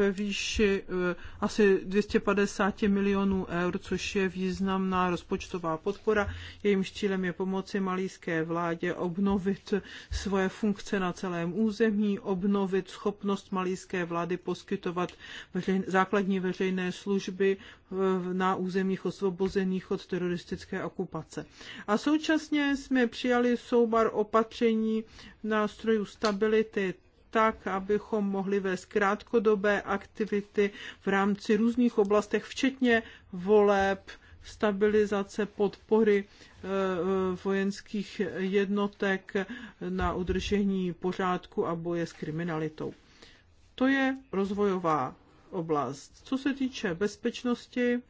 ve výši eh, asi 250 milionů eur, což je významná rozpočtová podpora. Jejím cílem je pomoci malíské vládě obnovit svoje funkce na celém území, obnovit schopnost malíské vlády poskytovat veřejn, základní veřejné služby eh, na územích osvobozených od teroristické okupace. A současně jsme přijali soubar opatření nástrojů stability tak, abychom mohli vést krátkodobé aktivity v rámci různých oblastech, včetně voleb, stabilizace podpory eh, vojenských jednotek na udržení pořádku a boje s kriminalitou. To je rozvojová oblast. Co se týče bezpečnosti,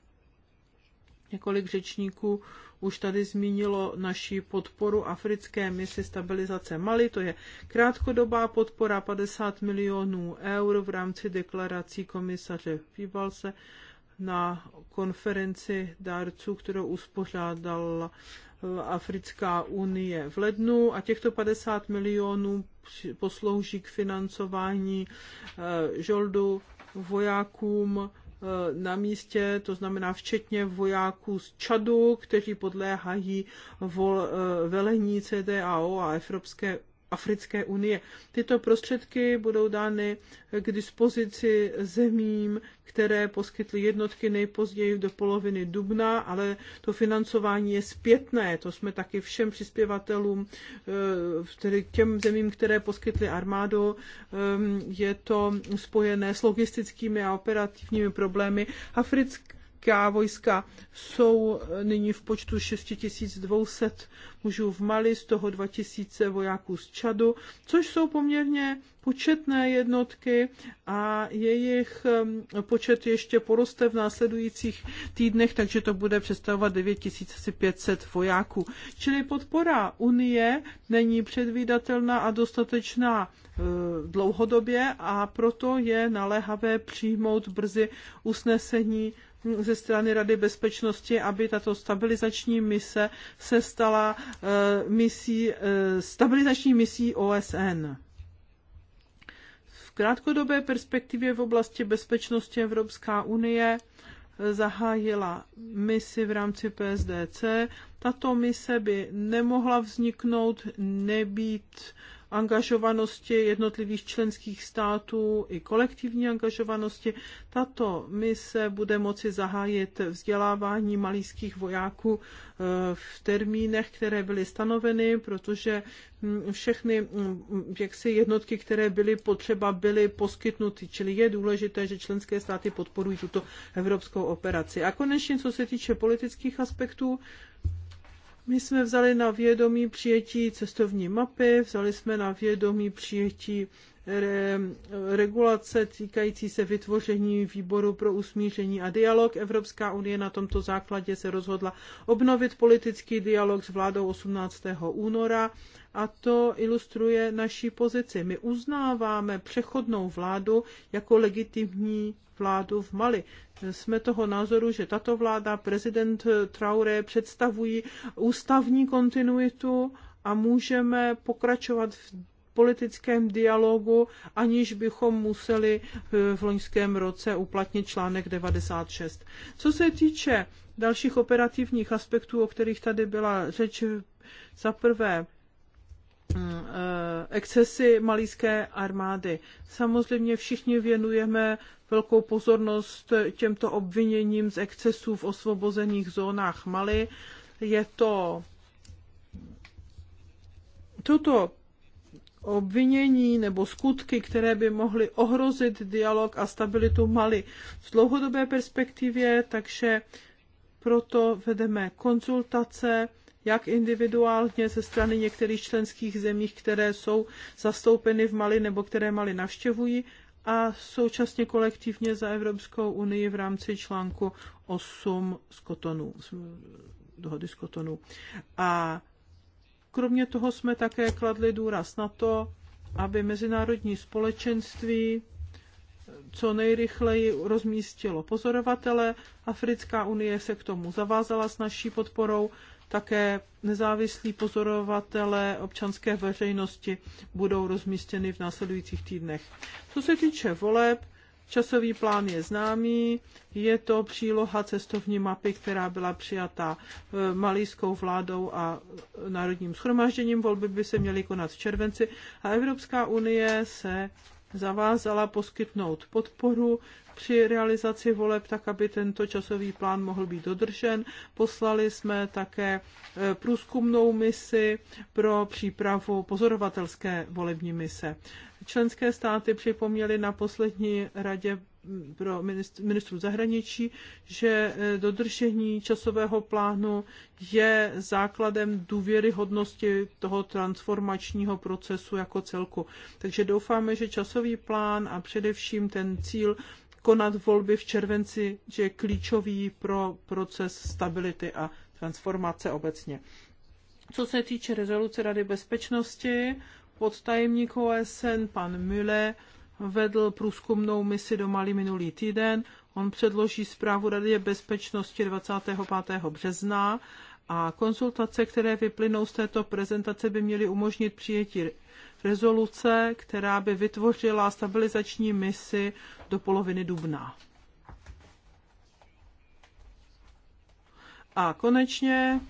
několik řečníků už tady zmínilo naši podporu africké misi stabilizace Mali. To je krátkodobá podpora 50 milionů eur v rámci deklarací komisaře Pibalse na konferenci dárců, kterou uspořádala Africká unie v lednu a těchto 50 milionů poslouží k financování eh, žoldu vojákům Eh, na místě, to znamená včetně vojáků z Čadu, kteří podléhají vol, eh, velení CDAO a Evropské Africké unie. Tyto prostředky budou dány k dispozici zemím, které poskytly jednotky nejpozději do poloviny dubna, ale to financování je zpětné. To jsme taky všem přispěvatelům, eh, tedy těm zemím, které poskytly armádu, ehm, je to spojené s logistickými a operativními problémy. Africké americká vojska jsou eh, nyní v počtu 6200 mužů v Mali, z toho 2000 vojáků z Čadu, což jsou poměrně početné jednotky a jejich eh, počet ještě poroste v následujících týdnech, takže to bude představovat 9500 vojáků. Čili podpora Unie není předvídatelná a dostatečná eh, dlouhodobě a proto je naléhavé přijmout brzy usnesení ze strany Rady bezpečnosti, aby tato stabilizační mise se stala eh, misí, eh, stabilizační misí OSN. V krátkodobé perspektivě v oblasti bezpečnosti Evropská unie eh, zahájila misi v rámci PSDC. Tato mise by nemohla vzniknout, nebýt angažovanosti jednotlivých členských států i kolektivní angažovanosti. Tato mise bude moci zahájit vzdělávání malýských vojáků eh, v termínech, které byly stanoveny, protože hm, všechny hm, jaksi jednotky, které byly potřeba, byly poskytnuty. Čili je důležité, že členské státy podporují tuto evropskou operaci. A konečně, co se týče politických aspektů, my jsme vzali na vědomí přijetí cestovní mapy, vzali jsme na vědomí přijetí re, regulace týkající se vytvoření výboru pro usmíření a dialog. Evropská unie na tomto základě se rozhodla obnovit politický dialog s vládou 18. února a to ilustruje naší pozici. My uznáváme přechodnou vládu jako legitimní vládu v Mali. Jsme toho názoru, že tato vláda, prezident Traoré představují ústavní kontinuitu a můžeme pokračovat v politickém dialogu, aniž bychom museli eh, v loňském roce uplatnit článek 96. Co se týče dalších operativních aspektů, o kterých tady byla řeč, za prvé mm, eh, excesy malijské armády. Samozřejmě všichni věnujeme velkou pozornost těmto obviněním z excesů v osvobozených zónách Mali. Je to Toto obvinění nebo skutky, které by mohly ohrozit dialog a stabilitu Mali v dlouhodobé perspektivě, takže proto vedeme konzultace jak individuálně ze strany některých členských zemí, které jsou zastoupeny v Mali nebo které Mali navštěvují, a současně kolektivně za Evropskou unii v rámci článku 8 z Kotonu, dohody z Kotonu. A Kromě toho jsme také kladli důraz na to, aby mezinárodní společenství co nejrychleji rozmístilo pozorovatele. Africká unie se k tomu zavázala s naší podporou. Také nezávislí pozorovatele občanské veřejnosti budou rozmístěny v následujících týdnech. Co se týče voleb, Časový plán je známý, je to příloha cestovní mapy, která byla přijata eh, malískou vládou a eh, národním schromážděním. Volby by se měly konat v červenci a Evropská unie se zavázala poskytnout podporu při realizaci voleb, tak aby tento časový plán mohl být dodržen. Poslali jsme také e, průzkumnou misi pro přípravu pozorovatelské volební mise. Členské státy připomněly na poslední radě pro ministrů zahraničí, že e, dodržení časového plánu je základem důvěryhodnosti toho transformačního procesu jako celku. Takže doufáme, že časový plán a především ten cíl konat volby v červenci, že je klíčový pro proces stability a transformace obecně. Co se týče rezoluce Rady bezpečnosti, tajemník OSN pan Müller vedl průzkumnou misi do Mali minulý týden. On předloží zprávu Rady bezpečnosti 25. března a konzultace, které vyplynou z této prezentace, by měly umožnit přijetí rezoluce, která by vytvořila stabilizační misi do poloviny dubna. A konečně,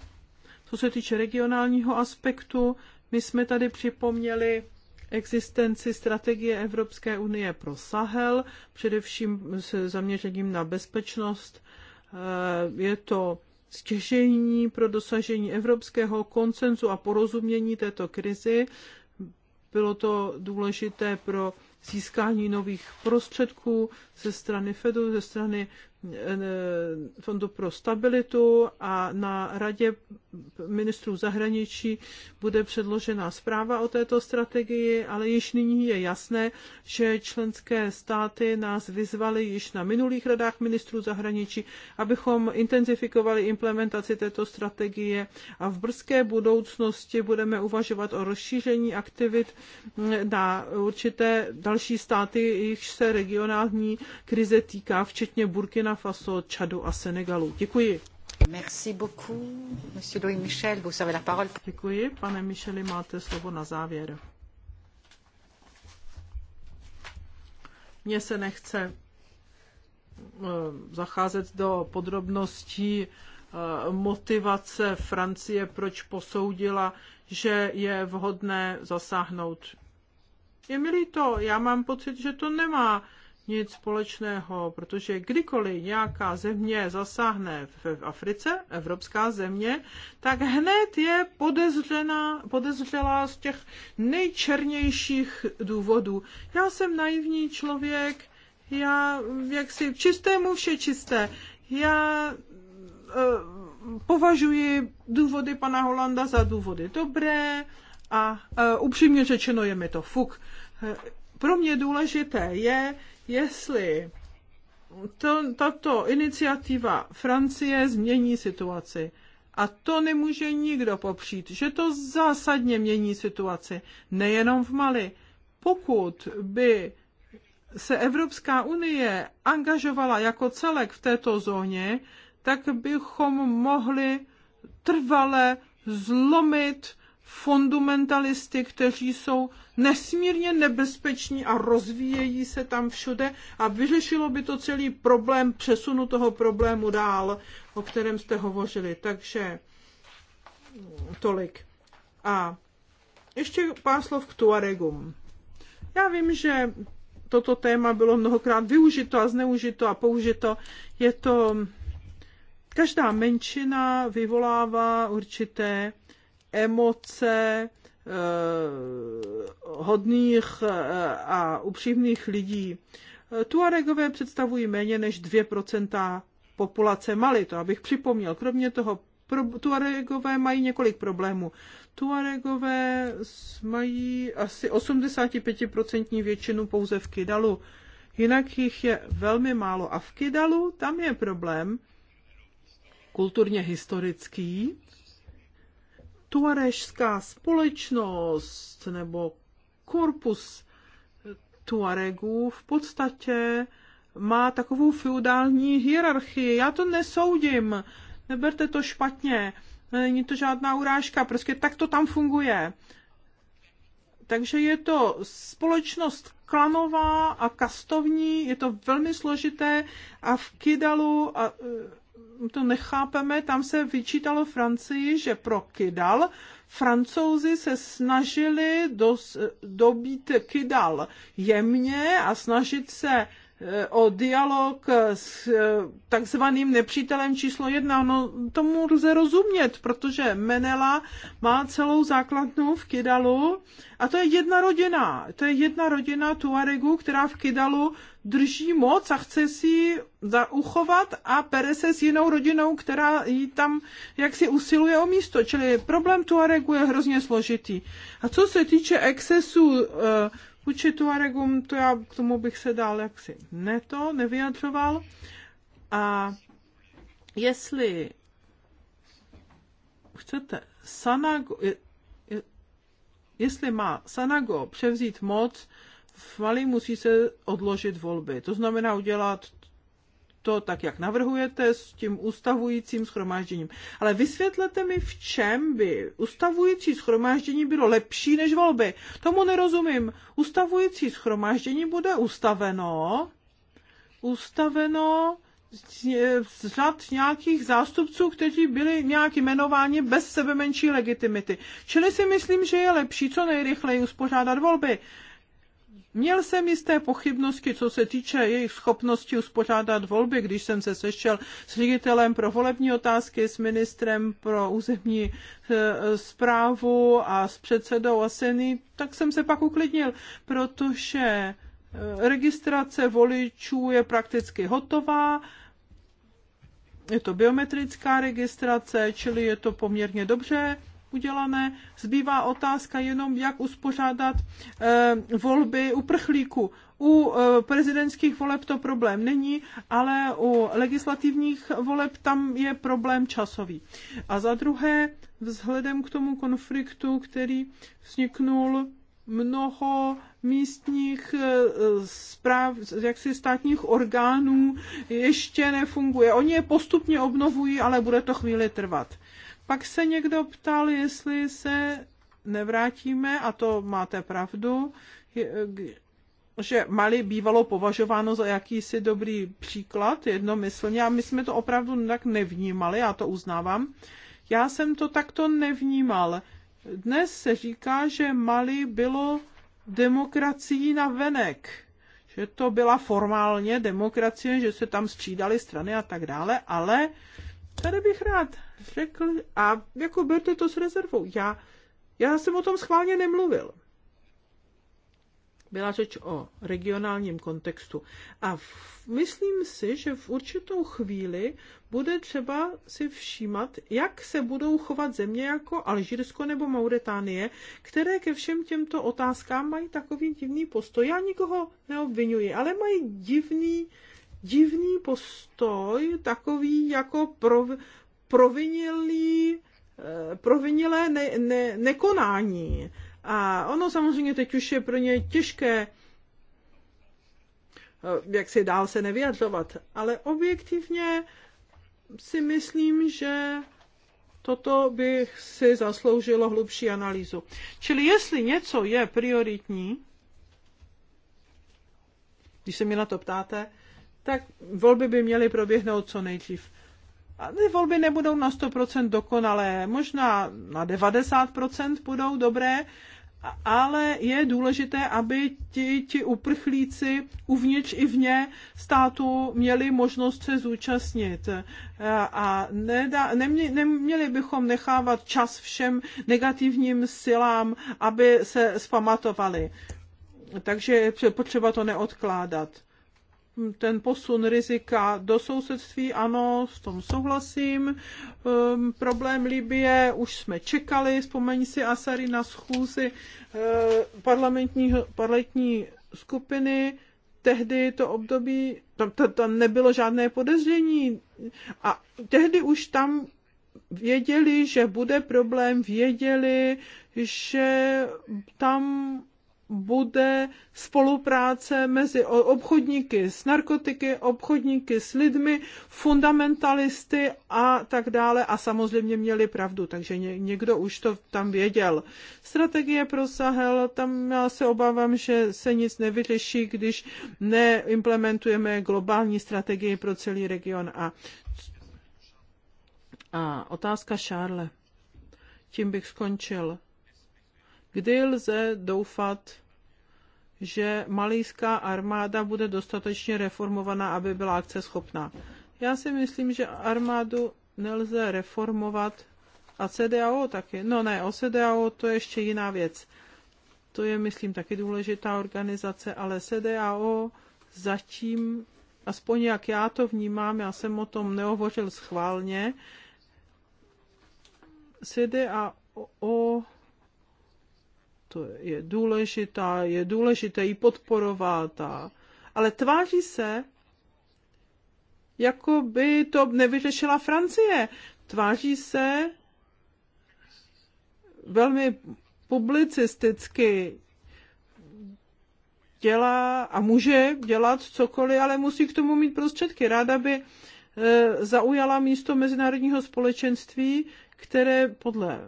co se týče regionálního aspektu, my jsme tady připomněli existenci strategie Evropské unie pro Sahel, především se zaměřením na bezpečnost. Eh, je to stěžení pro dosažení evropského koncenzu a porozumění této krizi. Bylo to důležité pro získání nových prostředků ze strany Fedu, ze strany Eh, Fondu pro stabilitu a na Radě ministrů zahraničí bude předložena zpráva o této strategii, ale již nyní je jasné, že členské státy nás vyzvaly již na minulých radách ministrů zahraničí, abychom intenzifikovali implementaci této strategie a v brzké budoucnosti budeme uvažovat o rozšíření aktivit na určité další státy, jichž se regionální krize týká, včetně Burkina Burkina Faso, Čadu a Senegalu. Děkuji. Merci beaucoup, monsieur Louis Michel, vous avez la parole. Děkuji, pane Micheli, máte slovo na závěr. Mně se nechce eh, zacházet do podrobností eh, motivace Francie, proč posoudila, že je vhodné zasáhnout. Je mi líto, já mám pocit, že to nemá nic společného, protože kdykoliv nějaká země zasáhne v Africe, evropská země, tak hned je podezřená, podezřelá z těch nejčernějších důvodů. Já jsem naivní člověk, já jaksi čistému vše čisté. Já uh, považuji důvody pana Holanda za důvody dobré a uh, upřímně řečeno je mi to fuk. Eh, pro mě důležité je, jestli to, tato iniciativa Francie změní situaci. A to nemůže nikdo popřít, že to zásadně mění situaci, nejenom v Mali. Pokud by se Evropská unie angažovala jako celek v této zóně, tak bychom mohli trvale zlomit fundamentalisty, kteří jsou nesmírně nebezpeční a rozvíjejí se tam všude a vyřešilo by to celý problém přesunu toho problému dál, o kterém jste hovořili. Takže tolik. A ještě pár slov k Tuaregům. Já vím, že toto téma bylo mnohokrát využito a zneužito a použito. Je to každá menšina vyvolává určité emoce eh, hodných eh, a upřímných lidí. Tuaregové představují méně než 2% populace Mali, to abych připomněl. Kromě toho Tuaregové mají několik problémů. Tuaregové mají asi 85% většinu pouze v Kidalu, jinak jich je velmi málo. A v Kidalu tam je problém kulturně historický, tuarežská společnost nebo korpus Tuaregů v podstatě má takovou feudální hierarchii. Já to nesoudím, neberte to špatně, není to žádná urážka, prostě tak to tam funguje. Takže je to společnost klanová a kastovní, je to velmi složité a v Kidalu a, to nechápeme, tam se vyčítalo Francii, že pro Kidal Francouzi se snažili dos, dobít Kidal jemně a snažit se Eh, o dialog s eh, takzvaným nepřítelem číslo jedna. No, tomu lze rozumět, protože Menela má celou základnu v Kidalu a to je jedna rodina. To je jedna rodina Tuaregu, která v Kidalu drží moc a chce si ji uchovat a pere se s jinou rodinou, která ji tam jak si usiluje o místo. Čili problém Tuaregu je hrozně složitý. A co se týče excesu eh, Vůči Tuaregům, to já k tomu bych se dál jaksi neto, nevyjadřoval. A jestli chcete Sanago, jestli má Sanago převzít moc, v Mali musí se odložit volby. To znamená udělat to tak, jak navrhujete, s tím ustavujícím schromážděním. Ale vysvětlete mi, v čem by ustavující schromáždění bylo lepší než volby. Tomu nerozumím. Ustavující schromáždění bude ustaveno, ustaveno řad nějakých zástupců, kteří byli nějak jmenováni bez sebe menší legitimity. Čili si myslím, že je lepší co nejrychleji uspořádat volby. Měl jsem jisté pochybnosti, co se týče jejich schopnosti uspořádat volby, když jsem se sešel s ředitelem pro volební otázky, s ministrem pro územní zprávu e, a s předsedou Aseny, tak jsem se pak uklidnil, protože e, registrace voličů je prakticky hotová, je to biometrická registrace, čili je to poměrně dobře udělané. Zbývá otázka jenom, jak uspořádat eh, volby uprchlíků. U eh, prezidentských voleb to problém není, ale u legislativních voleb tam je problém časový. A za druhé, vzhledem k tomu konfliktu, který vzniknul mnoho místních zpráv, eh, jaksi státních orgánů ještě nefunguje. Oni je postupně obnovují, ale bude to chvíli trvat. Pak se někdo ptal, jestli se nevrátíme, a to máte pravdu, že Mali bývalo považováno za jakýsi dobrý příklad jednomyslně a my jsme to opravdu tak nevnímali, já to uznávám. Já jsem to takto nevnímal. Dnes se říká, že Mali bylo demokracií na venek, že to byla formálně demokracie, že se tam střídaly strany a tak dále, ale tady bych rád Řekl a jako berte to s rezervou. Já, já jsem o tom schválně nemluvil. Byla řeč o regionálním kontextu. A v, myslím si, že v určitou chvíli bude třeba si všímat, jak se budou chovat země jako Alžírsko nebo Mauretánie, které ke všem těmto otázkám mají takový divný postoj. Já nikoho neobvinuji, ale mají divný, divný postoj, takový jako pro, provinilý, eh, provinilé ne, ne, nekonání. A ono samozřejmě teď už je pro ně těžké eh, jak si dál se nevyjadřovat, ale objektivně si myslím, že toto by si zasloužilo hlubší analýzu. Čili jestli něco je prioritní, když se mě na to ptáte, tak volby by měly proběhnout co nejdřív. A ty volby nebudou na 100% dokonalé, možná na 90% budou dobré, ale je důležité, aby ti, ti uprchlíci uvnitř i vně státu měli možnost se zúčastnit. E, a nedá, nemě, neměli bychom nechávat čas všem negativním silám, aby se spamatovali. Takže je potřeba to neodkládat ten posun rizika do sousedství, ano, s tom souhlasím. Um, problém Libie už jsme čekali, vzpomeň si Asary na schůzi uh, parlamentní, parlamentní skupiny, tehdy to období, tam, tam, tam nebylo žádné podezření a tehdy už tam věděli, že bude problém, věděli, že tam bude spolupráce mezi obchodníky s narkotiky, obchodníky s lidmi, fundamentalisty a tak dále. A samozřejmě měli pravdu, takže někdo už to tam věděl. Strategie pro Sahel, tam já se obávám, že se nic nevyřeší, když neimplementujeme globální strategii pro celý region. A, a otázka Šárle. Tím bych skončil kdy lze doufat, že malijská armáda bude dostatečně reformovaná, aby byla akce schopná. Já si myslím, že armádu nelze reformovat a CDAO taky. No ne, o CDAO to je ještě jiná věc. To je, myslím, taky důležitá organizace, ale CDAO zatím, aspoň jak já to vnímám, já jsem o tom nehovořil schválně, CDAO to je důležitá, je důležité ji podporovat, a, ale tváří se, jako by to nevyřešila Francie. Tváří se velmi publicisticky, dělá a může dělat cokoliv, ale musí k tomu mít prostředky. Ráda by e, zaujala místo mezinárodního společenství, které podle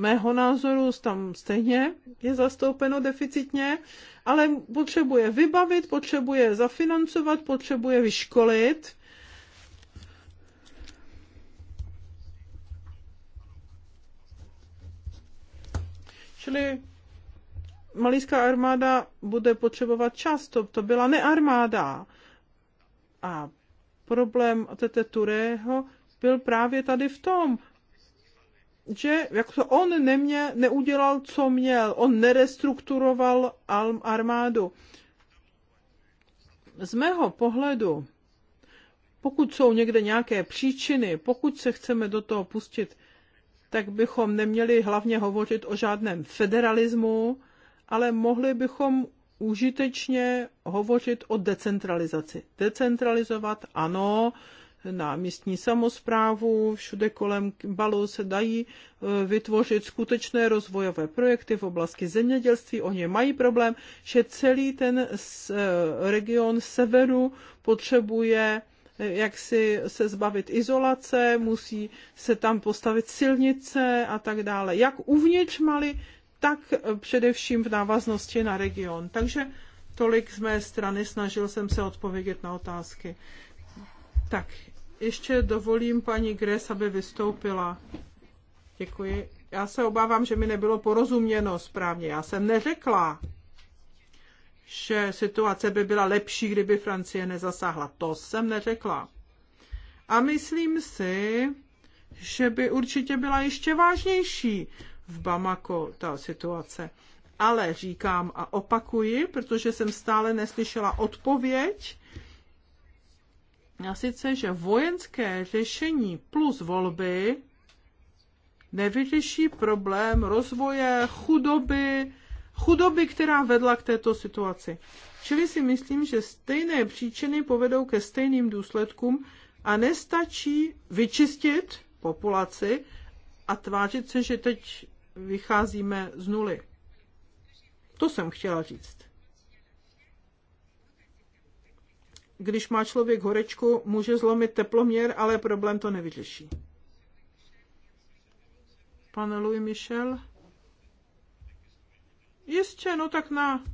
mého názoru tam stejně je zastoupeno deficitně, ale potřebuje vybavit, potřebuje zafinancovat, potřebuje vyškolit. Čili malíská armáda bude potřebovat čas, to, to byla nearmáda. A problém Tete Tureho byl právě tady v tom že jak to on nemě, neudělal, co měl. On nerestrukturoval armádu. Z mého pohledu, pokud jsou někde nějaké příčiny, pokud se chceme do toho pustit, tak bychom neměli hlavně hovořit o žádném federalismu, ale mohli bychom užitečně hovořit o decentralizaci. Decentralizovat, ano, na místní samozprávu, všude kolem balu se dají e, vytvořit skutečné rozvojové projekty v oblasti zemědělství. Oni mají problém, že celý ten e, region severu potřebuje e, jak si se zbavit izolace, musí se tam postavit silnice a tak dále. Jak uvnitř Mali, tak především v návaznosti na region. Takže tolik z mé strany, snažil jsem se odpovědět na otázky. Tak, ještě dovolím paní Gres, aby vystoupila. Děkuji. Já se obávám, že mi nebylo porozuměno správně. Já jsem neřekla, že situace by byla lepší, kdyby Francie nezasáhla. To jsem neřekla. A myslím si, že by určitě byla ještě vážnější v Bamako ta situace. Ale říkám a opakuji, protože jsem stále neslyšela odpověď, a sice, že vojenské řešení plus volby nevyřeší problém rozvoje chudoby, chudoby, která vedla k této situaci. Čili si myslím, že stejné příčiny povedou ke stejným důsledkům a nestačí vyčistit populaci a tvářit se, že teď vycházíme z nuly. To jsem chtěla říct. když má člověk horečku, může zlomit teploměr, ale problém to nevyřeší. Pane Louis Michel? Jistě, no tak na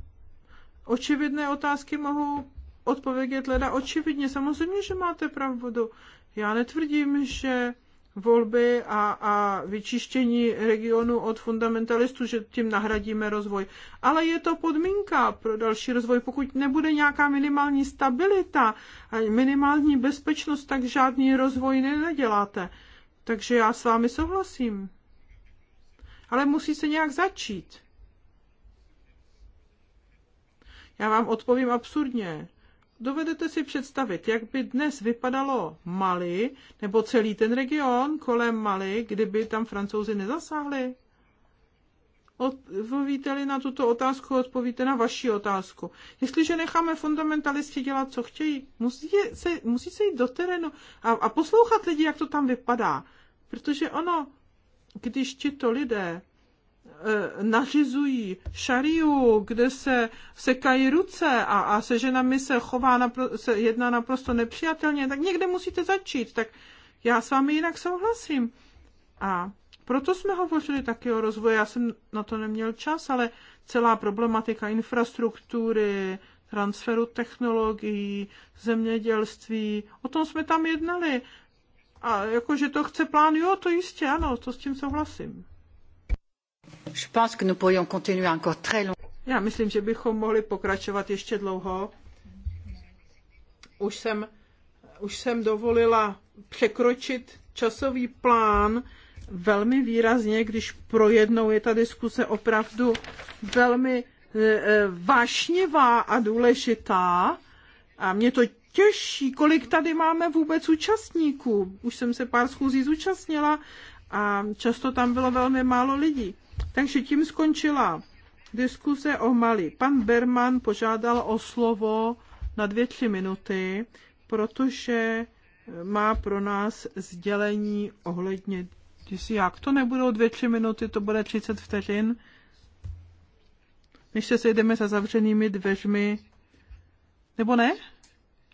očividné otázky mohu odpovědět leda očividně. Samozřejmě, že máte pravdu. Já netvrdím, že volby a, a vyčištění regionu od fundamentalistů, že tím nahradíme rozvoj. Ale je to podmínka pro další rozvoj. Pokud nebude nějaká minimální stabilita a minimální bezpečnost, tak žádný rozvoj nenaděláte. Takže já s vámi souhlasím. Ale musí se nějak začít. Já vám odpovím absurdně. Dovedete si představit, jak by dnes vypadalo Mali, nebo celý ten region kolem Mali, kdyby tam francouzi nezasáhli? Odpovíte-li na tuto otázku, odpovíte na vaši otázku. Jestliže necháme fundamentalisti dělat, co chtějí, musí se, musí se jít do terénu a, a poslouchat lidi, jak to tam vypadá. Protože ono, když tito lidé E, nařizují šariu, kde se sekají ruce a, a se ženami se chová, napr- se jedna naprosto nepřijatelně, tak někde musíte začít. Tak já s vámi jinak souhlasím. A proto jsme hovořili taky o rozvoji, já jsem na to neměl čas, ale celá problematika infrastruktury, transferu technologií, zemědělství, o tom jsme tam jednali. A jakože to chce plán, jo, to jistě, ano, to s tím souhlasím. Je pense que nous pourrions continuer encore très Já myslím, že bychom mohli pokračovat ještě dlouho. Už jsem, už jsem dovolila překročit časový plán velmi výrazně, když projednou je ta diskuse opravdu velmi e, e, vášnivá a důležitá. A mě to těší, kolik tady máme vůbec účastníků. Už jsem se pár schůzí zúčastnila a často tam bylo velmi málo lidí. Takže tím skončila diskuse o Mali. Pan Berman požádal o slovo na dvě, tři minuty, protože má pro nás sdělení ohledně si jak to nebudou dvě, tři minuty, to bude 30 vteřin. Než se sejdeme za zavřenými dveřmi. Nebo ne?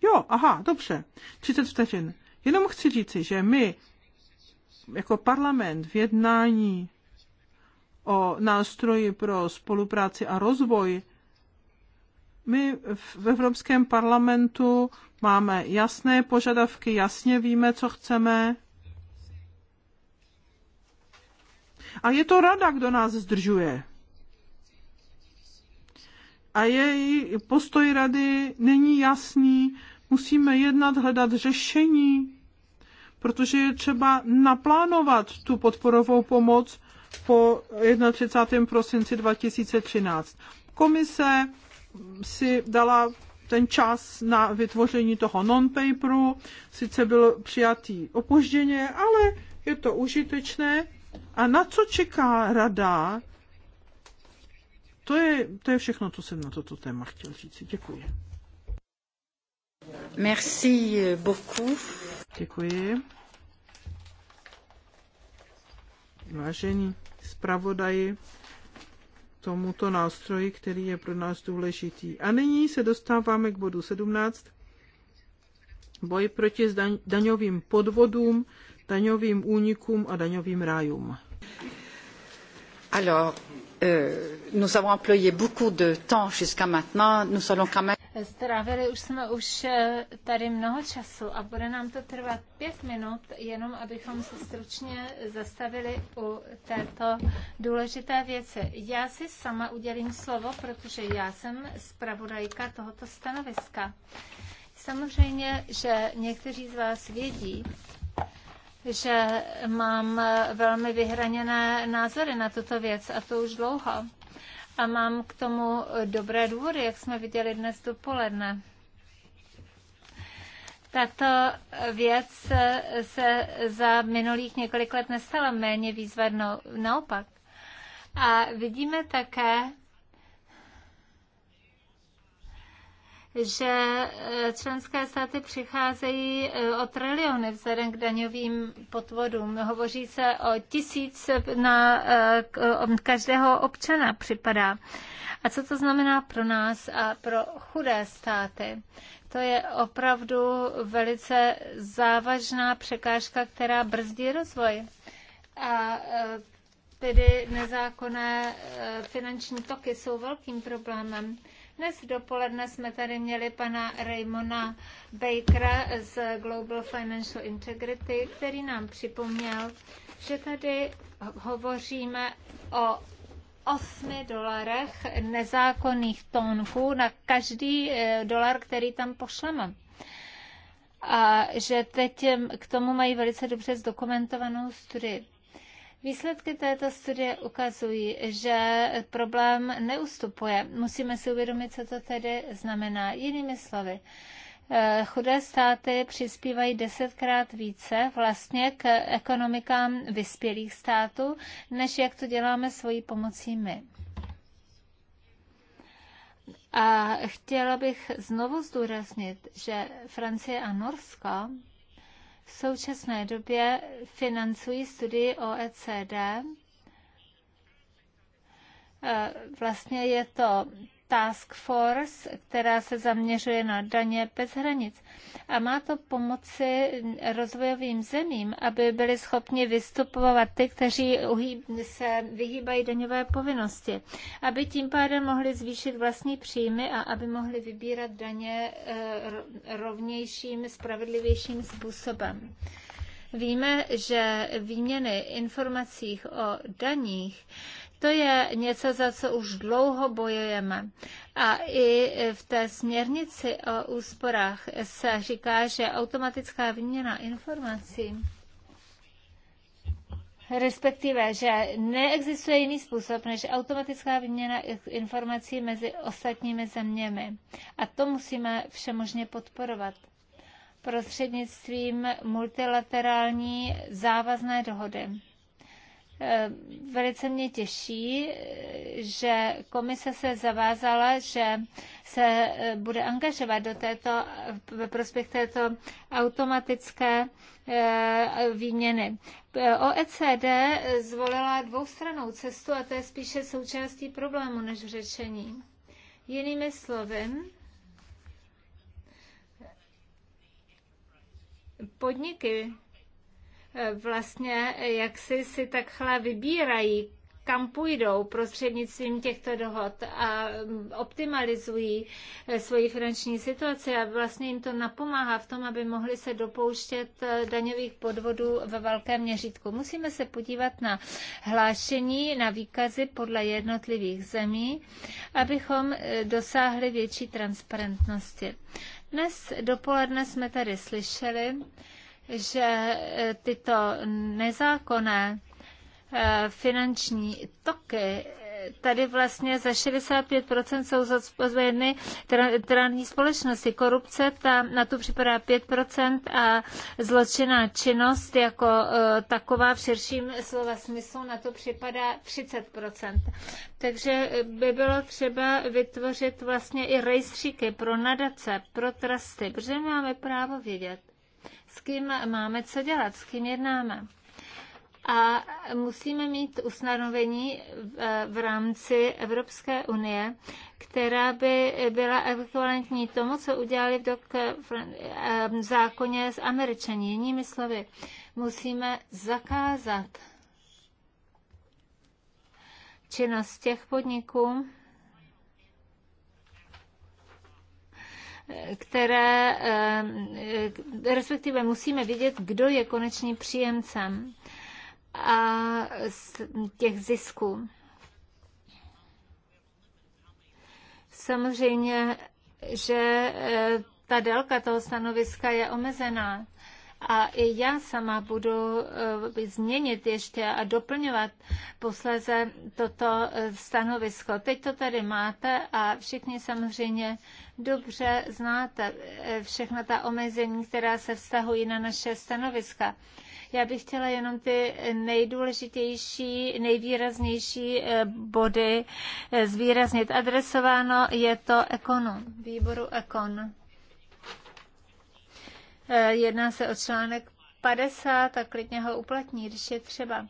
Jo, aha, dobře. 30 vteřin. Jenom chci říci, že my jako parlament v jednání o nástroji pro spolupráci a rozvoj, my v Evropském parlamentu máme jasné požadavky, jasně víme, co chceme. A je to rada, kdo nás zdržuje. A její postoj rady není jasný. Musíme jednat, hledat řešení, protože je třeba naplánovat tu podporovou pomoc po 31. prosinci 2013. Komise si dala ten čas na vytvoření toho non-paperu, sice byl přijatý opožděně, ale je to užitečné. A na co čeká rada? To je, to je všechno, co jsem na toto téma chtěl říct. Děkuji. Merci beaucoup. Děkuji vážení zpravodaji tomuto nástroji, který je pro nás důležitý. A nyní se dostáváme k bodu 17. Boj proti daňovým podvodům, daňovým únikům a daňovým rájům. Alors, Euh, nous avons employé beaucoup de temps jusqu'à maintenant, nous allons quand même... Strávili už jsme už eh, tady mnoho času a bude nám to trvat pět minut, jenom abychom se stručně zastavili u této důležité věci. Já si sama udělím slovo, protože já jsem zpravodajka tohoto stanoviska. Samozřejmě, že někteří z vás vědí, že mám velmi vyhraněné názory na tuto věc a to už dlouho. A mám k tomu dobré důvody, jak jsme viděli dnes dopoledne. Tato věc se za minulých několik let nestala méně výzvednou, naopak. A vidíme také, že eh, členské státy přicházejí eh, o triliony vzhledem k daňovým podvodům. Hovoří se o tisíc na eh, každého občana připadá. A co to znamená pro nás a pro chudé státy? To je opravdu velice závažná překážka, která brzdí rozvoj. A tedy nezákonné finanční toky jsou velkým problémem. Dnes dopoledne jsme tady měli pana Raymona Bakera z Global Financial Integrity, který nám připomněl, že tady hovoříme o 8 dolarech nezákonných tónků na každý eh, dolar, který tam pošleme. A že teď eh, k tomu mají velice dobře zdokumentovanou studii. Výsledky této studie ukazují, že problém neustupuje. Musíme si uvědomit, co to tedy znamená. Jinými slovy, eh, chudé státy přispívají desetkrát více vlastně k ekonomikám vyspělých států, než jak to děláme svojí pomocí my. A chtěla bych znovu zdůraznit, že Francie a Norsko v současné době financují studii OECD. Eh, vlastně je to task force, která se zaměřuje na daně bez hranic. A má to pomoci rozvojovým zemím, aby byli schopni vystupovat ty, kteří se vyhýbají daňové povinnosti, aby tím pádem mohli zvýšit vlastní příjmy a aby mohli vybírat daně eh, rovnějším, spravedlivějším způsobem. Víme, že výměny informací o daních to je něco, za co už dlouho bojujeme. A i v té směrnici o úsporách se říká, že automatická výměna informací respektive, že neexistuje jiný způsob než automatická výměna informací mezi ostatními zeměmi. A to musíme všemožně podporovat prostřednictvím multilaterální závazné dohody. Eh, velice mě těší, eh, že komise se zavázala, že se eh, bude angažovat do této, ve prospěch této automatické výměny. OECD zvolila dvoustranou cestu a to je spíše součástí problému než řešení. Jinými slovy, podniky vlastně jak si, si takhle vybírají, kam půjdou prostřednictvím těchto dohod a mm, optimalizují eh, svoji finanční situaci a vlastně jim to napomáhá v tom, aby mohli se dopouštět eh, daňových podvodů ve velkém měřítku. Musíme se podívat na hlášení, na výkazy podle jednotlivých zemí, abychom eh, dosáhli větší transparentnosti. Dnes dopoledne jsme tady slyšeli, že eh, tyto nezákonné eh, finanční toky eh, tady vlastně za 65% jsou zodpovědny trání společnosti. Korupce, ta, na tu připadá 5% a zločinná činnost jako uh, taková v širším slova smyslu na to připadá 30%. Takže by bylo třeba vytvořit vlastně i rejstříky pro nadace, pro trusty, protože máme právo vědět s kým máme co dělat, s kým jednáme. A musíme mít ustanovení v rámci Evropské unie, která by byla ekvivalentní tomu, co udělali v, dok- v zákoně s Američaní. Jinými slovy, musíme zakázat činnost těch podniků, které, eh, respektive musíme vidět, kdo je konečným příjemcem a těch zisků. Samozřejmě, že eh, ta délka toho stanoviska je omezená a i já sama budu eh, změnit ještě a doplňovat posleze toto eh, stanovisko. Teď to tady máte a všichni samozřejmě dobře znáte eh, všechna ta omezení, která se vztahují na naše stanoviska. Já bych chtěla jenom ty nejdůležitější, nejvýraznější body zvýraznit. Adresováno je to ekonu, výboru ekon. Eh, jedná se o článek 50 a klidně ho uplatní, když je třeba.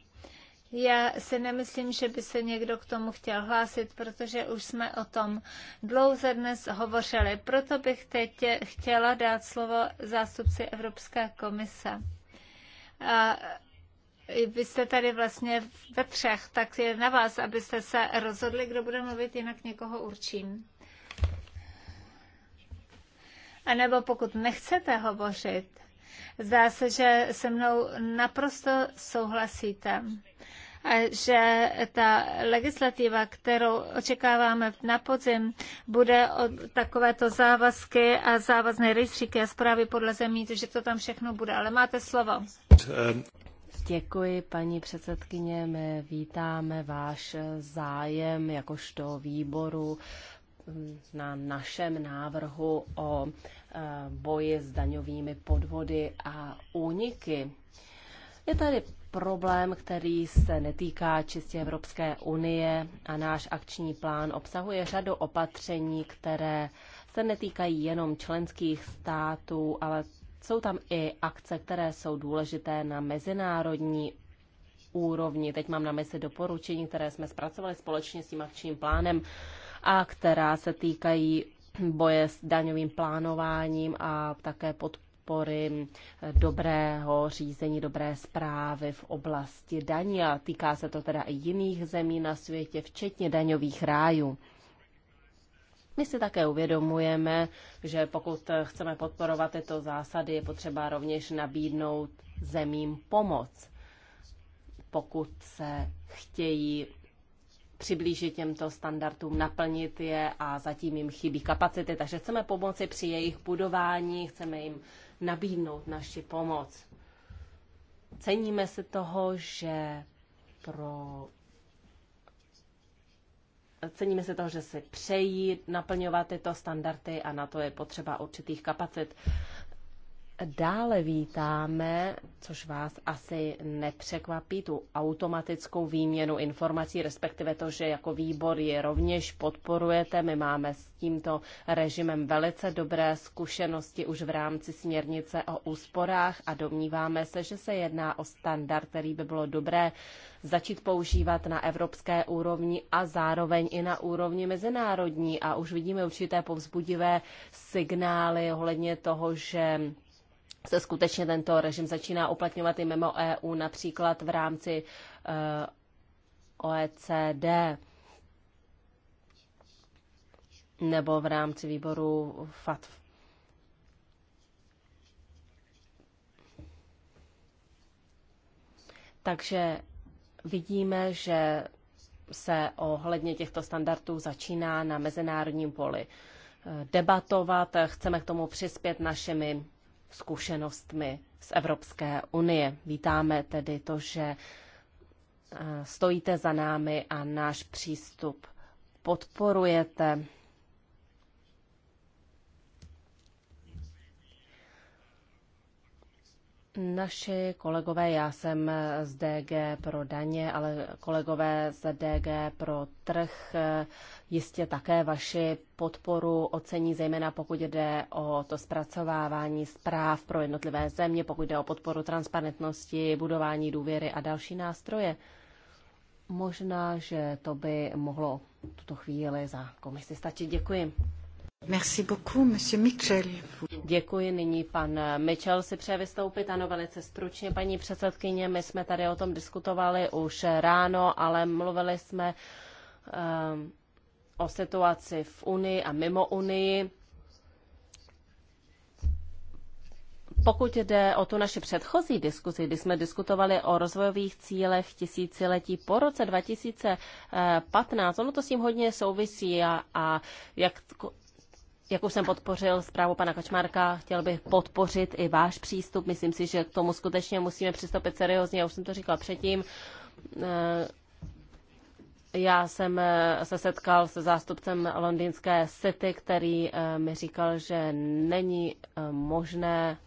Já si nemyslím, že by se někdo k tomu chtěl hlásit, protože už jsme o tom dlouze dnes hovořili. Proto bych teď chtěla dát slovo zástupci Evropské komise. A vy jste tady vlastně ve třech, tak je na vás, abyste se rozhodli, kdo bude mluvit, jinak někoho určím. A nebo pokud nechcete hovořit, zdá se, že se mnou naprosto souhlasíte že ta legislativa, kterou očekáváme na podzim, bude od takovéto závazky a závazné rejstříky a zprávy podle zemí, že to tam všechno bude. Ale máte slovo. Děkuji, paní předsedkyně. My vítáme váš zájem jakožto výboru na našem návrhu o eh, boji s daňovými podvody a úniky. Je tady problém, který se netýká čistě Evropské unie a náš akční plán obsahuje řadu opatření, které se netýkají jenom členských států, ale jsou tam i akce, které jsou důležité na mezinárodní úrovni. Teď mám na mysli doporučení, které jsme zpracovali společně s tím akčním plánem a která se týkají boje s daňovým plánováním a také podpory dobrého řízení, dobré zprávy v oblasti daní a týká se to teda i jiných zemí na světě, včetně daňových rájů. My si také uvědomujeme, že pokud chceme podporovat tyto zásady, je potřeba rovněž nabídnout zemím pomoc, pokud se chtějí přiblížit těmto standardům, naplnit je a zatím jim chybí kapacity, takže chceme pomoci při jejich budování, chceme jim nabídnout naši pomoc. Ceníme si toho, že pro Ceníme se toho, že si přejí naplňovat tyto standardy a na to je potřeba určitých kapacit. Dále vítáme, což vás asi nepřekvapí, tu automatickou výměnu informací, respektive to, že jako výbor je rovněž podporujete. My máme s tímto režimem velice dobré zkušenosti už v rámci směrnice o úsporách a domníváme se, že se jedná o standard, který by bylo dobré začít používat na evropské úrovni a zároveň i na úrovni mezinárodní. A už vidíme určité povzbudivé signály ohledně toho, že se skutečně tento režim začíná uplatňovat i mimo EU, například v rámci eh, OECD nebo v rámci výboru FATF. Takže vidíme, že se ohledně těchto standardů začíná na mezinárodním poli eh, debatovat. Chceme k tomu přispět našimi zkušenostmi z Evropské unie. Vítáme tedy to, že eh, stojíte za námi a náš přístup podporujete. Naši kolegové, já jsem z DG pro daně, ale kolegové z DG pro trh eh, jistě také vaši podporu ocení, zejména pokud jde o to zpracovávání zpráv pro jednotlivé země, pokud jde o podporu transparentnosti, budování důvěry a další nástroje. Možná, že to by mohlo tuto chvíli za komisi stačit. Děkuji. Merci beaucoup, monsieur Mitchell. Děkuji. Nyní pan Mitchell si přeje vystoupit. Ano, velice stručně, paní předsedkyně. My jsme tady o tom diskutovali už ráno, ale mluvili jsme um, o situaci v Unii a mimo Unii. Pokud jde o tu naši předchozí diskuzi, kdy jsme diskutovali o rozvojových cílech tisíciletí po roce 2015, eh, ono to s tím hodně souvisí a, a jak jak už jsem podpořil zprávu pana Kačmárka, chtěl bych podpořit i váš přístup. Myslím si, že k tomu skutečně musíme přistoupit seriózně. Já už jsem to říkal předtím. Eh, já jsem eh, se setkal se zástupcem londýnské City, který eh, mi říkal, že není možné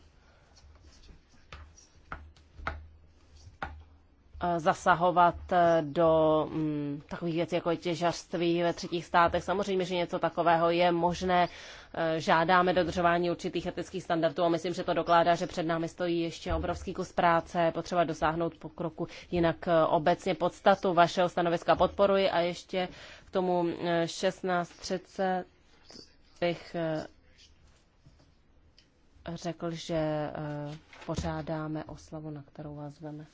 Eh, zasahovat eh, do mm, takových věcí, jako těžařství ve třetích státech. Samozřejmě, že něco takového je možné. Eh, žádáme dodržování určitých etických standardů a myslím, že to dokládá, že před námi stojí ještě obrovský kus práce, potřeba dosáhnout pokroku. Jinak obecně podstatu vašeho stanoviska podporuji a ještě k tomu 16.30 bych řekl, že pořádáme oslavu, na kterou vás zveme.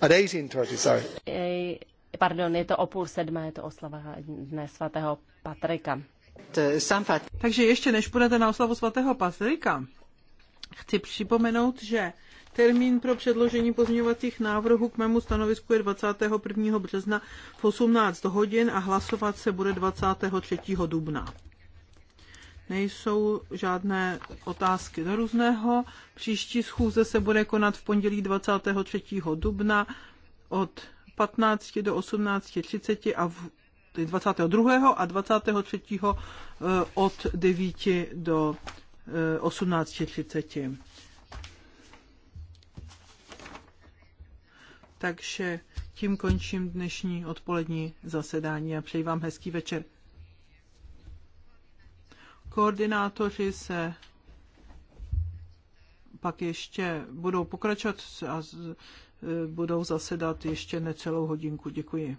At 18.30, sorry. Pardon, je to o půl sedmé, je to oslava dne svatého Patrika. Takže ještě než půjdete na oslavu svatého Patrika, chci připomenout, že Termín pro předložení pozměňovacích návrhů k mému stanovisku je 21. března v 18 hodin a hlasovat se bude 23. dubna nejsou žádné otázky do různého. Příští schůze se bude konat v pondělí 23. dubna od 15 do 18.30 a v 22. a 23. Eh, od 9 do 18.30. Eh, Takže tím končím dnešní odpolední zasedání a přeji vám hezký večer. Koordinátoři se pak ještě budou pokračovat a e, budou zasedat ještě necelou hodinku. Děkuji.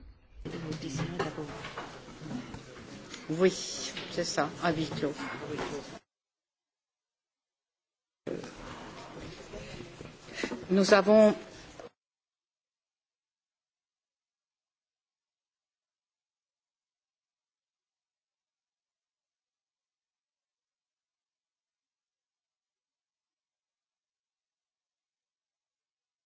Oui, c'est ça, à Nous avons